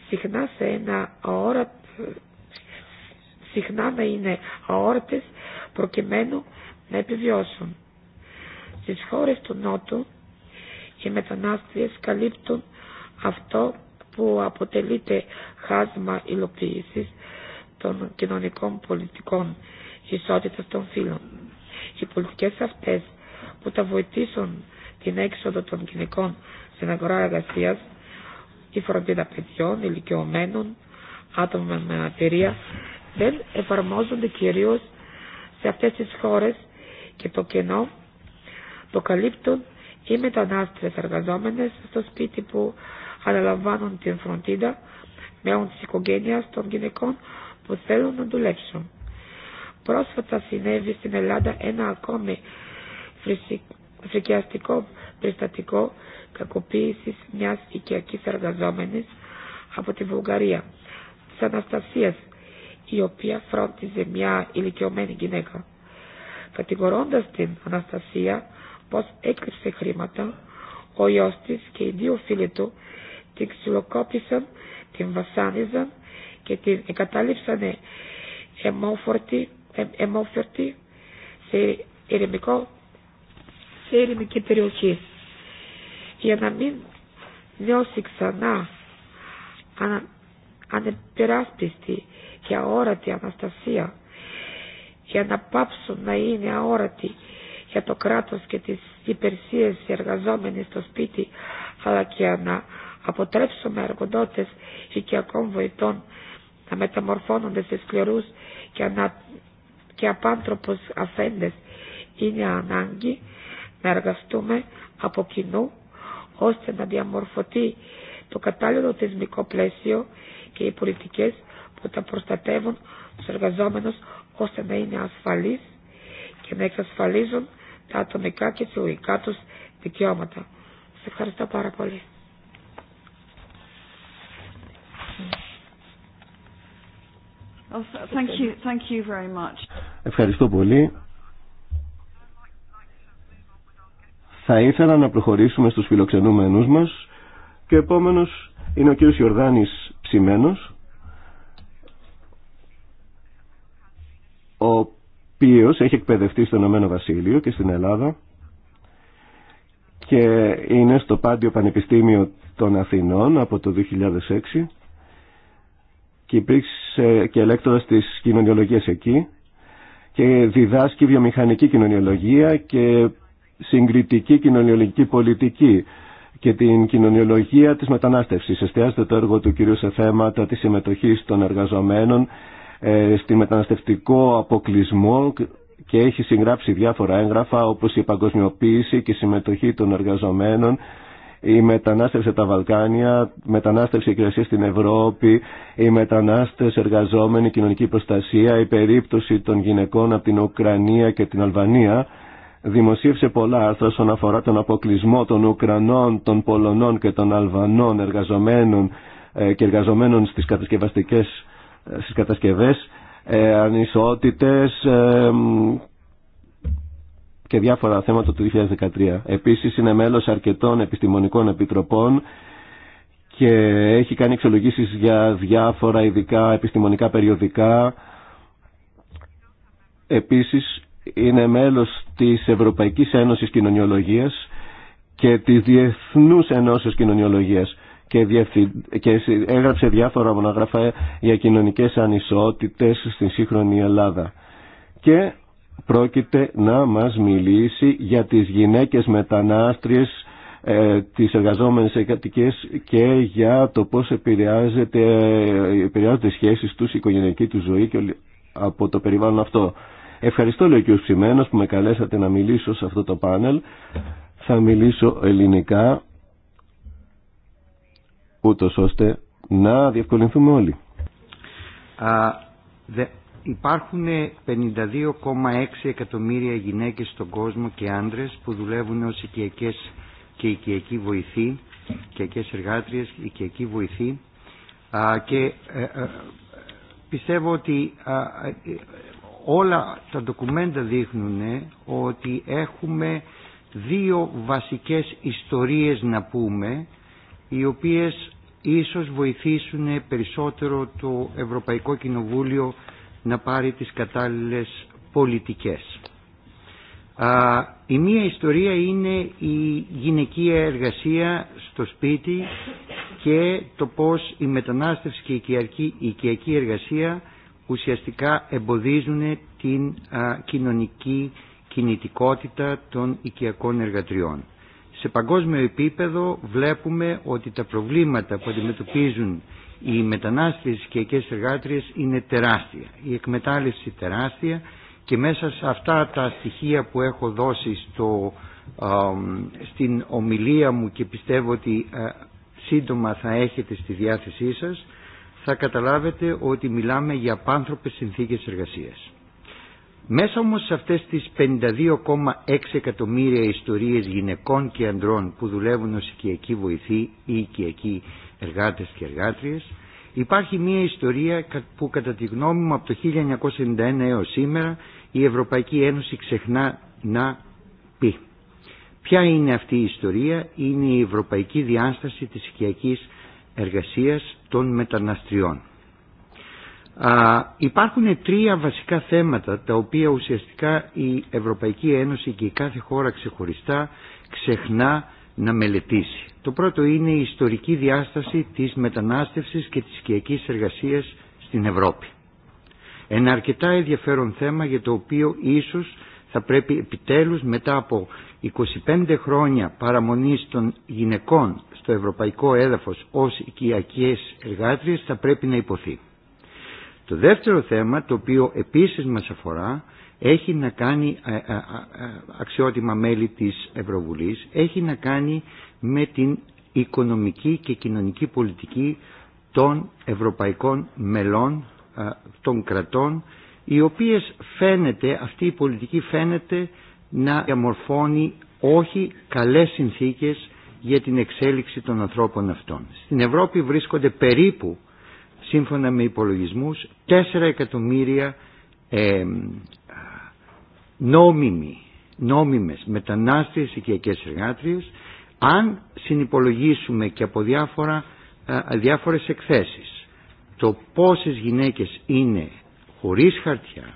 συχνά σε ένα αόρατο συχνά να είναι αόρτες προκειμένου να επιβιώσουν. Στις χώρες του Νότου οι μετανάστες καλύπτουν αυτό που αποτελείται χάσμα υλοποίησης των κοινωνικών πολιτικών ισότητας των φύλων. Οι πολιτικές αυτές που θα βοηθήσουν την έξοδο των γυναικών στην αγορά εργασία, η φροντίδα παιδιών, ηλικιωμένων, άτομα με αναπηρία δεν εφαρμόζονται κυρίως σε αυτές τις χώρες και το κενό το καλύπτουν οι μετανάστες εργαζόμενες στο σπίτι που αναλαμβάνουν την φροντίδα μέων της οικογένειας των γυναικών που θέλουν να δουλέψουν. Πρόσφατα συνέβη στην Ελλάδα ένα ακόμη φρικιαστικό περιστατικό κακοποίησης μιας οικιακής εργαζόμενης από τη Βουλγαρία, της Αναστασίας η οποία φρόντιζε μια ηλικιωμένη γυναίκα. Κατηγορώντας την Αναστασία πώ έκρυψε χρήματα, ο ιό τη και οι δύο φίλοι του την ξυλοκόπησαν, την βασάνιζαν και την εγκατάλειψαν αιμόφερτη σε, ερεμικό, σε ειρημική περιοχή. Για να μην νιώσει ξανά ανα, ανεπεράσπιστη και αόρατη Αναστασία για να πάψουν να είναι αόρατοι για το κράτος και τις υπηρεσίες εργαζόμενοι στο σπίτι αλλά και να αποτρέψουμε εργοδότες οικιακών βοητών να μεταμορφώνονται σε σκληρούς και, ανα... και απάνθρωπους αφέντες είναι ανάγκη να εργαστούμε από κοινού ώστε να διαμορφωθεί το κατάλληλο θεσμικό πλαίσιο και οι πολιτικές που τα προστατεύουν τους εργαζόμενους ώστε να είναι ασφαλείς και να εξασφαλίζουν τα ατομικά και συλλογικά τους δικαιώματα. Σε ευχαριστώ πάρα πολύ. Oh, ευχαριστώ πολύ. Θα ήθελα να προχωρήσουμε στους φιλοξενούμενους μας και επόμενος είναι ο κύριος Ιορδάνης Ψημένος ο οποίος έχει εκπαιδευτεί στο Ηνωμένο Βασίλειο και στην Ελλάδα και είναι στο Πάντιο Πανεπιστήμιο των Αθηνών από το 2006 και υπήρξε και ελέκτορας της κοινωνιολογίας εκεί και διδάσκει βιομηχανική κοινωνιολογία και συγκριτική κοινωνιολογική πολιτική και την κοινωνιολογία της μετανάστευσης. Εστιάζεται το έργο του κυρίου σε θέματα της συμμετοχής των εργαζομένων ε, στη μεταναστευτικό αποκλεισμό και έχει συγγράψει διάφορα έγγραφα όπως η παγκοσμιοποίηση και η συμμετοχή των εργαζομένων η μετανάστευση τα Βαλκάνια, η μετανάστευση εκκλησία στην Ευρώπη, η μετανάστευση εργαζόμενη, κοινωνική προστασία, η περίπτωση των γυναικών από την Ουκρανία και την Αλβανία. Δημοσίευσε πολλά άρθρα όσον αφορά τον αποκλεισμό των Ουκρανών, των Πολωνών και των Αλβανών εργαζομένων ε, και εργαζομένων στις κατασκευαστικές στις κατασκευές, ε, ανισότητες ε, και διάφορα θέματα του 2013. Επίσης είναι μέλος αρκετών επιστημονικών επιτροπών και έχει κάνει εξολογήσεις για διάφορα ειδικά επιστημονικά περιοδικά. Επίσης είναι μέλος της Ευρωπαϊκής Ένωσης Κοινωνιολογίας και της Διεθνούς Ενώσεως Κοινωνιολογίας και, έγραψε διάφορα μοναγράφα για κοινωνικές ανισότητες στην σύγχρονη Ελλάδα. Και πρόκειται να μας μιλήσει για τις γυναίκες μετανάστριες ε, τις εργαζόμενες και για το πώς επηρεάζεται, ε, επηρεάζονται οι σχέσεις τους, η οικογενειακή του ζωή και από το περιβάλλον αυτό. Ευχαριστώ λέει ο που με καλέσατε να μιλήσω σε αυτό το πάνελ. Θα μιλήσω ελληνικά ούτως ώστε να διευκολυνθούμε όλοι. Α, Υπάρχουν 52,6 εκατομμύρια γυναίκες στον κόσμο και άντρες που δουλεύουν ως οικιακές και οικιακοί βοηθοί, οικιακές εργάτριες, οικιακοί βοηθοί και ε, ε, πιστεύω ότι ε, όλα τα ντοκουμέντα δείχνουν ότι έχουμε δύο βασικές ιστορίες να πούμε οι οποίες ίσως βοηθήσουν περισσότερο το Ευρωπαϊκό Κοινοβούλιο να πάρει τις κατάλληλες πολιτικές. η μία ιστορία είναι η γυναικεία εργασία στο σπίτι και το πώς η μετανάστευση και η οικιακή, η εργασία ουσιαστικά εμποδίζουν την κοινωνική κινητικότητα των οικιακών εργατριών. Σε παγκόσμιο επίπεδο βλέπουμε ότι τα προβλήματα που αντιμετωπίζουν οι μετανάστες και οι εργάτριες είναι τεράστια. Η εκμετάλλευση τεράστια και μέσα σε αυτά τα στοιχεία που έχω δώσει στο, στην ομιλία μου και πιστεύω ότι ε, σύντομα θα έχετε στη διάθεσή σας θα καταλάβετε ότι μιλάμε για απάνθρωπες συνθήκες εργασίας. Μέσα όμως σε αυτές τις 52,6 εκατομμύρια ιστορίες γυναικών και ανδρών που δουλεύουν ως οικιακοί βοηθοί ή οικιακοί εργάτες και εργάτριες υπάρχει μια ιστορία που κατά τη γνώμη μου από το 1991 έως σήμερα η Ευρωπαϊκή Ένωση ξεχνά να πει. Ποια είναι αυτή η ιστορία, είναι η ευρωπαϊκή διάσταση της οικιακής εργασίας των μεταναστριών. Α, υπάρχουν τρία βασικά θέματα τα οποία ουσιαστικά η Ευρωπαϊκή Ένωση και η κάθε χώρα ξεχωριστά ξεχνά να μελετήσει. Το πρώτο είναι η ιστορική διάσταση της μετανάστευσης και της οικιακής εργασίας στην Ευρώπη. Ένα αρκετά ενδιαφέρον θέμα για το οποίο ίσως θα πρέπει επιτέλους μετά από 25 χρόνια παραμονής των γυναικών στο ευρωπαϊκό έδαφος ως οικιακές εργάτριες θα πρέπει να υποθεί. Το δεύτερο θέμα το οποίο επίσης μας αφορά έχει να κάνει ε, ε, ε, αξιότιμα μέλη της Ευρωβουλής έχει να κάνει με την οικονομική και κοινωνική πολιτική των ευρωπαϊκών μελών των κρατών οι οποίες φαίνεται, αυτή η πολιτική φαίνεται να διαμορφώνει όχι καλές συνθήκες για την εξέλιξη των ανθρώπων αυτών. Στην Ευρώπη βρίσκονται περίπου σύμφωνα με υπολογισμούς 4 εκατομμύρια ε, νόμιμοι, νόμιμες μετανάστες οικιακές εργάτριες αν συνυπολογίσουμε και από διάφορα, ε, διάφορες εκθέσεις το πόσες γυναίκες είναι χωρίς χαρτιά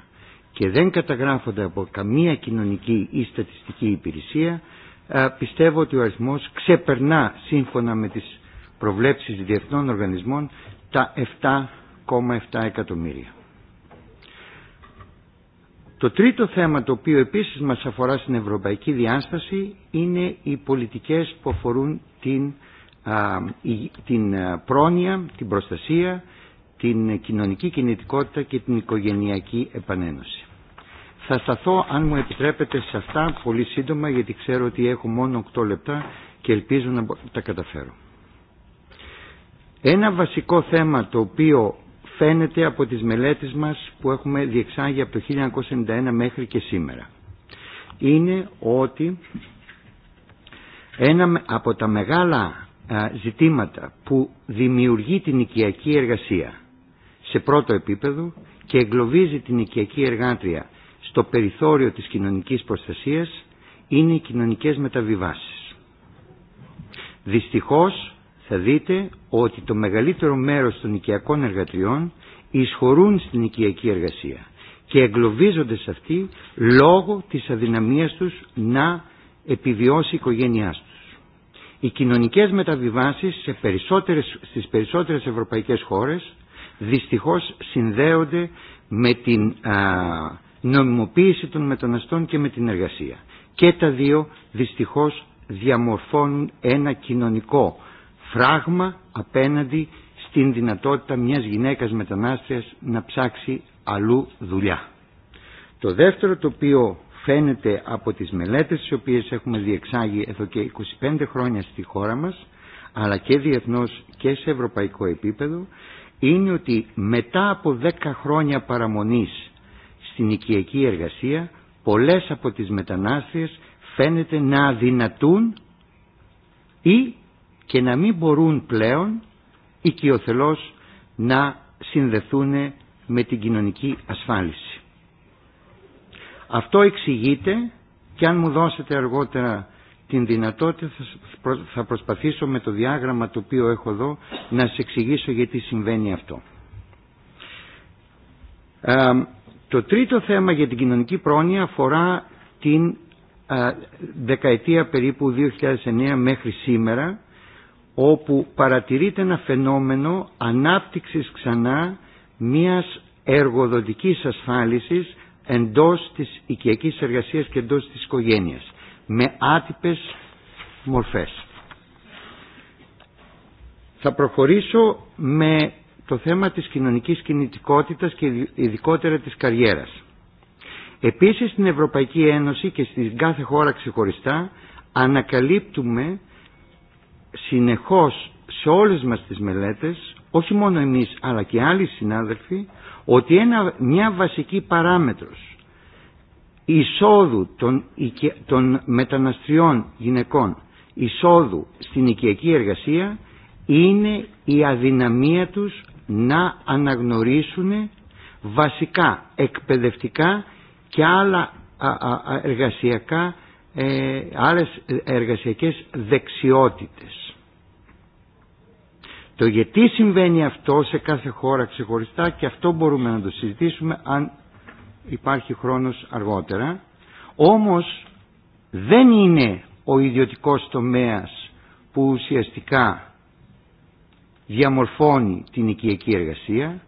και δεν καταγράφονται από καμία κοινωνική ή στατιστική υπηρεσία ε, πιστεύω ότι ο αριθμός ξεπερνά σύμφωνα με τις προβλέψεις διεθνών οργανισμών τα 7,7 εκατομμύρια. Το τρίτο θέμα το οποίο επίσης μας αφορά στην ευρωπαϊκή διάσταση είναι οι πολιτικές που αφορούν την, την πρόνοια, την προστασία, την κοινωνική κινητικότητα και την οικογενειακή επανένωση. Θα σταθώ, αν μου επιτρέπετε, σε αυτά πολύ σύντομα γιατί ξέρω ότι έχω μόνο 8 λεπτά και ελπίζω να τα καταφέρω. Ένα βασικό θέμα το οποίο φαίνεται από τις μελέτες μας που έχουμε διεξάγει από το 1991 μέχρι και σήμερα είναι ότι ένα από τα μεγάλα ζητήματα που δημιουργεί την οικιακή εργασία σε πρώτο επίπεδο και εγκλωβίζει την οικιακή εργάτρια στο περιθώριο της κοινωνικής προστασίας είναι οι κοινωνικές μεταβιβάσεις. Δυστυχώς θα δείτε ότι το μεγαλύτερο μέρος των οικιακών εργατριών ισχωρούν στην οικιακή εργασία και εγκλωβίζονται σε αυτή λόγω της αδυναμίας τους να επιβιώσει η οικογένειά τους. Οι κοινωνικές μεταβιβάσεις σε περισσότερες, στις περισσότερες ευρωπαϊκές χώρες δυστυχώς συνδέονται με την νομιμοποίηση των μεταναστών και με την εργασία. Και τα δύο δυστυχώς διαμορφώνουν ένα κοινωνικό φράγμα απέναντι στην δυνατότητα μιας γυναίκας μετανάστριας να ψάξει αλλού δουλειά. Το δεύτερο το οποίο φαίνεται από τις μελέτες τις οποίες έχουμε διεξάγει εδώ και 25 χρόνια στη χώρα μας αλλά και διεθνώς και σε ευρωπαϊκό επίπεδο είναι ότι μετά από 10 χρόνια παραμονής στην οικιακή εργασία πολλές από τις μετανάστριες φαίνεται να αδυνατούν ή και να μην μπορούν πλέον οικειοθελώς να συνδεθούν με την κοινωνική ασφάλιση. Αυτό εξηγείται και αν μου δώσετε αργότερα την δυνατότητα θα προσπαθήσω με το διάγραμμα το οποίο έχω εδώ να σας εξηγήσω γιατί συμβαίνει αυτό. Ε, το τρίτο θέμα για την κοινωνική πρόνοια αφορά την ε, δεκαετία περίπου 2009 μέχρι σήμερα όπου παρατηρείται ένα φαινόμενο ανάπτυξης ξανά μιας εργοδοτικής ασφάλισης εντός της οικιακής εργασίας και εντός της οικογένειας με άτυπες μορφές. Θα προχωρήσω με το θέμα της κοινωνικής κινητικότητας και ειδικότερα της καριέρας. Επίσης στην Ευρωπαϊκή Ένωση και στην κάθε χώρα ξεχωριστά ανακαλύπτουμε συνεχώς σε όλες μας τις μελέτες, όχι μόνο εμείς αλλά και άλλοι συνάδελφοι, ότι μια βασική παράμετρος εισόδου των, των μεταναστριών γυναικών εισόδου στην οικιακή εργασία είναι η αδυναμία τους να αναγνωρίσουν βασικά εκπαιδευτικά και άλλα εργασιακά, ε, άλλες εργασιακές δεξιότητες. Το γιατί συμβαίνει αυτό σε κάθε χώρα ξεχωριστά και αυτό μπορούμε να το συζητήσουμε αν υπάρχει χρόνος αργότερα. Όμως δεν είναι ο ιδιωτικός τομέας που ουσιαστικά διαμορφώνει την οικιακή εργασία.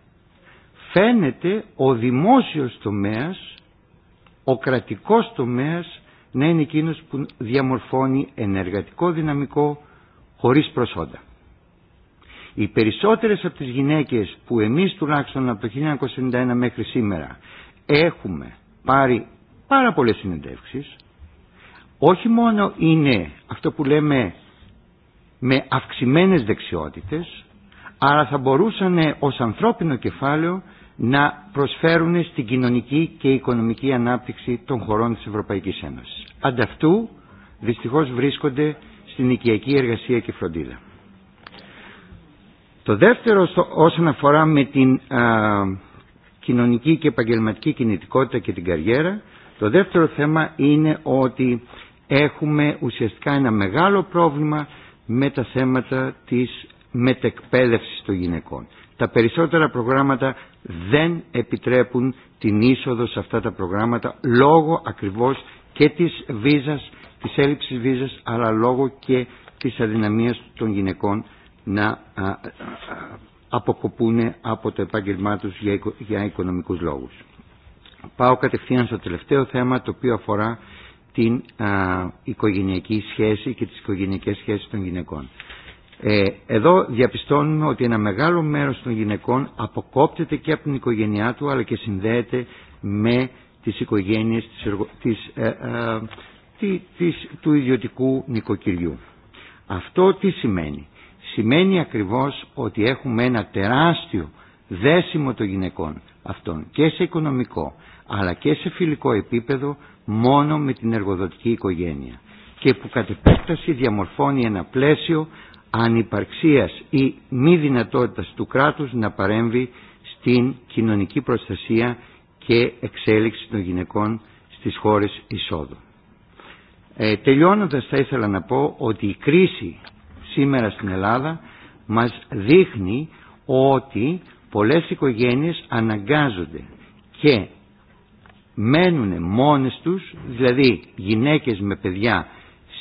Φαίνεται ο δημόσιος τομέας, ο κρατικός τομέας να είναι εκείνος που διαμορφώνει ενεργατικό δυναμικό χωρίς προσόντα. Οι περισσότερες από τις γυναίκες που εμείς τουλάχιστον από το 1991 μέχρι σήμερα έχουμε πάρει πάρα πολλές συνεντεύξεις όχι μόνο είναι αυτό που λέμε με αυξημένες δεξιότητες αλλά θα μπορούσαν ως ανθρώπινο κεφάλαιο να προσφέρουν στην κοινωνική και οικονομική ανάπτυξη των χωρών της Ευρωπαϊκής Ένωσης. Ανταυτού δυστυχώς βρίσκονται στην οικιακή εργασία και φροντίδα. Το δεύτερο όσον αφορά με την κοινωνική και επαγγελματική κινητικότητα και την καριέρα, το δεύτερο θέμα είναι ότι έχουμε ουσιαστικά ένα μεγάλο πρόβλημα με τα θέματα της μετεκπαίδευσης των γυναικών. Τα περισσότερα προγράμματα δεν επιτρέπουν την είσοδο σε αυτά τα προγράμματα λόγω ακριβώς και της βίζας, της έλλειψης βίζας αλλά λόγω και της αδυναμίας των γυναικών να αποκοπούν από το επάγγελμά τους για οικονομικούς λόγους. Πάω κατευθείαν στο τελευταίο θέμα το οποίο αφορά την οικογενειακή σχέση και τις οικογενειακές σχέσεις των γυναικών. Ε, εδώ διαπιστώνουμε ότι ένα μεγάλο μέρος των γυναικών αποκόπτεται και από την οικογένειά του αλλά και συνδέεται με τις οικογένειες της, ε, ε, της, του ιδιωτικού νοικοκυριού. Αυτό τι σημαίνει σημαίνει ακριβώς ότι έχουμε ένα τεράστιο δέσιμο των γυναικών αυτών και σε οικονομικό αλλά και σε φιλικό επίπεδο μόνο με την εργοδοτική οικογένεια και που κατ' επέκταση διαμορφώνει ένα πλαίσιο ανυπαρξίας ή μη δυνατότητας του κράτους να παρέμβει στην κοινωνική προστασία και εξέλιξη των γυναικών στις χώρες εισόδου. Ε, τελειώνοντας θα ήθελα να πω ότι η κρίση σήμερα στην Ελλάδα μας δείχνει ότι πολλές οικογένειες αναγκάζονται και μένουν μόνες τους, δηλαδή γυναίκες με παιδιά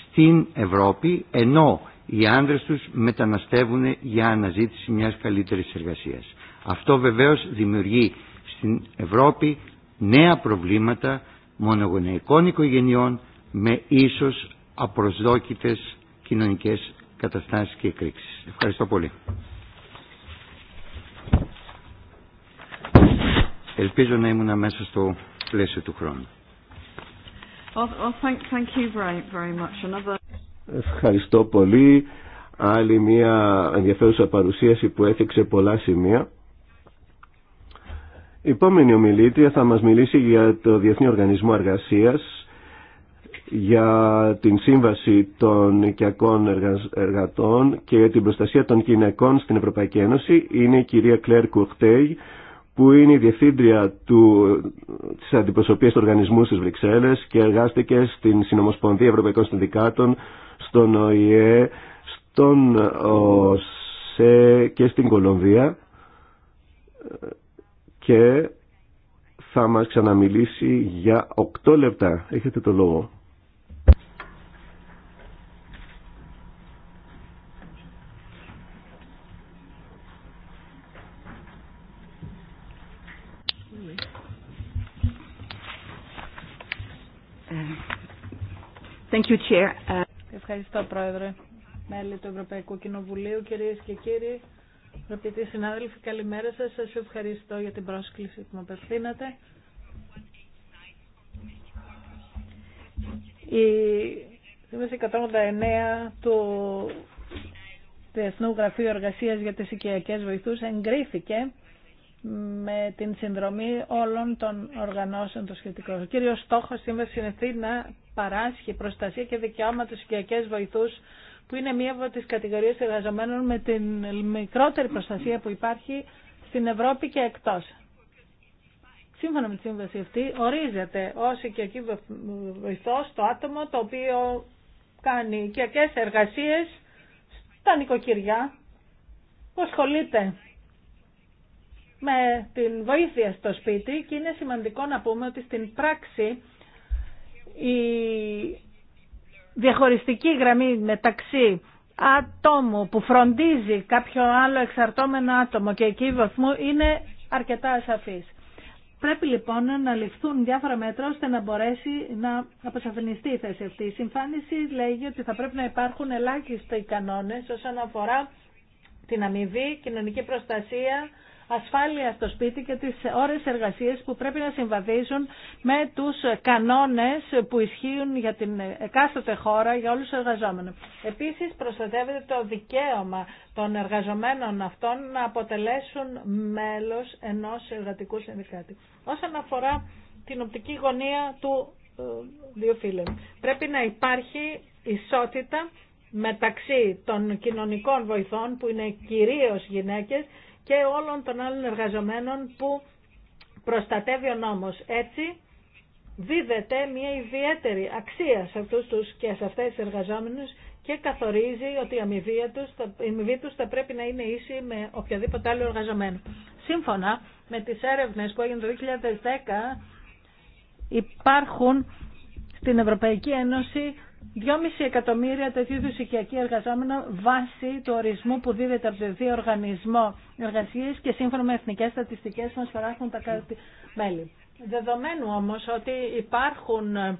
στην Ευρώπη, ενώ οι άνδρες τους μεταναστεύουν για αναζήτηση μιας καλύτερης εργασίας. Αυτό βεβαίως δημιουργεί στην Ευρώπη νέα προβλήματα μονογονεϊκών οικογενειών με ίσως απροσδόκητες κοινωνικές καταστάσεις και εκρήξεις. Ευχαριστώ πολύ. Ελπίζω να ήμουν μέσα στο πλαίσιο του χρόνου. Ευχαριστώ πολύ. Άλλη μια ενδιαφέρουσα παρουσίαση που έθιξε πολλά σημεία. Η επόμενη ομιλήτρια θα μας μιλήσει για το Διεθνή Οργανισμό Αργασία για την σύμβαση των οικιακών εργατών και την προστασία των γυναικών στην Ευρωπαϊκή Ένωση είναι η κυρία Κλέρ Κουρτέι που είναι η διευθύντρια του, της αντιπροσωπείας του οργανισμού στις Βρυξέλλες και εργάστηκε στην Συνομοσπονδία Ευρωπαϊκών Συνδικάτων, στον ΟΗΕ, στον ΟΣΕ και στην Κολομβία και θα μας ξαναμιλήσει για 8 λεπτά. Έχετε το λόγο. Ευχαριστώ, Πρόεδρε. Μέλη του Ευρωπαϊκού Κοινοβουλίου, κυρίε και κύριοι, αγαπητοί συνάδελφοι, καλημέρα σα. Σα ευχαριστώ για την πρόσκληση που μου απευθύνατε. Η σύμβαση 189 του Διεθνού Γραφείου Εργασία για τι Οικιακέ Βοηθού εγκρίθηκε με την συνδρομή όλων των οργανώσεων των σχετικών. Ο κύριος στόχος σύμβαση είναι να παράσχει προστασία και δικαιώματα στους οικιακές βοηθούς που είναι μία από τις κατηγορίες εργαζομένων με την μικρότερη προστασία που υπάρχει στην Ευρώπη και εκτός. Σύμφωνα με τη σύμβαση αυτή, ορίζεται ως οικιακή βοηθός το άτομο το οποίο κάνει οικιακές εργασίες στα νοικοκυριά που ασχολείται με την βοήθεια στο σπίτι και είναι σημαντικό να πούμε ότι στην πράξη η διαχωριστική γραμμή μεταξύ άτομου που φροντίζει κάποιο άλλο εξαρτώμενο άτομο και εκεί βαθμού είναι αρκετά ασαφής. Πρέπει λοιπόν να ληφθούν διάφορα μέτρα ώστε να μπορέσει να αποσαφινιστεί η θέση αυτή. Η συμφάνιση λέγει ότι θα πρέπει να υπάρχουν ελάχιστοι κανόνες όσον αφορά την αμοιβή, κοινωνική προστασία, ασφάλεια στο σπίτι και τις ώρες εργασίας που πρέπει να συμβαδίζουν με τους κανόνες που ισχύουν για την εκάστοτε χώρα για όλους τους εργαζόμενους. Επίσης προστατεύεται το δικαίωμα των εργαζομένων αυτών να αποτελέσουν μέλος ενός εργατικού συνδικάτη. Όσον αφορά την οπτική γωνία του ε, δύο φίλων. Πρέπει να υπάρχει ισότητα μεταξύ των κοινωνικών βοηθών που είναι κυρίως γυναίκες και όλων των άλλων εργαζομένων που προστατεύει ο νόμος. Έτσι δίδεται μια ιδιαίτερη αξία σε αυτούς τους και σε αυτές τις εργαζόμενους και καθορίζει ότι η αμοιβή τους, η αμοιβή τους θα πρέπει να είναι ίση με οποιοδήποτε άλλο εργαζομένο. Σύμφωνα με τις έρευνες που έγινε το 2010 υπάρχουν στην Ευρωπαϊκή Ένωση 2,5 εκατομμύρια τέτοιου είδου οικιακοί εργαζόμενοι βάσει του ορισμού που δίδεται από το δύο οργανισμό εργασία και σύμφωνα με εθνικέ στατιστικέ μα παράγουν τα κάτι μέλη. Δεδομένου όμω ότι υπάρχουν ε,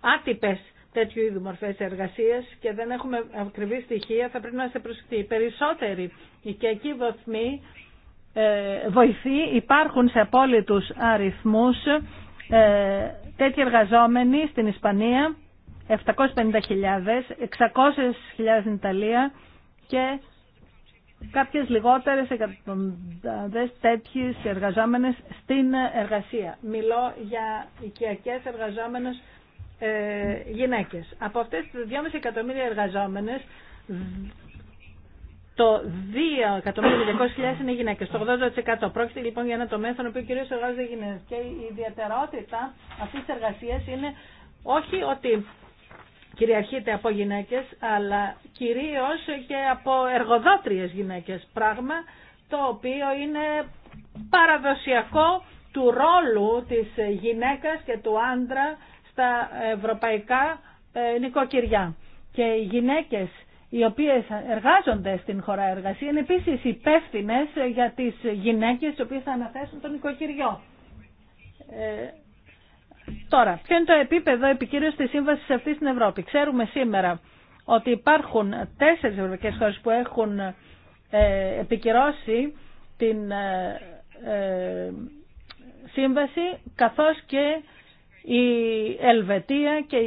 άτυπε τέτοιου είδου μορφέ εργασία και δεν έχουμε ακριβή στοιχεία, θα πρέπει να σε οι Περισσότεροι οικιακοί βαθμοί ε, υπάρχουν σε απόλυτου αριθμού ε, τέτοιοι εργαζόμενοι στην Ισπανία, 750.000, 600.000 στην Ιταλία και κάποιες λιγότερες εκατοντάδες τέτοιες εργαζόμενες στην εργασία. Μιλώ για οικιακές εργαζόμενες ε, γυναίκες. Από αυτές τις 2,5 εκατομμύρια εργαζόμενες, το 2.200.000 είναι γυναίκε, το 80%. Πρόκειται λοιπόν για ένα τομέα στον οποίο κυρίω εργάζονται γυναίκε. Και η ιδιαιτερότητα αυτή τη εργασία είναι όχι ότι κυριαρχείται από γυναίκε, αλλά κυρίω και από εργοδότριε γυναίκε. Πράγμα το οποίο είναι παραδοσιακό του ρόλου της γυναίκας και του άντρα στα ευρωπαϊκά ε, νοικοκυριά. Και οι γυναίκες οι οποίες εργάζονται στην χώρα εργασία είναι επίσης υπεύθυνε για τις γυναίκες οι οποίες θα αναθέσουν τον οικογενειό. Ε, τώρα, ποιο είναι το επίπεδο επικύρωσης της σύμβασης αυτής στην Ευρώπη. Ξέρουμε σήμερα ότι υπάρχουν τέσσερις ευρωπαϊκές χώρες που έχουν ε, επικυρώσει την ε, ε σύμβαση καθώς και η Ελβετία και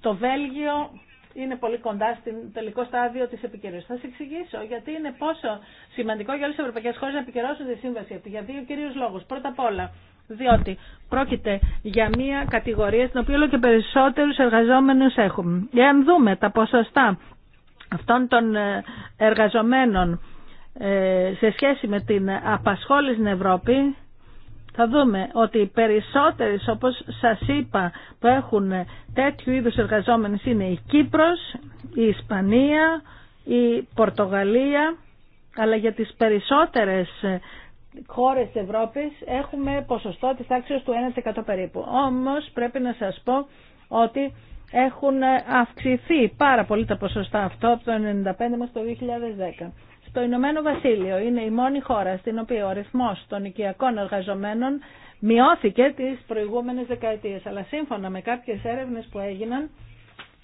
το Βέλγιο είναι πολύ κοντά στην τελικό στάδιο τη επικαιρία. Θα σα εξηγήσω γιατί είναι πόσο σημαντικό για όλε τι ευρωπαϊκέ χώρε να επικαιρώσουν τη σύμβαση αυτή. Για δύο κυρίους λόγους. Πρώτα απ' όλα, διότι πρόκειται για μια κατηγορία στην οποία όλο και περισσότερου εργαζόμενου έχουμε. Εάν δούμε τα ποσοστά αυτών των ε, εργαζομένων ε, σε σχέση με την απασχόληση στην Ευρώπη, θα δούμε ότι οι περισσότερες, όπως σας είπα, που έχουν τέτοιου είδους εργαζόμενες είναι η Κύπρος, η Ισπανία, η Πορτογαλία, αλλά για τις περισσότερες χώρες της Ευρώπης έχουμε ποσοστό της τάξης του 1% περίπου. Όμως πρέπει να σας πω ότι έχουν αυξηθεί πάρα πολύ τα ποσοστά αυτό από το 1995 μέχρι το 2010. Το Ηνωμένο Βασίλειο είναι η μόνη χώρα στην οποία ο αριθμός των οικιακών εργαζομένων μειώθηκε τις προηγούμενες δεκαετίες. Αλλά σύμφωνα με κάποιες έρευνες που έγιναν,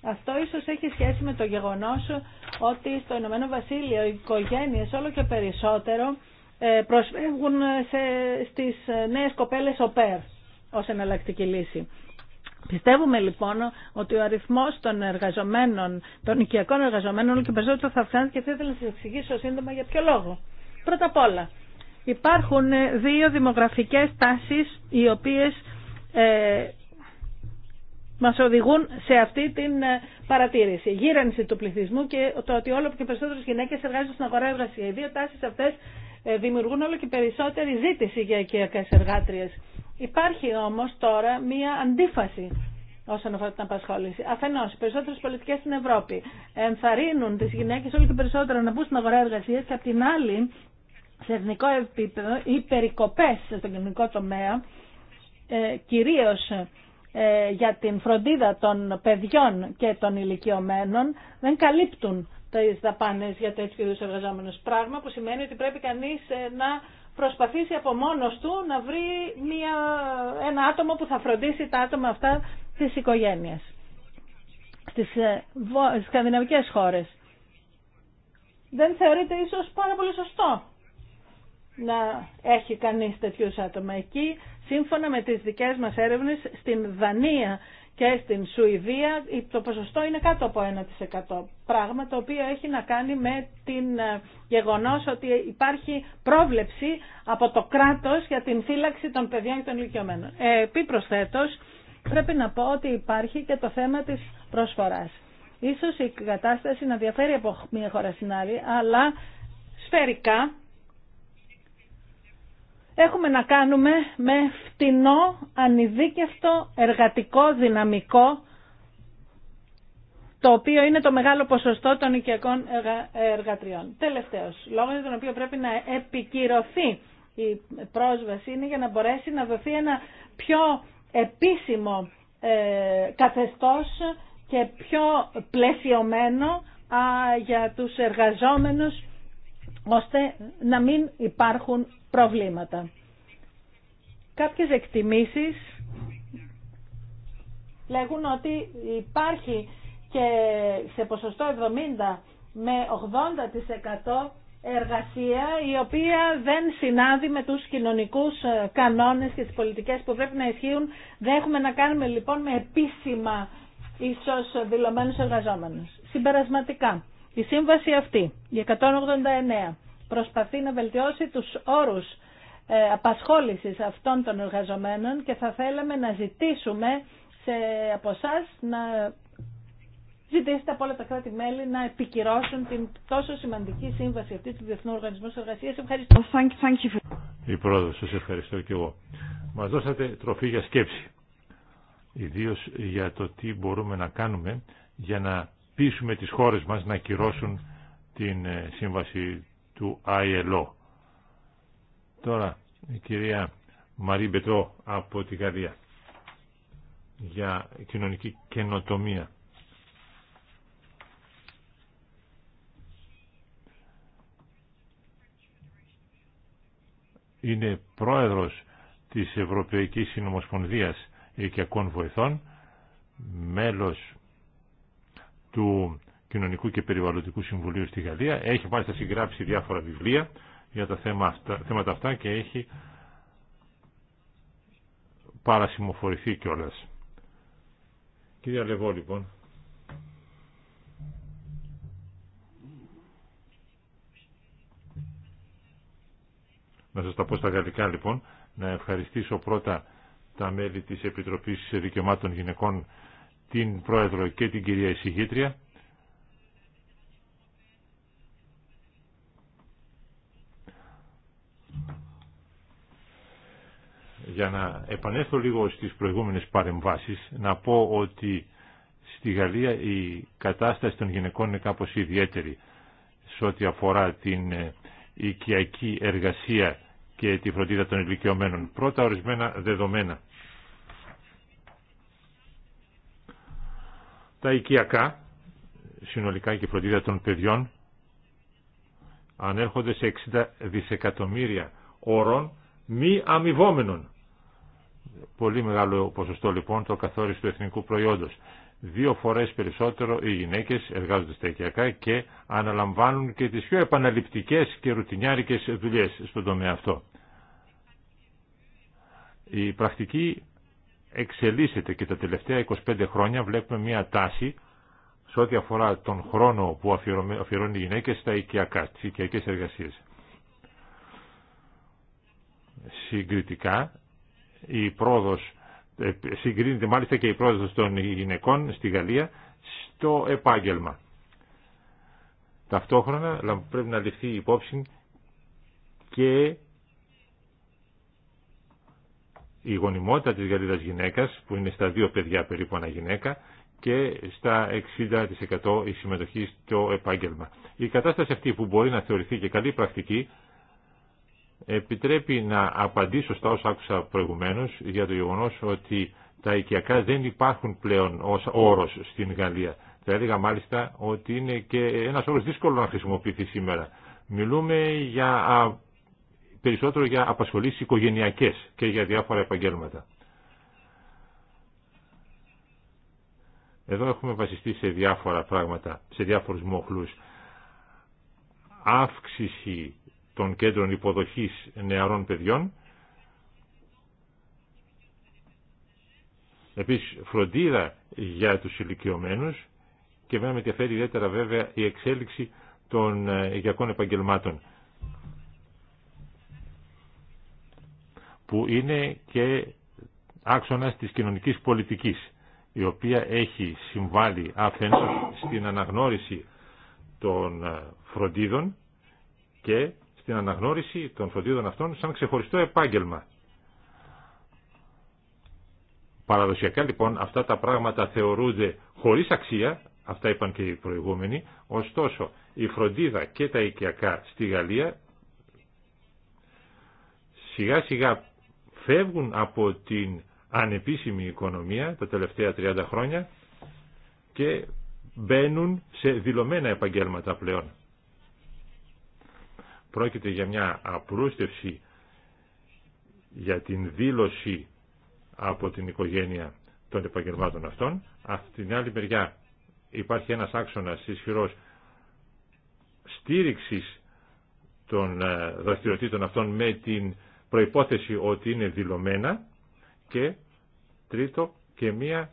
αυτό ίσως έχει σχέση με το γεγονός ότι στο Ηνωμένο Βασίλειο οι οικογένειες όλο και περισσότερο ε, προσφεύγουν σε, στις ε, νέες κοπέλες ΟΠΕΡ ως εναλλακτική λύση. Πιστεύουμε λοιπόν ότι ο αριθμό των εργαζομένων, των οικιακών εργαζομένων, όλο και περισσότερο θα αυξάνεται και θα ήθελα να σα εξηγήσω σύντομα για ποιο λόγο. Πρώτα απ' όλα, υπάρχουν δύο δημογραφικέ τάσει, οι οποίε ε, μας οδηγούν σε αυτή την ε, παρατήρηση. Η Γύρανση του πληθυσμού και το ότι όλο και περισσότερε γυναίκε εργάζονται στην αγορά εργασία. Οι δύο τάσεις αυτές ε, δημιουργούν όλο και περισσότερη ζήτηση για οικιακέ εργάτριες. Υπάρχει όμως τώρα μία αντίφαση όσον αφορά την απασχόληση. Αφενό, οι περισσότερε πολιτικέ στην Ευρώπη ενθαρρύνουν τι γυναίκε όλο και περισσότερο να μπουν στην αγορά εργασία και απ' την άλλη, σε εθνικό επίπεδο, οι περικοπέ στον κοινωνικό τομέα, ε, κυρίω ε, για την φροντίδα των παιδιών και των ηλικιωμένων, δεν καλύπτουν τι δαπάνε για τέτοιου είδου εργαζόμενου. Πράγμα που σημαίνει ότι πρέπει κανεί ε, να προσπαθήσει από μόνος του να βρει μια, ένα άτομο που θα φροντίσει τα άτομα αυτά της οικογένειας. Ε, στις σκανδιναβικές χώρες. Δεν θεωρείται ίσως πάρα πολύ σωστό να έχει κανείς τέτοιους άτομα. Εκεί, σύμφωνα με τις δικές μας έρευνες, στην Δανία και στην Σουηδία το ποσοστό είναι κάτω από 1%. Πράγμα το οποίο έχει να κάνει με την ε, γεγονός ότι υπάρχει πρόβλεψη από το κράτος για την φύλαξη των παιδιών και των ηλικιωμένων. Ε, Επί προσθέτως, πρέπει να πω ότι υπάρχει και το θέμα της προσφοράς. Ίσως η κατάσταση να διαφέρει από μία χώρα στην άλλη, αλλά σφαιρικά έχουμε να κάνουμε με φτηνό, ανειδίκευτο, εργατικό, δυναμικό, το οποίο είναι το μεγάλο ποσοστό των οικιακών εργατριών. Τελευταίος, λόγος για τον οποίο πρέπει να επικυρωθεί η πρόσβαση είναι για να μπορέσει να δοθεί ένα πιο επίσημο ε, καθεστώς και πιο πλαισιωμένο για τους εργαζόμενους ώστε να μην υπάρχουν προβλήματα. Κάποιες εκτιμήσεις λέγουν ότι υπάρχει και σε ποσοστό 70 με 80% εργασία η οποία δεν συνάδει με τους κοινωνικούς ε, κανόνες και τις πολιτικές που πρέπει να ισχύουν. Δεν έχουμε να κάνουμε λοιπόν με επίσημα ίσως δηλωμένους εργαζόμενους. Συμπερασματικά, η σύμβαση αυτή, η 189, προσπαθεί να βελτιώσει τους όρους ε, απασχόλησης αυτών των εργαζομένων και θα θέλαμε να ζητήσουμε σε, από εσά να ζητήσετε από όλα τα κράτη-μέλη να επικυρώσουν την τόσο σημαντική σύμβαση αυτή του Διεθνού Οργανισμού Εργασία. Ευχαριστώ. Η πρόεδρο, σα ευχαριστώ και εγώ. Μα δώσατε τροφή για σκέψη. Ιδίω για το τι μπορούμε να κάνουμε για να πείσουμε τις χώρες μας να κυρώσουν την ε, σύμβαση του ILO. Τώρα η κυρία Μαρή Μπετρό από τη Γαλλία για κοινωνική καινοτομία. Είναι πρόεδρος της Ευρωπαϊκής Συνομοσπονδίας Οικιακών Βοηθών, μέλος του Κοινωνικού και Περιβαλλοντικού Συμβουλίου στη Γαλλία. Έχει μάλιστα συγγράψει διάφορα βιβλία για τα θέματα αυτά και έχει παρασημοφορηθεί κιόλα. Κυρία Λεβό, λοιπόν. Να σας τα πω στα γαλλικά, λοιπόν. Να ευχαριστήσω πρώτα τα μέλη της Επιτροπής Δικαιωμάτων Γυναικών την Πρόεδρο και την κυρία Εισηγήτρια. Για να επανέλθω λίγο στις προηγούμενες παρεμβάσεις, να πω ότι στη Γαλλία η κατάσταση των γυναικών είναι κάπως ιδιαίτερη σε ό,τι αφορά την ε, οικιακή εργασία και τη φροντίδα των ηλικιωμένων. Πρώτα ορισμένα δεδομένα. τα οικιακά, συνολικά και φροντίδα των παιδιών, ανέρχονται σε 60 δισεκατομμύρια όρων μη αμοιβόμενων. Πολύ μεγάλο ποσοστό λοιπόν το καθόριστο εθνικού προϊόντος. Δύο φορές περισσότερο οι γυναίκες εργάζονται στα οικιακά και αναλαμβάνουν και τις πιο επαναληπτικές και ρουτινιάρικες δουλειές στον τομέα αυτό. Η πρακτική εξελίσσεται και τα τελευταία 25 χρόνια βλέπουμε μια τάση σε ό,τι αφορά τον χρόνο που αφιερώνουν οι γυναίκες στα οικιακά, στις οικιακές εργασίες. Συγκριτικά, η πρόοδος, ε, συγκρίνεται μάλιστα και η πρόοδος των γυναικών στη Γαλλία στο επάγγελμα. Ταυτόχρονα πρέπει να ληφθεί υπόψη και η γονιμότητα της Γαλλίδας γυναίκας που είναι στα δύο παιδιά περίπου ένα γυναίκα και στα 60% η συμμετοχή στο επάγγελμα. Η κατάσταση αυτή που μπορεί να θεωρηθεί και καλή πρακτική επιτρέπει να απαντήσω στα όσα άκουσα προηγουμένως για το γεγονός ότι τα οικιακά δεν υπάρχουν πλέον ως όρος στην Γαλλία. Θα έλεγα μάλιστα ότι είναι και ένας όρος δύσκολο να χρησιμοποιηθεί σήμερα. Μιλούμε για περισσότερο για απασχολήσεις οικογενειακές και για διάφορα επαγγέλματα. Εδώ έχουμε βασιστεί σε διάφορα πράγματα, σε διάφορους μοχλούς. Αύξηση των κέντρων υποδοχής νεαρών παιδιών. Επίσης φροντίδα για τους ηλικιωμένους και με ενδιαφέρει ιδιαίτερα βέβαια η εξέλιξη των ε, υγειακών επαγγελμάτων. που είναι και άξονας της κοινωνικής πολιτικής, η οποία έχει συμβάλει αφενός στην αναγνώριση των ε, φροντίδων και στην αναγνώριση των φροντίδων αυτών σαν ξεχωριστό επάγγελμα. Παραδοσιακά λοιπόν αυτά τα πράγματα θεωρούνται χωρίς αξία, αυτά είπαν και οι προηγούμενοι, ωστόσο η φροντίδα και τα οικιακά στη Γαλλία σιγά σιγά φεύγουν από την ανεπίσημη οικονομία τα τελευταία 30 χρόνια και μπαίνουν σε δηλωμένα επαγγέλματα πλέον. Πρόκειται για μια απλούστευση για την δήλωση από την οικογένεια των επαγγελμάτων αυτών. Από την άλλη μεριά υπάρχει ένας άξονας ισχυρός στήριξης των ε, δραστηριοτήτων αυτών με την προϋπόθεση ότι είναι δηλωμένα και τρίτο και μία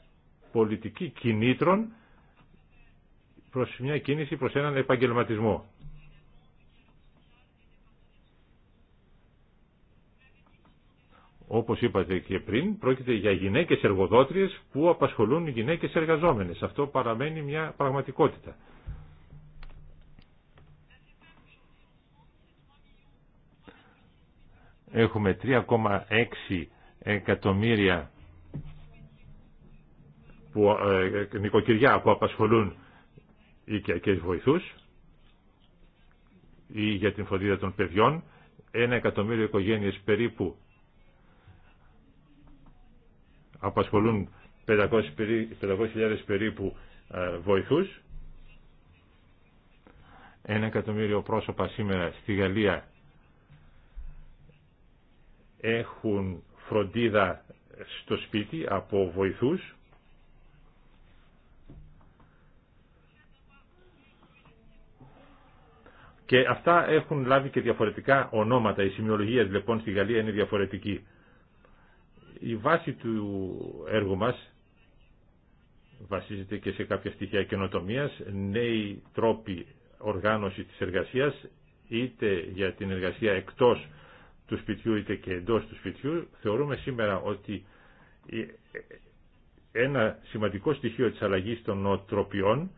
πολιτική κινήτρων προς μια κίνηση προς έναν επαγγελματισμό. Όπως είπατε και πριν, πρόκειται για γυναίκες εργοδότριες που απασχολούν γυναίκες εργαζόμενες. Αυτό παραμένει μια πραγματικότητα. έχουμε 3,6 εκατομμύρια που, ε, νοικοκυριά που απασχολούν οικιακές βοηθούς ή για την φροντίδα των παιδιών, ένα εκατομμύριο οικογένειες περίπου απασχολούν 500.000 περίπου ε, βοηθούς. Ένα εκατομμύριο πρόσωπα σήμερα στη Γαλλία έχουν φροντίδα στο σπίτι από βοηθούς και αυτά έχουν λάβει και διαφορετικά ονόματα. Η σημειολογία λοιπόν στη Γαλλία είναι διαφορετική. Η βάση του έργου μας βασίζεται και σε κάποια στοιχεία καινοτομίας, νέοι τρόποι οργάνωση της εργασίας, είτε για την εργασία εκτός του σπιτιού είτε και εντός του σπιτιού, θεωρούμε σήμερα ότι ένα σημαντικό στοιχείο της αλλαγής των νοοτροπιών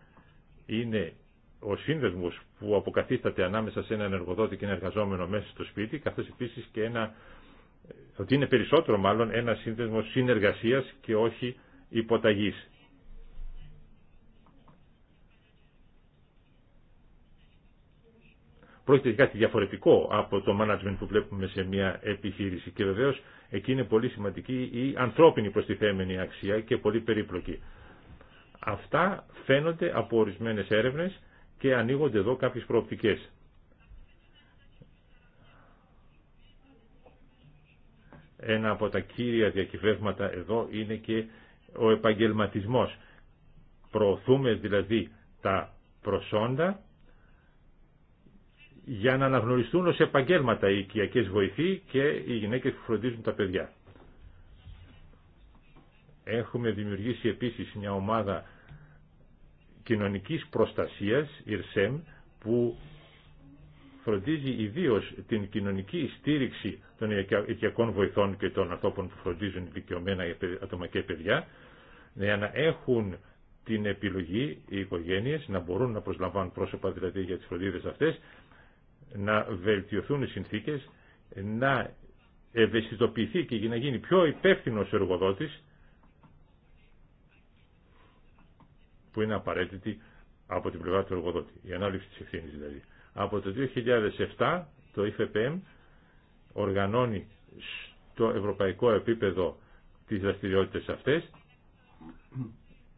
είναι ο σύνδεσμος που αποκαθίσταται ανάμεσα σε έναν εργοδότη και ένα εργαζόμενο μέσα στο σπίτι, καθώς επίσης και ένα, ότι είναι περισσότερο μάλλον ένα σύνδεσμο συνεργασίας και όχι υποταγής. πρόκειται για κάτι διαφορετικό από το management που βλέπουμε σε μια επιχείρηση και βεβαίως εκεί είναι πολύ σημαντική η ανθρώπινη προστιθέμενη αξία και πολύ περίπλοκη. Αυτά φαίνονται από ορισμένες έρευνες και ανοίγονται εδώ κάποιες προοπτικές. Ένα από τα κύρια διακυβεύματα εδώ είναι και ο επαγγελματισμός. Προωθούμε δηλαδή τα προσόντα για να αναγνωριστούν ως επαγγέλματα οι οικιακές βοηθοί και οι γυναίκες που φροντίζουν τα παιδιά. Έχουμε δημιουργήσει επίσης μια ομάδα κοινωνικής προστασίας, ΙΡΣΕΜ, που φροντίζει ιδίως την κοινωνική στήριξη των οικιακών βοηθών και των ανθρώπων που φροντίζουν δικαιωμένα άτομα και παιδιά, για να έχουν την επιλογή οι οικογένειες να μπορούν να προσλαμβάνουν πρόσωπα δηλαδή για τις φροντίδες αυτές να βελτιωθούν οι συνθήκες, να ευαισθητοποιηθεί και να γίνει πιο υπεύθυνος εργοδότης, που είναι απαραίτητη από την πλευρά του εργοδότη, η ανάληψη της ευθύνη δηλαδή. Από το 2007 το IFPM οργανώνει στο ευρωπαϊκό επίπεδο τις δραστηριότητες αυτές.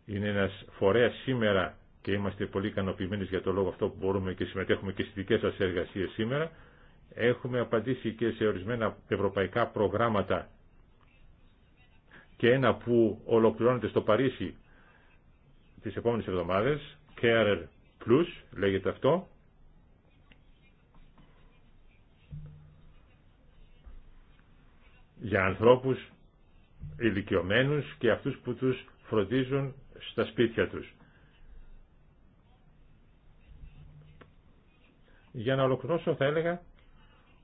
Είναι ένας φορέας σήμερα και είμαστε πολύ ικανοποιημένοι για το λόγο αυτό που μπορούμε και συμμετέχουμε και στις δικές σας εργασίες σήμερα. Έχουμε απαντήσει και σε ορισμένα ευρωπαϊκά προγράμματα και ένα που ολοκληρώνεται στο Παρίσι τις επόμενες εβδομάδες, Care Plus λέγεται αυτό, για ανθρώπους ηλικιωμένους και αυτούς που τους φροντίζουν στα σπίτια τους. Για να ολοκληρώσω θα έλεγα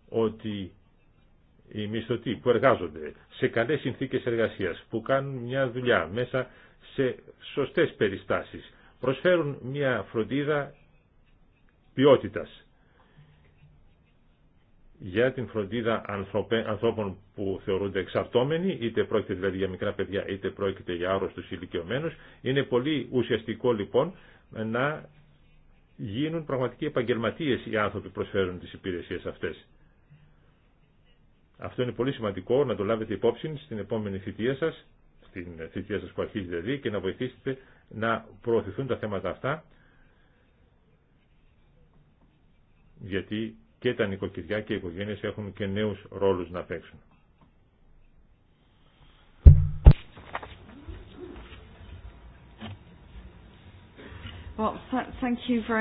ότι οι μισθωτοί που εργάζονται σε καλές συνθήκες εργασίας, που κάνουν μια δουλειά μέσα σε σωστές περιστάσεις, προσφέρουν μια φροντίδα ποιότητας για την φροντίδα ανθρώπων που θεωρούνται εξαρτώμενοι, είτε πρόκειται δηλαδή για μικρά παιδιά, είτε πρόκειται για άρρωστους ηλικιωμένους. Είναι πολύ ουσιαστικό λοιπόν να γίνουν πραγματικοί επαγγελματίε οι άνθρωποι που προσφέρουν τις υπηρεσίες αυτές. Αυτό είναι πολύ σημαντικό να το λάβετε υπόψη στην επόμενη θητεία σα, στην θητεία σα που αρχίζει δηλαδή, και να βοηθήσετε να προωθηθούν τα θέματα αυτά, γιατί και τα νοικοκυριά και οι οικογένειε έχουν και νέους ρόλους να παίξουν.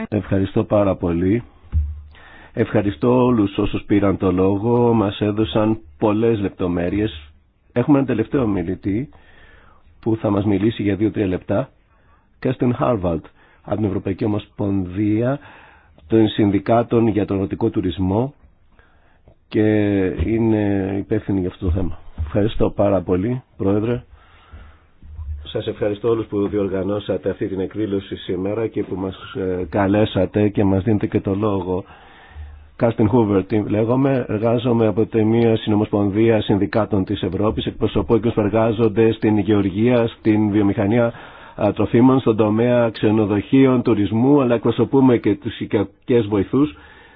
Ευχαριστώ πάρα πολύ. Ευχαριστώ όλους όσους πήραν το λόγο, μας έδωσαν πολλές λεπτομέρειες. Έχουμε ένα τελευταίο μιλητή που θα μας μιλήσει για δύο-τρία λεπτά. Κέστιν Χάρβαλτ από την Ευρωπαϊκή Ομοσπονδία των Συνδικάτων για τον Ρωτικό Τουρισμό και είναι υπεύθυνη για αυτό το θέμα. Ευχαριστώ πάρα πολύ, Πρόεδρε. Σας ευχαριστώ όλους που διοργανώσατε αυτή την εκδήλωση σήμερα και που μας ε, καλέσατε και μας δίνετε και το λόγο. Κάστιν Χούβερ, λέγομαι, εργάζομαι από τη μία συνομοσπονδία συνδικάτων της Ευρώπης, εκπροσωπώ και που εργάζονται στην γεωργία, στην βιομηχανία ε, τροφίμων, στον τομέα ξενοδοχείων, τουρισμού, αλλά εκπροσωπούμε και τους οικιακές βοηθούς,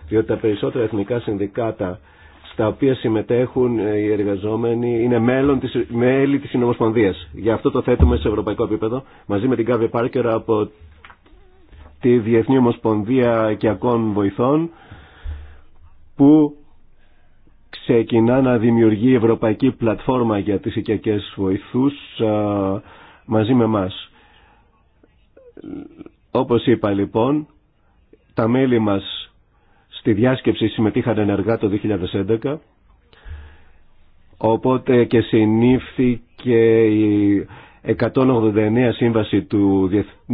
διότι τα περισσότερα εθνικά συνδικάτα στα οποία συμμετέχουν ε, οι εργαζόμενοι, είναι μέλλον της, μέλη της Συνομοσπονδίας. Γι' αυτό το θέτουμε σε ευρωπαϊκό επίπεδο, μαζί με την Κάβε Πάρκερ από τη Διεθνή Ομοσπονδία Οικιακών Βοηθών, που ξεκινά να δημιουργεί ευρωπαϊκή πλατφόρμα για τις οικιακές βοηθούς ε, μαζί με μας. Όπως είπα λοιπόν, τα μέλη μας Στη διάσκεψη συμμετείχαν ενεργά το 2011, οπότε και συνήφθηκε η 189 σύμβαση του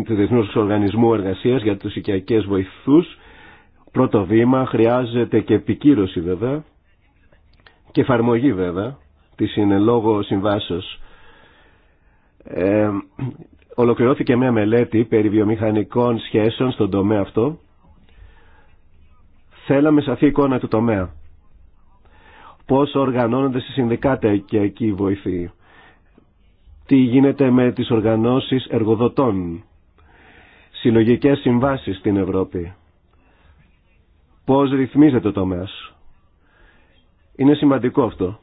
Διεθνούς Οργανισμού Εργασίας για τους οικιακές βοηθούς. Πρώτο βήμα, χρειάζεται και επικύρωση βέβαια και εφαρμογή βέβαια της είναι λόγω συμβάσεως. Ε, ολοκληρώθηκε μια μελέτη περί βιομηχανικών σχέσεων στον τομέα αυτό Θέλαμε σαφή εικόνα του τομέα. Πώς οργανώνονται στη συνδικάτα και εκεί βοηθεί. βοηθή. Τι γίνεται με τις οργανώσεις εργοδοτών. Συλλογικές συμβάσεις στην Ευρώπη. Πώς ρυθμίζεται το τομέας. Είναι σημαντικό αυτό.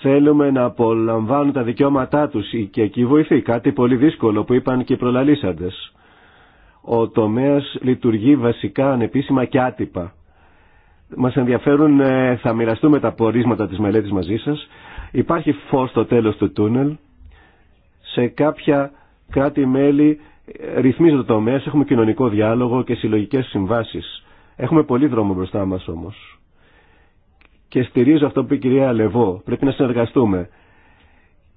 Θέλουμε να απολαμβάνουν τα δικαιώματά τους και εκεί βοηθεί. Κάτι πολύ δύσκολο που είπαν και οι προλαλήσαντες. Ο τομέας λειτουργεί βασικά ανεπίσημα και άτυπα μας ενδιαφέρουν, ε, θα μοιραστούμε τα πορίσματα της μελέτης μαζί σας. Υπάρχει φως στο τέλος του τούνελ. Σε κάποια κράτη-μέλη ε, ρυθμίζονται το τομέα, έχουμε κοινωνικό διάλογο και συλλογικές συμβάσεις. Έχουμε πολύ δρόμο μπροστά μας όμως. Και στηρίζω αυτό που είπε η κυρία Λεβό. Πρέπει να συνεργαστούμε.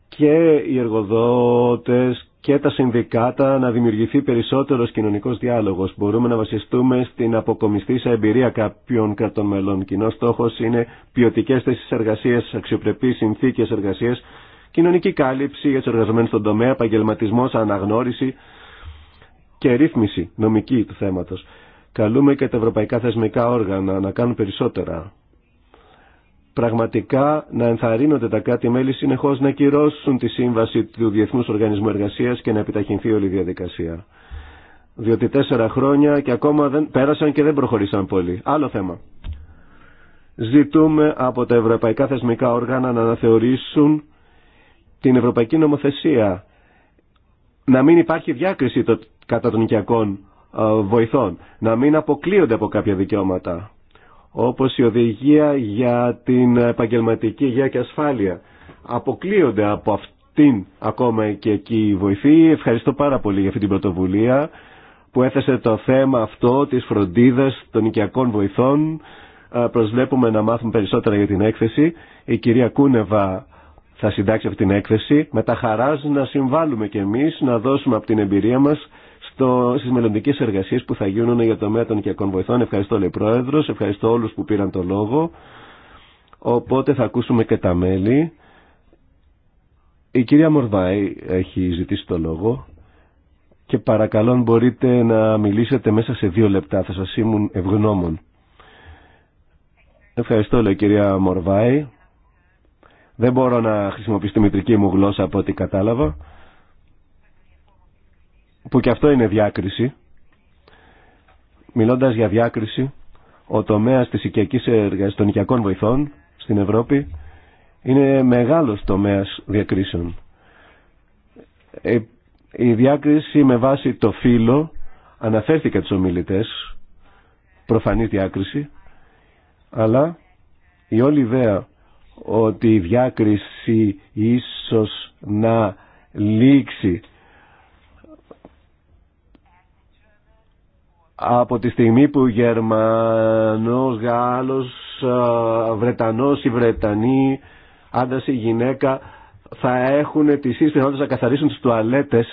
Και οι εργοδότες και τα συνδικάτα να δημιουργηθεί περισσότερος κοινωνικός διάλογος. Μπορούμε να βασιστούμε στην αποκομιστήσα εμπειρία κάποιων κρατών μελών. Κοινός στόχος είναι ποιοτικές θέσεις εργασίας, αξιοπρεπείς συνθήκες εργασίας, κοινωνική κάλυψη για τους εργαζομένους στον τομέα, επαγγελματισμό, αναγνώριση και ρύθμιση νομική του θέματος. Καλούμε και τα ευρωπαϊκά θεσμικά όργανα να κάνουν περισσότερα πραγματικά να ενθαρρύνονται τα κάτι μελη συνεχώς να κυρώσουν τη σύμβαση του Διεθνού Οργανισμού Εργασίας και να επιταχυνθεί όλη η διαδικασία. Διότι τέσσερα χρόνια και ακόμα δεν, πέρασαν και δεν προχωρήσαν πολύ. Άλλο θέμα. Ζητούμε από τα ευρωπαϊκά θεσμικά όργανα να αναθεωρήσουν την ευρωπαϊκή νομοθεσία. Να μην υπάρχει διάκριση κατά των οικιακών ε, βοηθών. Να μην αποκλείονται από κάποια δικαιώματα όπως η οδηγία για την επαγγελματική υγεία και ασφάλεια. Αποκλείονται από αυτήν ακόμα και εκεί η βοηθή. Ευχαριστώ πάρα πολύ για αυτή την πρωτοβουλία που έθεσε το θέμα αυτό της φροντίδας των οικιακών βοηθών. Ε, προσβλέπουμε να μάθουμε περισσότερα για την έκθεση. Η κυρία Κούνεβα θα συντάξει αυτή την έκθεση. Με τα χαράς να συμβάλλουμε κι εμείς, να δώσουμε από την εμπειρία μας Στι στις εργασίε εργασίες που θα γίνουν για το τομέα των οικιακών βοηθών. Ευχαριστώ λέει Πρόεδρος, ευχαριστώ όλους που πήραν το λόγο. Οπότε θα ακούσουμε και τα μέλη. Η κυρία Μορβάη έχει ζητήσει το λόγο και παρακαλώ μπορείτε να μιλήσετε μέσα σε δύο λεπτά. Θα σας ήμουν ευγνώμων. Ευχαριστώ, λέει κυρία Μορβάη. Δεν μπορώ να χρησιμοποιήσω τη μητρική μου γλώσσα από ό,τι κατάλαβα που και αυτό είναι διάκριση. Μιλώντας για διάκριση, ο τομέας της οικιακής εργασίας των οικιακών βοηθών στην Ευρώπη είναι μεγάλος τομέας διακρίσεων. Ε, η διάκριση με βάση το φύλλο αναφέρθηκε τους ομιλητές, προφανή διάκριση, αλλά η όλη ιδέα ότι η διάκριση ίσως να λήξει από τη στιγμή που Γερμανός, Γάλλος, Βρετανός ή Βρετανή, άντρας ή γυναίκα θα έχουν τις ίδιες πιθανότητες να καθαρίσουν τις τουαλέτες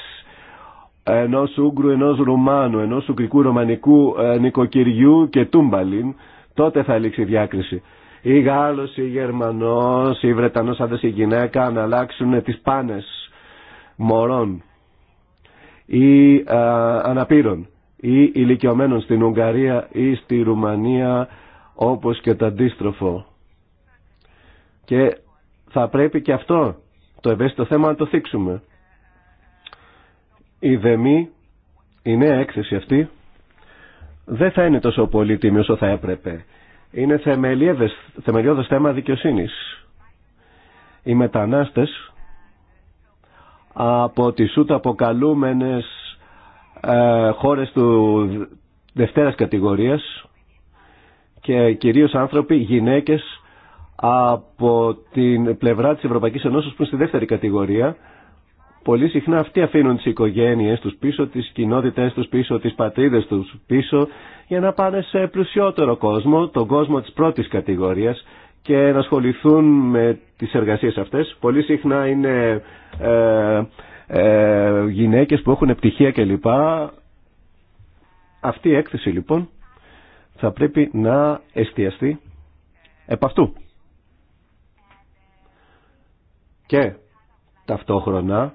ενός Ούγκρου, ενός Ρουμάνου, ενός Ουγγρικού Ρωμανικού ε, νοικοκυριού και τούμπαλιν, τότε θα λήξει η διάκριση. Ή Γάλλος, οι Γερμανός, ή Βρετανός άντρας ή γυναίκα να αλλάξουν τις σύστηση να να καθαρισουν τις τουαλετες ενος ουγκρου ενος ρουμανου ενος ουγγρικου μωρών γερμανος η βρετανος αντας η γυναικα να αλλαξουν τις πανες μωρων η αναπήρων ή ηλικιωμένων στην Ουγγαρία ή στη Ρουμανία όπως και το αντίστροφο. Και θα πρέπει και αυτό το ευαίσθητο θέμα να το θίξουμε. Η ΔΕΜΗ, η νέα έκθεση αυτή, δεν θα είναι τόσο πολύτιμη όσο θα έπρεπε. Είναι θεμελιώδες θέμα δικαιοσύνης. Οι μετανάστες από τις ούτε αποκαλούμενες ε, χώρες του δευτέρας κατηγορίας και κυρίως άνθρωποι, γυναίκες από την πλευρά της Ευρωπαϊκής Ενώσης που είναι στη δεύτερη κατηγορία πολύ συχνά αυτοί αφήνουν τις οικογένειες τους πίσω, τις κοινότητες τους πίσω, τις πατρίδες τους πίσω για να πάνε σε πλουσιότερο κόσμο, τον κόσμο της πρώτης κατηγορίας και να ασχοληθούν με τις εργασίες αυτές. Πολύ συχνά είναι ε, ε, γυναίκες που έχουν επιτυχία κλπ. Αυτή η έκθεση λοιπόν θα πρέπει να εστιαστεί επ' αυτού. Και ταυτόχρονα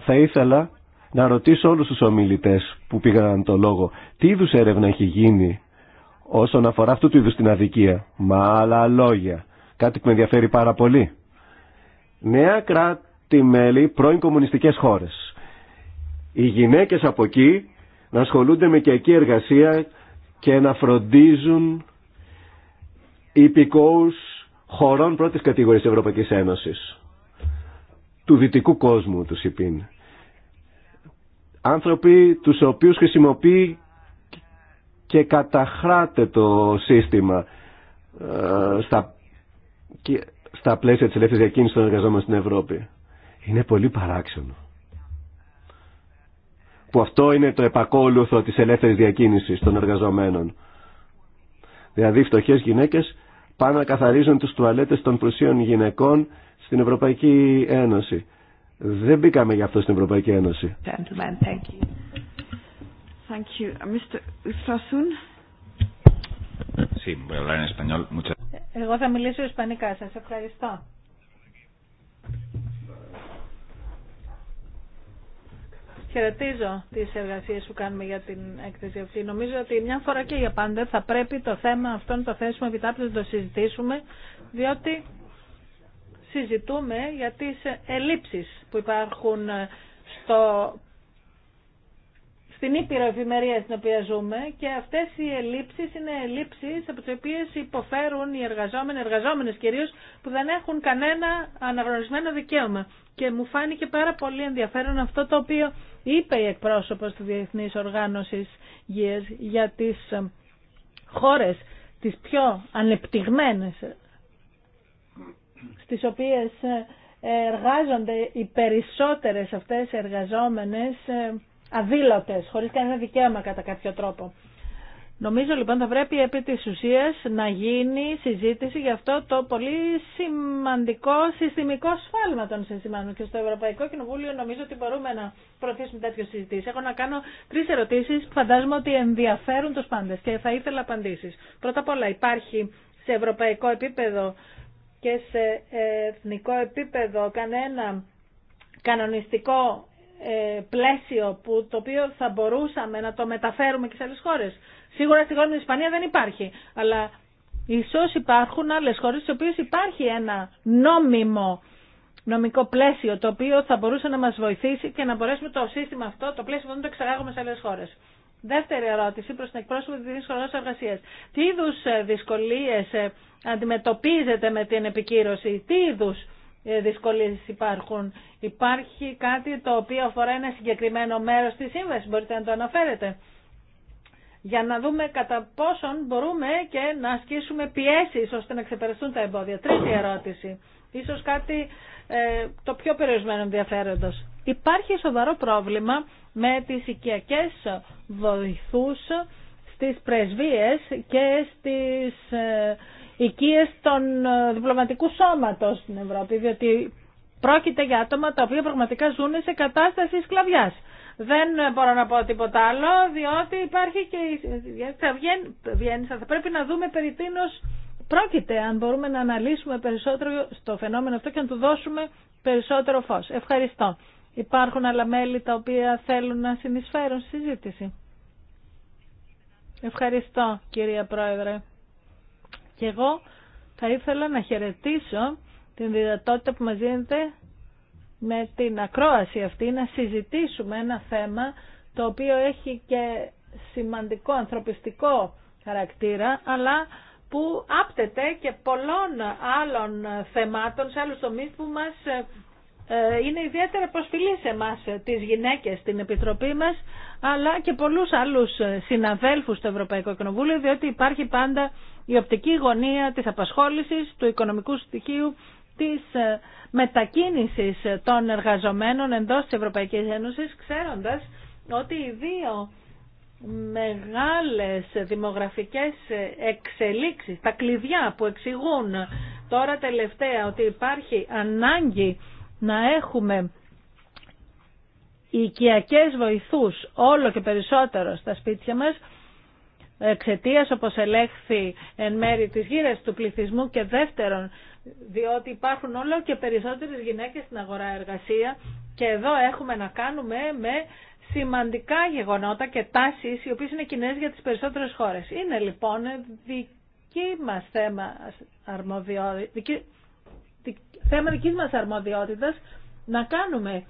θα ήθελα να ρωτήσω όλους τους ομιλητές που πήγαν το λόγο τι είδους έρευνα έχει γίνει όσον αφορά αυτού του είδους την αδικία. Μα άλλα λόγια. Κάτι που με ενδιαφέρει πάρα πολύ. Νέα κράτη τη μελη πρώην κομμουνιστικές χώρες. Οι γυναίκες από εκεί να ασχολούνται με κακή εργασία και να φροντίζουν υπηκόους χωρών πρώτης κατηγορίας της Ευρωπαϊκής Ένωσης. Του δυτικού κόσμου του ΣΥΠΗΝ. Άνθρωποι τους οποίους χρησιμοποιεί και καταχράτε το σύστημα ε, στα, στα πλαίσια της ελεύθερης διακίνησης των εργαζόμενων στην Ευρώπη. Είναι πολύ παράξενο. Που αυτό είναι το επακόλουθο της ελεύθερης διακίνησης των εργαζομένων. Δηλαδή φτωχές γυναίκες πάνε να καθαρίζουν τους τουαλέτες των πλουσίων γυναικών στην Ευρωπαϊκή Ένωση. Δεν μπήκαμε γι' αυτό στην Ευρωπαϊκή Ένωση. Uh, Εγώ θα μιλήσω ισπανικά. Σας ευχαριστώ. Χαιρετίζω τι εργασίε που κάνουμε για την έκθεση αυτή. Νομίζω ότι μια φορά και για πάντα θα πρέπει το θέμα αυτό να το θέσουμε επιτάπητο να το συζητήσουμε, διότι συζητούμε για τι ελλείψει που υπάρχουν ε, στο, στην ήπειρο εφημερία στην οποία ζούμε και αυτέ οι ελλείψει είναι ελλείψει από τι οποίε υποφέρουν οι εργαζόμενοι, εργαζόμενε κυρίω που δεν έχουν κανένα αναγνωρισμένο δικαίωμα. Και μου φάνηκε πάρα πολύ ενδιαφέρον αυτό το οποίο είπε η εκπρόσωπος της Διεθνής Οργάνωσης Υγείας για τις ε, χώρες τις πιο ανεπτυγμένες στις οποίες ε, εργάζονται οι περισσότερες αυτές εργαζόμενες ε, αδήλωτες, χωρίς κανένα δικαίωμα κατά κάποιο τρόπο. Νομίζω λοιπόν θα πρέπει επί της ουσίας να γίνει συζήτηση για αυτό το πολύ σημαντικό συστημικό σφάλμα των συστημάτων. Και στο Ευρωπαϊκό Κοινοβούλιο νομίζω ότι μπορούμε να προωθήσουμε τέτοιες συζητήσει. Έχω να κάνω τρεις ερωτήσεις που φαντάζομαι ότι ενδιαφέρουν τους πάντες και θα ήθελα απαντήσεις. Πρώτα απ' όλα υπάρχει σε ευρωπαϊκό επίπεδο και σε εθνικό επίπεδο κανένα κανονιστικό ε, πλαίσιο που το οποίο θα μπορούσαμε να το μεταφέρουμε και σε άλλες χώρες. Σίγουρα στη χώρα της Ισπανία δεν υπάρχει, αλλά ισώ υπάρχουν άλλε χώρε, στι οποίε υπάρχει ένα νόμιμο νομικό πλαίσιο το οποίο θα μπορούσε να μα βοηθήσει και να μπορέσουμε το σύστημα αυτό, το πλαίσιο αυτό να το εξαγάγουμε σε άλλε χώρε. Δεύτερη ερώτηση προ την εκπρόσωπο τη Διεθνής Χρονιά εργασία. Τι είδου ε, δυσκολίε αντιμετωπίζετε με την επικύρωση, τι είδου ε, δυσκολίε υπάρχουν. Υπάρχει κάτι το οποίο αφορά ένα συγκεκριμένο μέρο τη σύμβαση. μπορείτε να το αναφέρετε για να δούμε κατά πόσον μπορούμε και να ασκήσουμε πιέσεις ώστε να ξεπεραστούν τα εμπόδια. Τρίτη ερώτηση, ίσως κάτι ε, το πιο περιορισμένο ενδιαφέροντος. Υπάρχει σοβαρό πρόβλημα με τις οικιακές βοηθούς στις πρεσβείες και στις ε, οικίες των ε, διπλωματικού σώματος στην Ευρώπη, διότι πρόκειται για άτομα τα οποία πραγματικά ζουν σε κατάσταση σκλαβιάς. Δεν μπορώ να πω τίποτα άλλο, διότι υπάρχει και θα, βγαίνει, θα πρέπει να δούμε περί τίνος πρόκειται, αν μπορούμε να αναλύσουμε περισσότερο στο φαινόμενο αυτό και να του δώσουμε περισσότερο φως. Ευχαριστώ. Υπάρχουν άλλα μέλη τα οποία θέλουν να συνεισφέρουν στη συζήτηση. Ευχαριστώ κυρία Πρόεδρε. Και εγώ θα ήθελα να χαιρετήσω την δυνατότητα που μας δίνεται με την ακρόαση αυτή να συζητήσουμε ένα θέμα το οποίο έχει και σημαντικό ανθρωπιστικό χαρακτήρα, αλλά που άπτεται και πολλών άλλων θεμάτων σε άλλους τομείς που μας ε, είναι ιδιαίτερα προσφυλή σε εμά ε, τις γυναίκες στην Επιτροπή μας, αλλά και πολλούς άλλους ε, συναδέλφους στο Ευρωπαϊκό Κοινοβούλιο, διότι υπάρχει πάντα η οπτική γωνία της απασχόλησης, του οικονομικού στοιχείου της ε, μετακίνησης των εργαζομένων εντός της Ευρωπαϊκής Ένωσης, ξέροντας ότι οι δύο μεγάλες δημογραφικές εξελίξεις, τα κλειδιά που εξηγούν τώρα τελευταία ότι υπάρχει ανάγκη να έχουμε οικιακές βοηθούς όλο και περισσότερο στα σπίτια μας, εξαιτίας όπως ελέγχθη εν μέρη της γύρας του πληθυσμού και δεύτερον διότι υπάρχουν όλο και περισσότερες γυναίκες στην αγορά εργασία και εδώ έχουμε να κάνουμε με σημαντικά γεγονότα και τάσεις οι οποίες είναι κοινέ για τις περισσότερες χώρες. Είναι λοιπόν δική μας θέμα αρμοδιότητας, δική, θέμα δικής μας αρμοδιότητας να κάνουμε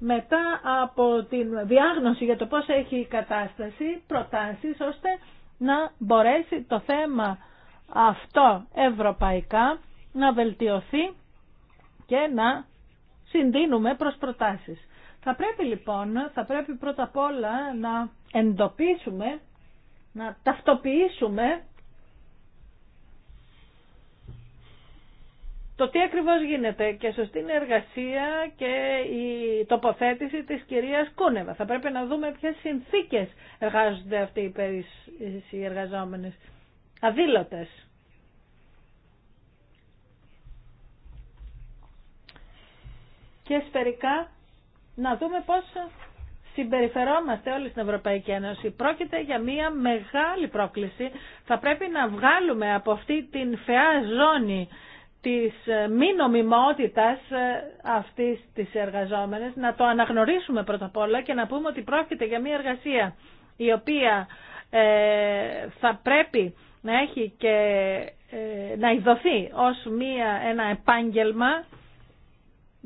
μετά από την διάγνωση για το πώς έχει η κατάσταση προτάσεις ώστε να μπορέσει το θέμα αυτό ευρωπαϊκά να βελτιωθεί και να συντείνουμε προς προτάσεις. Θα πρέπει λοιπόν, θα πρέπει πρώτα απ' όλα να εντοπίσουμε, να ταυτοποιήσουμε το τι ακριβώς γίνεται και σωστή είναι εργασία και η τοποθέτηση της κυρίας Κούνεβα. Θα πρέπει να δούμε ποιες συνθήκες εργάζονται αυτοί οι εργαζόμενες. Αδήλωτες. και σφαιρικά να δούμε πώς συμπεριφερόμαστε όλοι στην Ευρωπαϊκή Ένωση. Πρόκειται για μια μεγάλη πρόκληση. Θα πρέπει να βγάλουμε από αυτή την φαιά ζώνη της ε, μη νομιμότητας ε, αυτής της εργαζόμενης, να το αναγνωρίσουμε πρώτα απ' όλα και να πούμε ότι πρόκειται για μια εργασία η οποία ε, θα πρέπει να έχει και να ειδωθεί ως μια, ένα επάγγελμα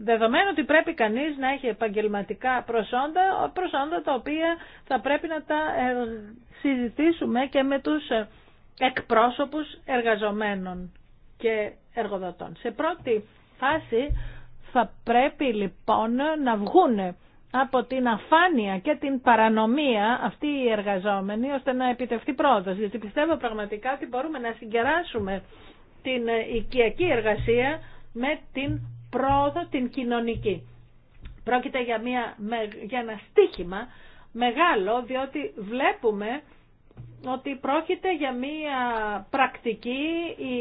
Δεδομένου ότι πρέπει κανείς να έχει επαγγελματικά προσόντα, προσόντα τα οποία θα πρέπει να τα ε, συζητήσουμε και με τους ε, εκπρόσωπους εργαζομένων και εργοδοτών. Σε πρώτη φάση θα πρέπει λοιπόν να βγουν από την αφάνεια και την παρανομία αυτοί οι εργαζόμενοι ώστε να επιτευχθεί πρόοδος. Γιατί πιστεύω πραγματικά ότι μπορούμε να συγκεράσουμε την ε, οικιακή εργασία με την πρόοδο την κοινωνική. Πρόκειται για, μια, για ένα στίχημα μεγάλο, διότι βλέπουμε ότι πρόκειται για μια πρακτική η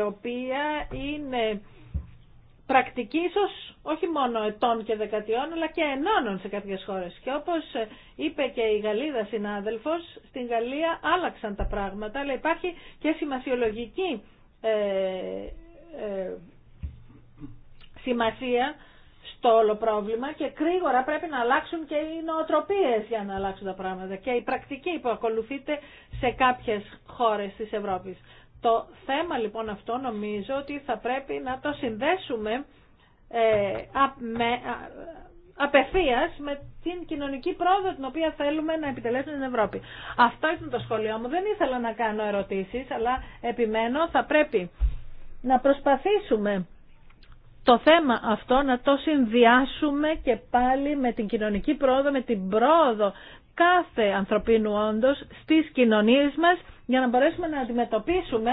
οποία είναι πρακτική ίσως όχι μόνο ετών και δεκατιών αλλά και ενώνων σε κάποιες χώρες. Και όπως είπε και η Γαλλίδα συνάδελφος, στην Γαλλία άλλαξαν τα πράγματα αλλά υπάρχει και σημασιολογική ε, ε, σημασία στο όλο πρόβλημα και γρήγορα πρέπει να αλλάξουν και οι νοοτροπίες για να αλλάξουν τα πράγματα και η πρακτική που ακολουθείται σε κάποιες χώρες της Ευρώπης. Το θέμα λοιπόν αυτό νομίζω ότι θα πρέπει να το συνδέσουμε ε, με, απευθείας με την κοινωνική πρόοδο την οποία θέλουμε να επιτελέσουμε στην Ευρώπη. Αυτό ήταν το σχολείο μου. Δεν ήθελα να κάνω ερωτήσεις, αλλά επιμένω θα πρέπει να προσπαθήσουμε το θέμα αυτό να το συνδυάσουμε και πάλι με την κοινωνική πρόοδο, με την πρόοδο κάθε ανθρωπίνου όντως στις κοινωνίες μας για να μπορέσουμε να αντιμετωπίσουμε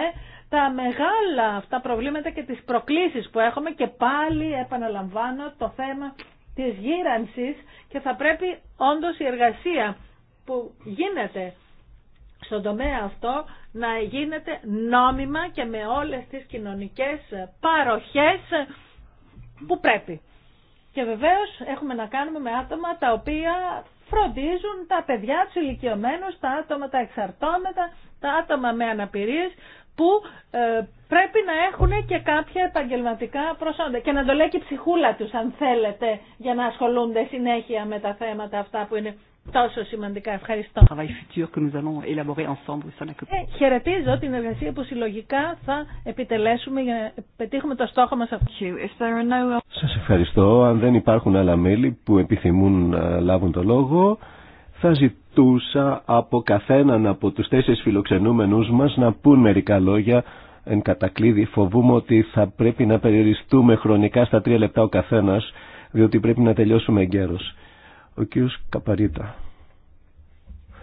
τα μεγάλα αυτά προβλήματα και τις προκλήσεις που έχουμε και πάλι επαναλαμβάνω το θέμα της γύρανσης και θα πρέπει όντως η εργασία που γίνεται στον τομέα αυτό να γίνεται νόμιμα και με όλες τις κοινωνικές παροχές που πρέπει. Και βεβαίως έχουμε να κάνουμε με άτομα τα οποία φροντίζουν τα παιδιά, του ηλικιωμένου, τα άτομα τα εξαρτώμετα, τα άτομα με αναπηρίες που ε, πρέπει να έχουν και κάποια επαγγελματικά προσόντα. Και να το λέει και η ψυχούλα τους αν θέλετε για να ασχολούνται συνέχεια με τα θέματα αυτά που είναι τόσο σημαντικά. Ευχαριστώ. Ε, χαιρετίζω την εργασία που συλλογικά θα επιτελέσουμε για να πετύχουμε το στόχο μας αυτό. Σας ευχαριστώ. Αν δεν υπάρχουν άλλα μέλη που επιθυμούν να λάβουν το λόγο, θα ζητούσα από καθέναν από τους τέσσερις φιλοξενούμενους μας να πούν μερικά λόγια εν κατακλείδη. Φοβούμαι ότι θα πρέπει να περιοριστούμε χρονικά στα τρία λεπτά ο καθένας, διότι πρέπει να τελειώσουμε εγκαίρως. Ο κύριος Καπαρίτα.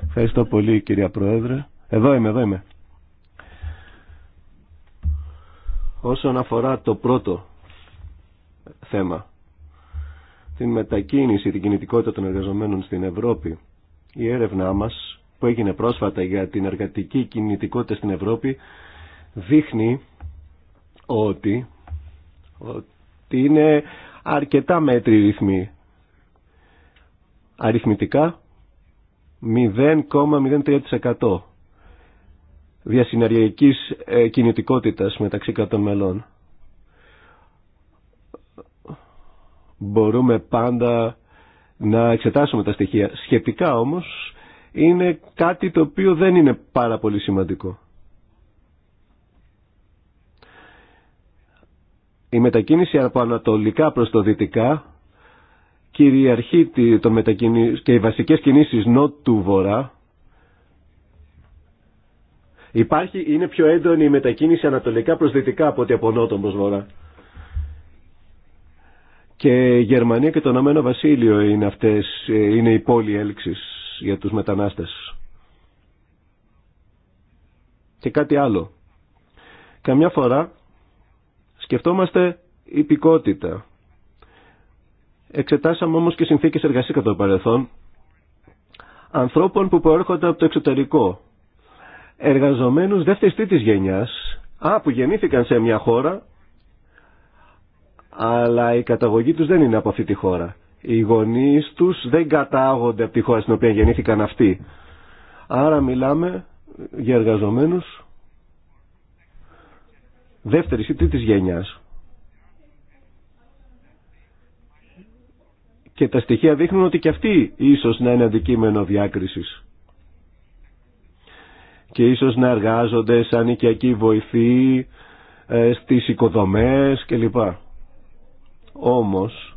Ευχαριστώ πολύ κυρία Πρόεδρε. Εδώ είμαι, εδώ είμαι. Όσον αφορά το πρώτο θέμα, την μετακίνηση, την κινητικότητα των εργαζομένων στην Ευρώπη, η έρευνά μας που έγινε πρόσφατα για την εργατική κινητικότητα στην Ευρώπη δείχνει ότι, είναι αρκετά μέτρη ρυθμή αριθμητικά 0,03% διασυναριακής ε, κινητικότητας μεταξύ κρατών μελών. Μπορούμε πάντα να εξετάσουμε τα στοιχεία. Σχετικά όμως είναι κάτι το οποίο δεν είναι πάρα πολύ σημαντικό. Η μετακίνηση από ανατολικά προς το δυτικά κυριαρχεί το και οι βασικές κινήσεις νότου-βορρά. Υπάρχει, είναι πιο έντονη η μετακίνηση ανατολικά προς δυτικά από ότι από νότον προς βορρά. Και η Γερμανία και το Ηνωμένο Βασίλειο είναι, αυτές, ε, είναι η πόλη έλξης για τους μετανάστες. Και κάτι άλλο. Καμιά φορά σκεφτόμαστε υπηκότητα. Εξετάσαμε όμως και συνθήκες εργασίας κατά το παρελθόν ανθρώπων που προέρχονται από το εξωτερικό. Εργαζομένους δεύτερης τρίτης γενιάς, α, που γεννήθηκαν σε μια χώρα, αλλά η καταγωγή τους δεν είναι από αυτή τη χώρα. Οι γονείς τους δεν κατάγονται από τη χώρα στην οποία γεννήθηκαν αυτοί. Άρα μιλάμε για εργαζομένους δεύτερης ή τρίτης γενιάς και τα στοιχεία δείχνουν ότι και αυτή ίσως να είναι αντικείμενο διάκρισης και ίσως να εργάζονται σαν οικιακή βοηθή ε, στις οικοδομές κλπ. Όμως,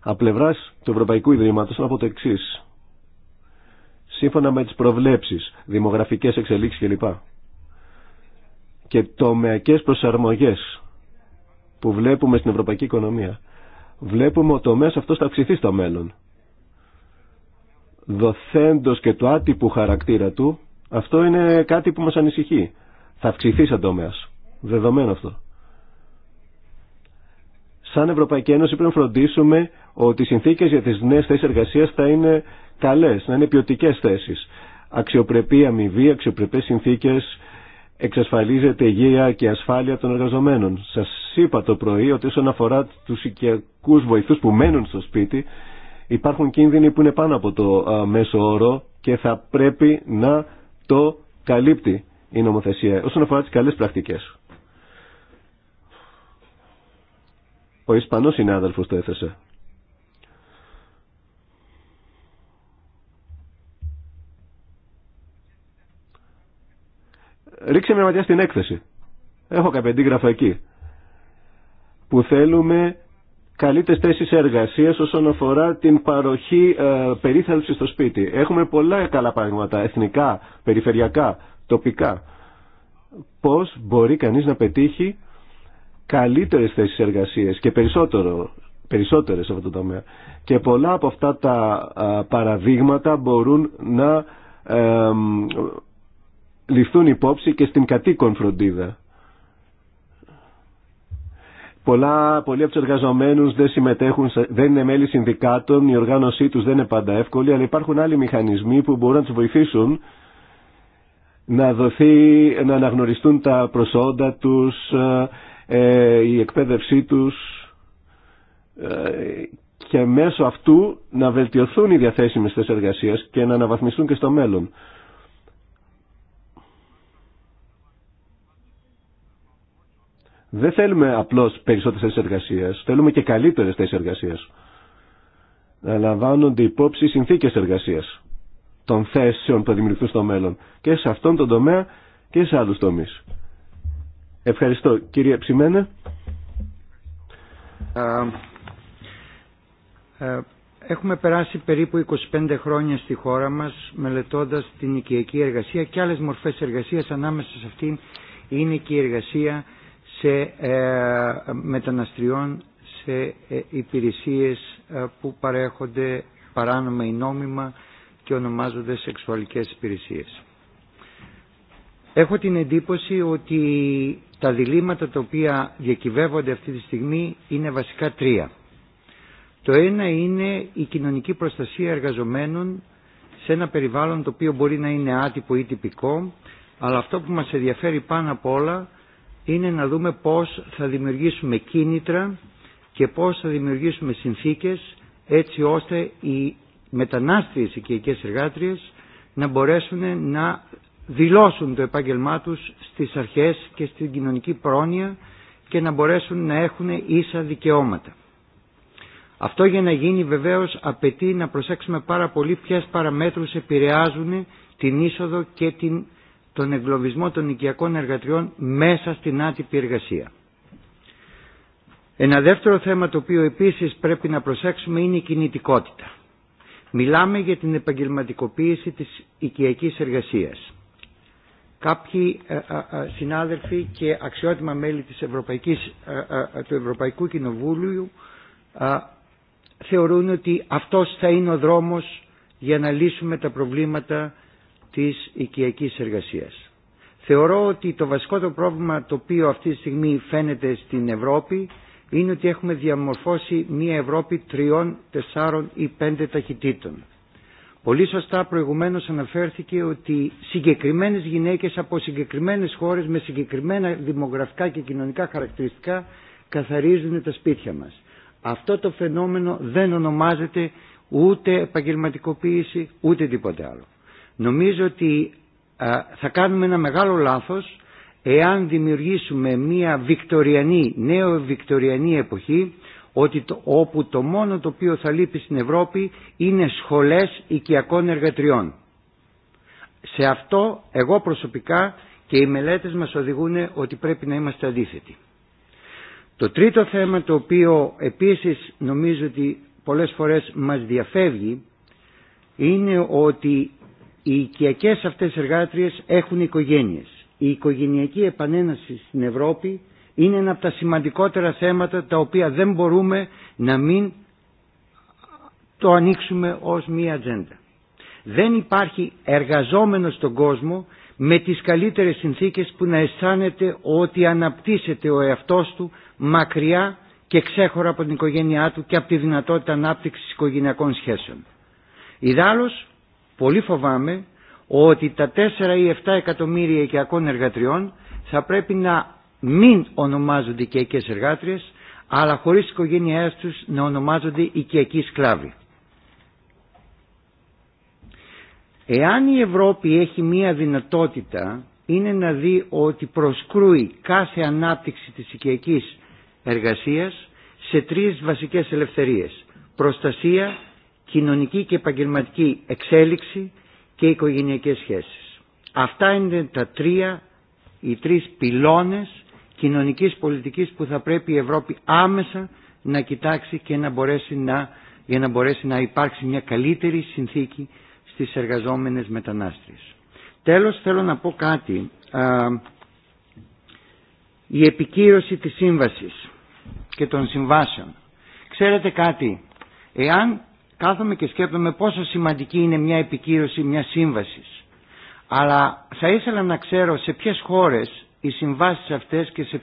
απλευράς του Ευρωπαϊκού Ιδρύματος από το εξή. Σύμφωνα με τις προβλέψεις, δημογραφικές εξελίξεις κλπ. Και τομεακές προσαρμογές που βλέπουμε στην ευρωπαϊκή οικονομία. Βλέπουμε ότι ο τομέας αυτός θα αυξηθεί στο μέλλον. Δοθέντος και του άτυπου χαρακτήρα του, αυτό είναι κάτι που μας ανησυχεί. Θα αυξηθεί σαν τομέας. Δεδομένο αυτό. Σαν Ευρωπαϊκή Ένωση πρέπει να φροντίσουμε ότι οι συνθήκες για τις νέες θέσει εργασία θα είναι καλές, να είναι ποιοτικέ θέσει. Αξιοπρεπή αμοιβή, αξιοπρεπέ συνθήκε εξασφαλίζεται υγεία και ασφάλεια των εργαζομένων. Σας είπα το πρωί ότι όσον αφορά τους οικιακούς βοηθούς που μένουν στο σπίτι υπάρχουν κίνδυνοι που είναι πάνω από το μέσο όρο και θα πρέπει να το καλύπτει η νομοθεσία όσον αφορά τις καλές πρακτικές. Ο Ισπανός συνάδελφος το έθεσε. ρίξε μια ματιά στην έκθεση. Έχω καπεντίγραφα εκεί. Που θέλουμε καλύτερε θέσει εργασία όσον αφορά την παροχή ε, περίθαλψη στο σπίτι. Έχουμε πολλά καλά παραδείγματα, εθνικά, περιφερειακά, τοπικά. Πώ μπορεί κανεί να πετύχει καλύτερε θέσει εργασία και περισσότερο περισσότερες σε αυτό το τομέα. Και πολλά από αυτά τα ε, παραδείγματα μπορούν να ε, ληφθούν υπόψη και στην κατοίκον φροντίδα. Πολλά, πολλοί από του εργαζομένου δεν συμμετέχουν, δεν είναι μέλη συνδικάτων, η οργάνωσή του δεν είναι πάντα εύκολη, αλλά υπάρχουν άλλοι μηχανισμοί που μπορούν να του βοηθήσουν να δοθεί, να αναγνωριστούν τα προσόντα τους, ε, η εκπαίδευσή τους ε, και μέσω αυτού να βελτιωθούν οι διαθέσιμε θέσει εργασία και να αναβαθμιστούν και στο μέλλον. Δεν θέλουμε απλώς περισσότερες θέσεις εργασίας, θέλουμε και καλύτερες θέσεις εργασίας. Να λαμβάνονται υπόψη οι συνθήκες εργασίας των θέσεων που θα δημιουργηθούν στο μέλλον και σε αυτόν τον τομέα και σε άλλους τομείς. Ευχαριστώ. Κύριε Ψημένε. Ε, ε, έχουμε περάσει περίπου 25 χρόνια στη χώρα μας μελετώντας την οικιακή εργασία και άλλες μορφές εργασίας ανάμεσα σε αυτήν είναι και η εργασία σε ε, μεταναστριών σε ε, υπηρεσίες ε, που παρέχονται παράνομα ή νόμιμα και ονομάζονται σεξουαλικές υπηρεσίες. Έχω την εντύπωση ότι τα διλήμματα τα οποία διακυβεύονται αυτή τη στιγμή είναι βασικά τρία. Το ένα είναι η κοινωνική προστασία εργαζομένων σε ένα περιβάλλον το οποίο μπορεί να είναι άτυπο ή τυπικό, αλλά αυτό που μας ενδιαφέρει πάνω απ' όλα είναι να δούμε πώς θα δημιουργήσουμε κίνητρα και πώς θα δημιουργήσουμε συνθήκες έτσι ώστε οι μετανάστες οικιακές εργάτριες να μπορέσουν να δηλώσουν το επάγγελμά τους στις αρχές και στην κοινωνική πρόνοια και να μπορέσουν να έχουν ίσα δικαιώματα. Αυτό για να γίνει βεβαίως απαιτεί να προσέξουμε πάρα πολύ ποιες παραμέτρους επηρεάζουν την είσοδο και την τον εγκλωβισμό των οικιακών εργατριών μέσα στην άτυπη εργασία. Ένα δεύτερο θέμα το οποίο επίσης πρέπει να προσέξουμε είναι η κινητικότητα. Μιλάμε για την επαγγελματικοποίηση της οικιακής εργασίας. Κάποιοι ε, ε, ε, συνάδελφοι και αξιότιμα μέλη της Ευρωπαϊκής, του Ευρωπαϊκού Κοινοβούλου θεωρούν ότι αυτός θα είναι ο δρόμος για να λύσουμε τα προβλήματα της οικιακής εργασίας. Θεωρώ ότι το βασικό το πρόβλημα το οποίο αυτή τη στιγμή φαίνεται στην Ευρώπη είναι ότι έχουμε διαμορφώσει μια Ευρώπη τριών, τεσσάρων ή πέντε ταχυτήτων. Πολύ σωστά προηγουμένως αναφέρθηκε ότι συγκεκριμένες γυναίκες από συγκεκριμένες χώρες με συγκεκριμένα δημογραφικά και κοινωνικά χαρακτηριστικά καθαρίζουν τα σπίτια μας. Αυτό το φαινόμενο δεν ονομάζεται ούτε επαγγελματικοποίηση ούτε τίποτε άλλο. Νομίζω ότι θα κάνουμε ένα μεγάλο λάθος εάν δημιουργήσουμε μια βικτοριανή, νέο βικτοριανή εποχή ότι όπου το μόνο το οποίο θα λείπει στην Ευρώπη είναι σχολές οικιακών εργατριών. Σε αυτό εγώ προσωπικά και οι μελέτες μας οδηγούν ότι πρέπει να είμαστε αντίθετοι. Το τρίτο θέμα το οποίο επίσης νομίζω ότι πολλές φορές μας διαφεύγει είναι ότι οι οικιακέ αυτές εργάτριες έχουν οικογένειες. Η οικογενειακή επανέναση στην Ευρώπη είναι ένα από τα σημαντικότερα θέματα τα οποία δεν μπορούμε να μην το ανοίξουμε ως μία ατζέντα. Δεν υπάρχει εργαζόμενος στον κόσμο με τις καλύτερες συνθήκες που να αισθάνεται ότι αναπτύσσεται ο εαυτός του μακριά και ξέχωρα από την οικογένειά του και από τη δυνατότητα ανάπτυξης οικογενειακών σχέσεων. Ιδάλλως Πολύ φοβάμαι ότι τα 4 ή 7 εκατομμύρια οικιακών εργατριών θα πρέπει να μην ονομάζονται οικιακές εργάτριες, αλλά χωρίς οικογένειε οικογένειές να ονομάζονται οικιακοί σκλάβοι. Εάν η Ευρώπη έχει μία δυνατότητα είναι να δει ότι προσκρούει κάθε ανάπτυξη της οικιακής εργασίας σε τρεις βασικές ελευθερίες. Προστασία, κοινωνική και επαγγελματική εξέλιξη και οικογενειακές σχέσεις. Αυτά είναι τα τρία, οι τρεις πυλώνες κοινωνικής πολιτικής που θα πρέπει η Ευρώπη άμεσα να κοιτάξει και να μπορέσει να, για να μπορέσει να υπάρξει μια καλύτερη συνθήκη στις εργαζόμενες μετανάστριες. Τέλος θέλω να πω κάτι. η επικύρωση της σύμβασης και των συμβάσεων. Ξέρετε κάτι, εάν κάθομαι και σκέπτομαι πόσο σημαντική είναι μια επικύρωση μια σύμβαση. Αλλά θα ήθελα να ξέρω σε ποιες χώρες οι συμβάσεις αυτές και σε,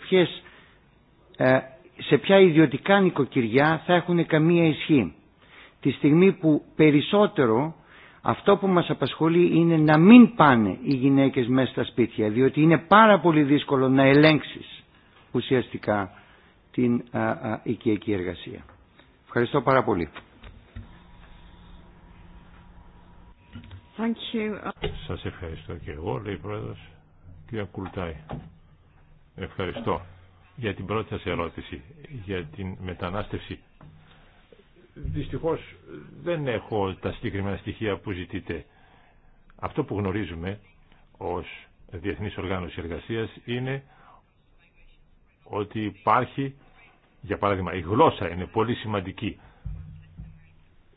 ε, σε ποια ιδιωτικά νοικοκυριά θα έχουν καμία ισχύ. Τη στιγμή που περισσότερο αυτό που μας απασχολεί είναι να μην πάνε οι γυναίκες μέσα στα σπίτια, διότι είναι πάρα πολύ δύσκολο να ελέγξεις ουσιαστικά την ε, ε, οικιακή εργασία. Ευχαριστώ πάρα πολύ. Thank you. Σας ευχαριστώ και εγώ, λέει η Πρόεδρος, κυρία Κουλτάη. Ευχαριστώ για την πρώτη σας ερώτηση, για την μετανάστευση. Δυστυχώς δεν έχω τα συγκεκριμένα στοιχεία που ζητείτε. Αυτό που γνωρίζουμε ως Διεθνής Οργάνωση Εργασίας είναι ότι υπάρχει, για παράδειγμα, η γλώσσα είναι πολύ σημαντική.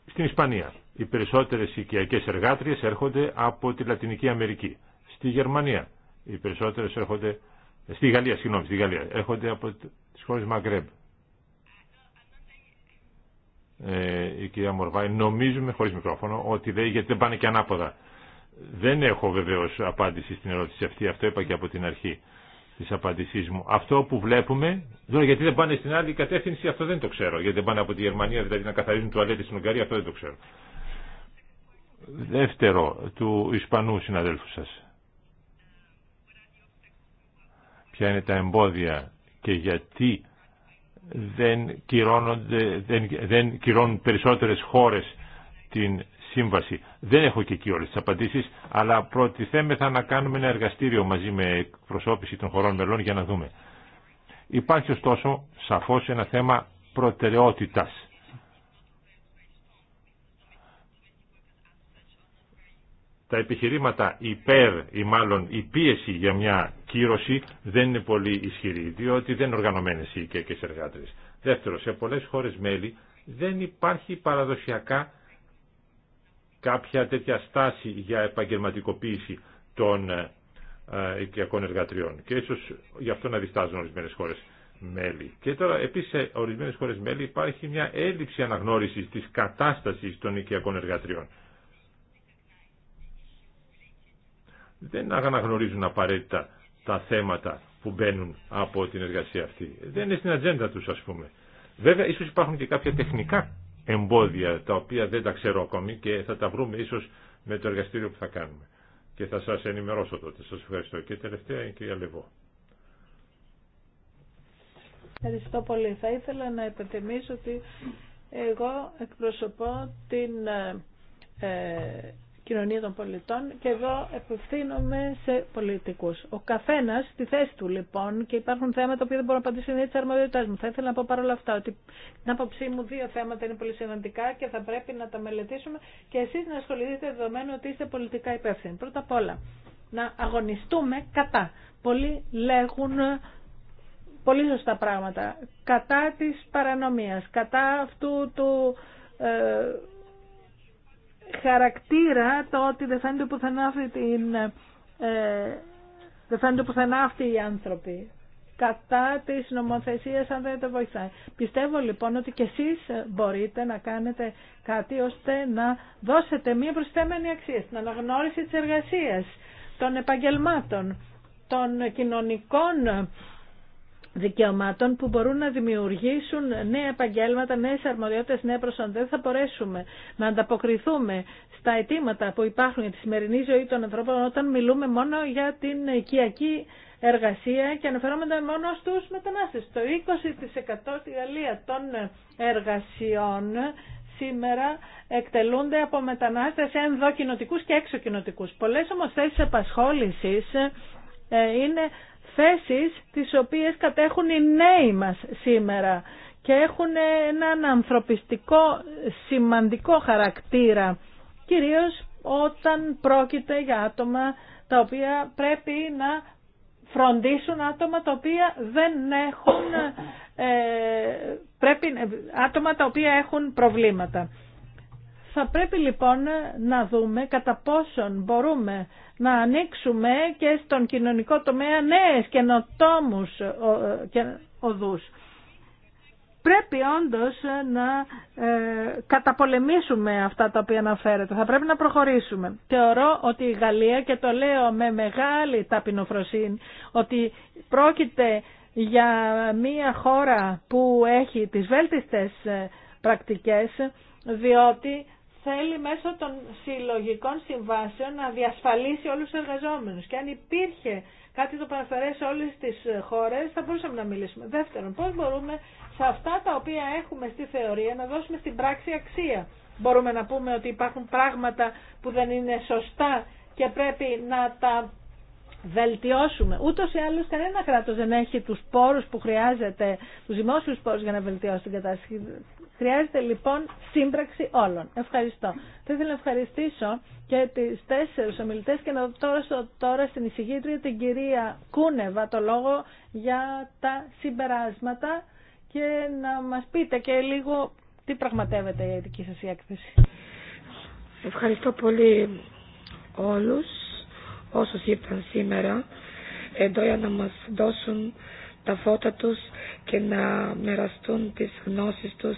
Στην Ισπανία οι περισσότερες οικιακές εργάτριες έρχονται από τη Λατινική Αμερική. Στη Γερμανία οι περισσότερες έρχονται, ε, στη Γαλλία, συγγνώμη, στη Γαλλία, έρχονται από τις χώρες Μαγκρέμπ. Ε, η κυρία Μορβάη, νομίζουμε χωρίς μικρόφωνο ότι λέει γιατί δεν πάνε και ανάποδα. Δεν έχω βεβαίω απάντηση στην ερώτηση αυτή, αυτό είπα και από την αρχή τη απάντησή μου. Αυτό που βλέπουμε, δηλαδή γιατί δεν πάνε στην άλλη κατεύθυνση, αυτό δεν το ξέρω. Γιατί δεν πάνε από τη Γερμανία, δηλαδή να καθαρίζουν τουαλέτε στην Ουγγαρία, αυτό δεν το ξέρω δεύτερο του Ισπανού συναδέλφου σας. Ποια είναι τα εμπόδια και γιατί δεν, δεν, δεν κυρώνουν περισσότερες χώρες την σύμβαση. Δεν έχω και εκεί όλες τις απαντήσεις, αλλά προτιθέμεθα να κάνουμε ένα εργαστήριο μαζί με προσώπηση των χωρών μελών για να δούμε. Υπάρχει ωστόσο σαφώς ένα θέμα προτεραιότητας τα επιχειρήματα υπέρ ή μάλλον η πίεση για μια κύρωση δεν είναι πολύ ισχυρή, διότι δεν είναι οργανωμένε οι οικιακέ εργάτριε. Δεύτερο, σε πολλέ χώρε μέλη δεν υπάρχει παραδοσιακά κάποια τέτοια στάση για επαγγελματικοποίηση των ε, ε, οικιακών εργατριών και ίσω γι' αυτό να διστάζουν ορισμένε χώρε μέλη. Και τώρα επίση, σε ορισμένε χώρε μέλη υπάρχει μια έλλειψη αναγνώριση τη κατάσταση των οικιακών εργατριών. δεν αναγνωρίζουν απαραίτητα τα θέματα που μπαίνουν από την εργασία αυτή. Δεν είναι στην ατζέντα τους ας πούμε. Βέβαια ίσως υπάρχουν και κάποια τεχνικά εμπόδια τα οποία δεν τα ξέρω ακόμη και θα τα βρούμε ίσως με το εργαστήριο που θα κάνουμε. Και θα σας ενημερώσω τότε. Σας ευχαριστώ. Και τελευταία η κυρία Λεβό. Ευχαριστώ πολύ. Θα ήθελα να υπενθυμίσω ότι εγώ εκπροσωπώ την ε, ε, κοινωνία των πολιτών και εδώ επευθύνομαι σε πολιτικούς. Ο καθένας στη θέση του λοιπόν και υπάρχουν θέματα που δεν μπορώ να απαντήσω είναι τις μου. Θα ήθελα να πω παρόλα αυτά ότι την άποψή μου δύο θέματα είναι πολύ σημαντικά και θα πρέπει να τα μελετήσουμε και εσείς να ασχοληθείτε δεδομένου ότι είστε πολιτικά υπεύθυνοι. Πρώτα απ' όλα, να αγωνιστούμε κατά. Πολλοί λέγουν πολύ σωστά πράγματα. Κατά της παρανομίας, κατά αυτού του... Ε, χαρακτήρα το ότι δεν φαίνεται πουθενά αυτή την... Ε, δεν πουθενά αυτοί οι άνθρωποι κατά της νομοθεσία αν δεν το βοηθάει. Πιστεύω λοιπόν ότι και εσείς μπορείτε να κάνετε κάτι ώστε να δώσετε μία προσθέμενη αξία στην αναγνώριση της εργασίας, των επαγγελμάτων, των κοινωνικών δικαιωμάτων που μπορούν να δημιουργήσουν νέα επαγγέλματα, νέε αρμοδιότητες, νέα προσόντα. Δεν θα μπορέσουμε να ανταποκριθούμε στα αιτήματα που υπάρχουν για τη σημερινή ζωή των ανθρώπων όταν μιλούμε μόνο για την οικιακή εργασία και αναφέρομενται μόνο στους μετανάστες. Το 20% τη Γαλλία των εργασιών σήμερα εκτελούνται από μετανάστες ενδοκοινοτικούς και εξοκοινοτικούς. Πολλές όμως θέσεις απασχόληση ε, είναι θέσεις τις οποίες κατέχουν οι νέοι μας σήμερα και έχουν έναν ανθρωπιστικό σημαντικό χαρακτήρα, κυρίως όταν πρόκειται για άτομα τα οποία πρέπει να φροντίσουν άτομα τα οποία δεν έχουν, ε, πρέπει, άτομα τα οποία έχουν προβλήματα. Θα πρέπει λοιπόν να δούμε κατά πόσον μπορούμε να ανοίξουμε και στον κοινωνικό τομέα νέες καινοτόμους ε, και οδούς. Πρέπει όντως να ε, καταπολεμήσουμε αυτά τα οποία αναφέρεται. Θα πρέπει να προχωρήσουμε. Θεωρώ ότι η Γαλλία, και το λέω με μεγάλη ταπεινοφροσύνη, ότι πρόκειται για μια χώρα που έχει τις βέλτιστες ε, πρακτικές, διότι θέλει μέσω των συλλογικών συμβάσεων να διασφαλίσει όλους τους εργαζόμενους. Και αν υπήρχε κάτι το παραφερέ σε όλες τις χώρες θα μπορούσαμε να μιλήσουμε. Δεύτερον, πώς μπορούμε σε αυτά τα οποία έχουμε στη θεωρία να δώσουμε στην πράξη αξία. Μπορούμε να πούμε ότι υπάρχουν πράγματα που δεν είναι σωστά και πρέπει να τα βελτιώσουμε. Ούτω ή άλλω κανένα κράτο δεν έχει του πόρου που χρειάζεται, του δημόσιου πόρου για να βελτιώσει την κατάσταση. Χρειάζεται λοιπόν σύμπραξη όλων. Ευχαριστώ. Θα ήθελα να ευχαριστήσω και τι τέσσερι ομιλητέ και να δώσω τώρα στην εισηγήτρια την κυρία Κούνεβα το λόγο για τα συμπεράσματα και να μας πείτε και λίγο τι πραγματεύεται η δική σας έκθεση. Ευχαριστώ πολύ όλους όσου ήρθαν σήμερα εδώ για να μας δώσουν τα φώτα τους και να μοιραστούν τις γνώσεις τους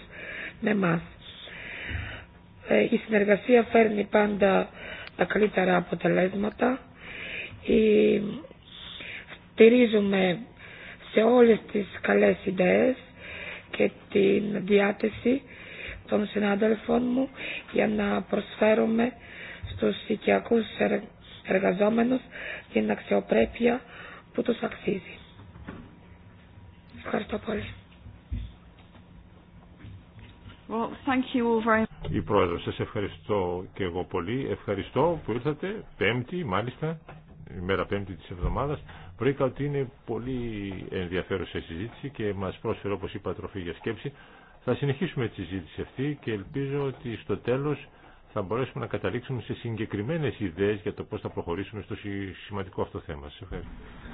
με μας. Ε, η συνεργασία φέρνει πάντα τα καλύτερα αποτελέσματα. Η... Στηρίζουμε σε όλες τις καλές ιδέες και την διάθεση των συνάδελφων μου για να προσφέρουμε στους οικιακούς εργαζόμενους την αξιοπρέπεια που τους αξίζει. Ευχαριστώ πολύ. Well, thank you all very... Η Πρόεδρο, σας ευχαριστώ και εγώ πολύ. Ευχαριστώ που ήρθατε, πέμπτη μάλιστα, ημέρα πέμπτη της εβδομάδας. Βρήκα ότι είναι πολύ ενδιαφέρον σε συζήτηση και μας πρόσφερε όπως είπα τροφή για σκέψη. Θα συνεχίσουμε τη συζήτηση αυτή και ελπίζω ότι στο τέλος θα μπορέσουμε να καταλήξουμε σε συγκεκριμένες ιδέες για το πώς θα προχωρήσουμε στο σημαντικό αυτό θέμα. Σας ευχαριστώ.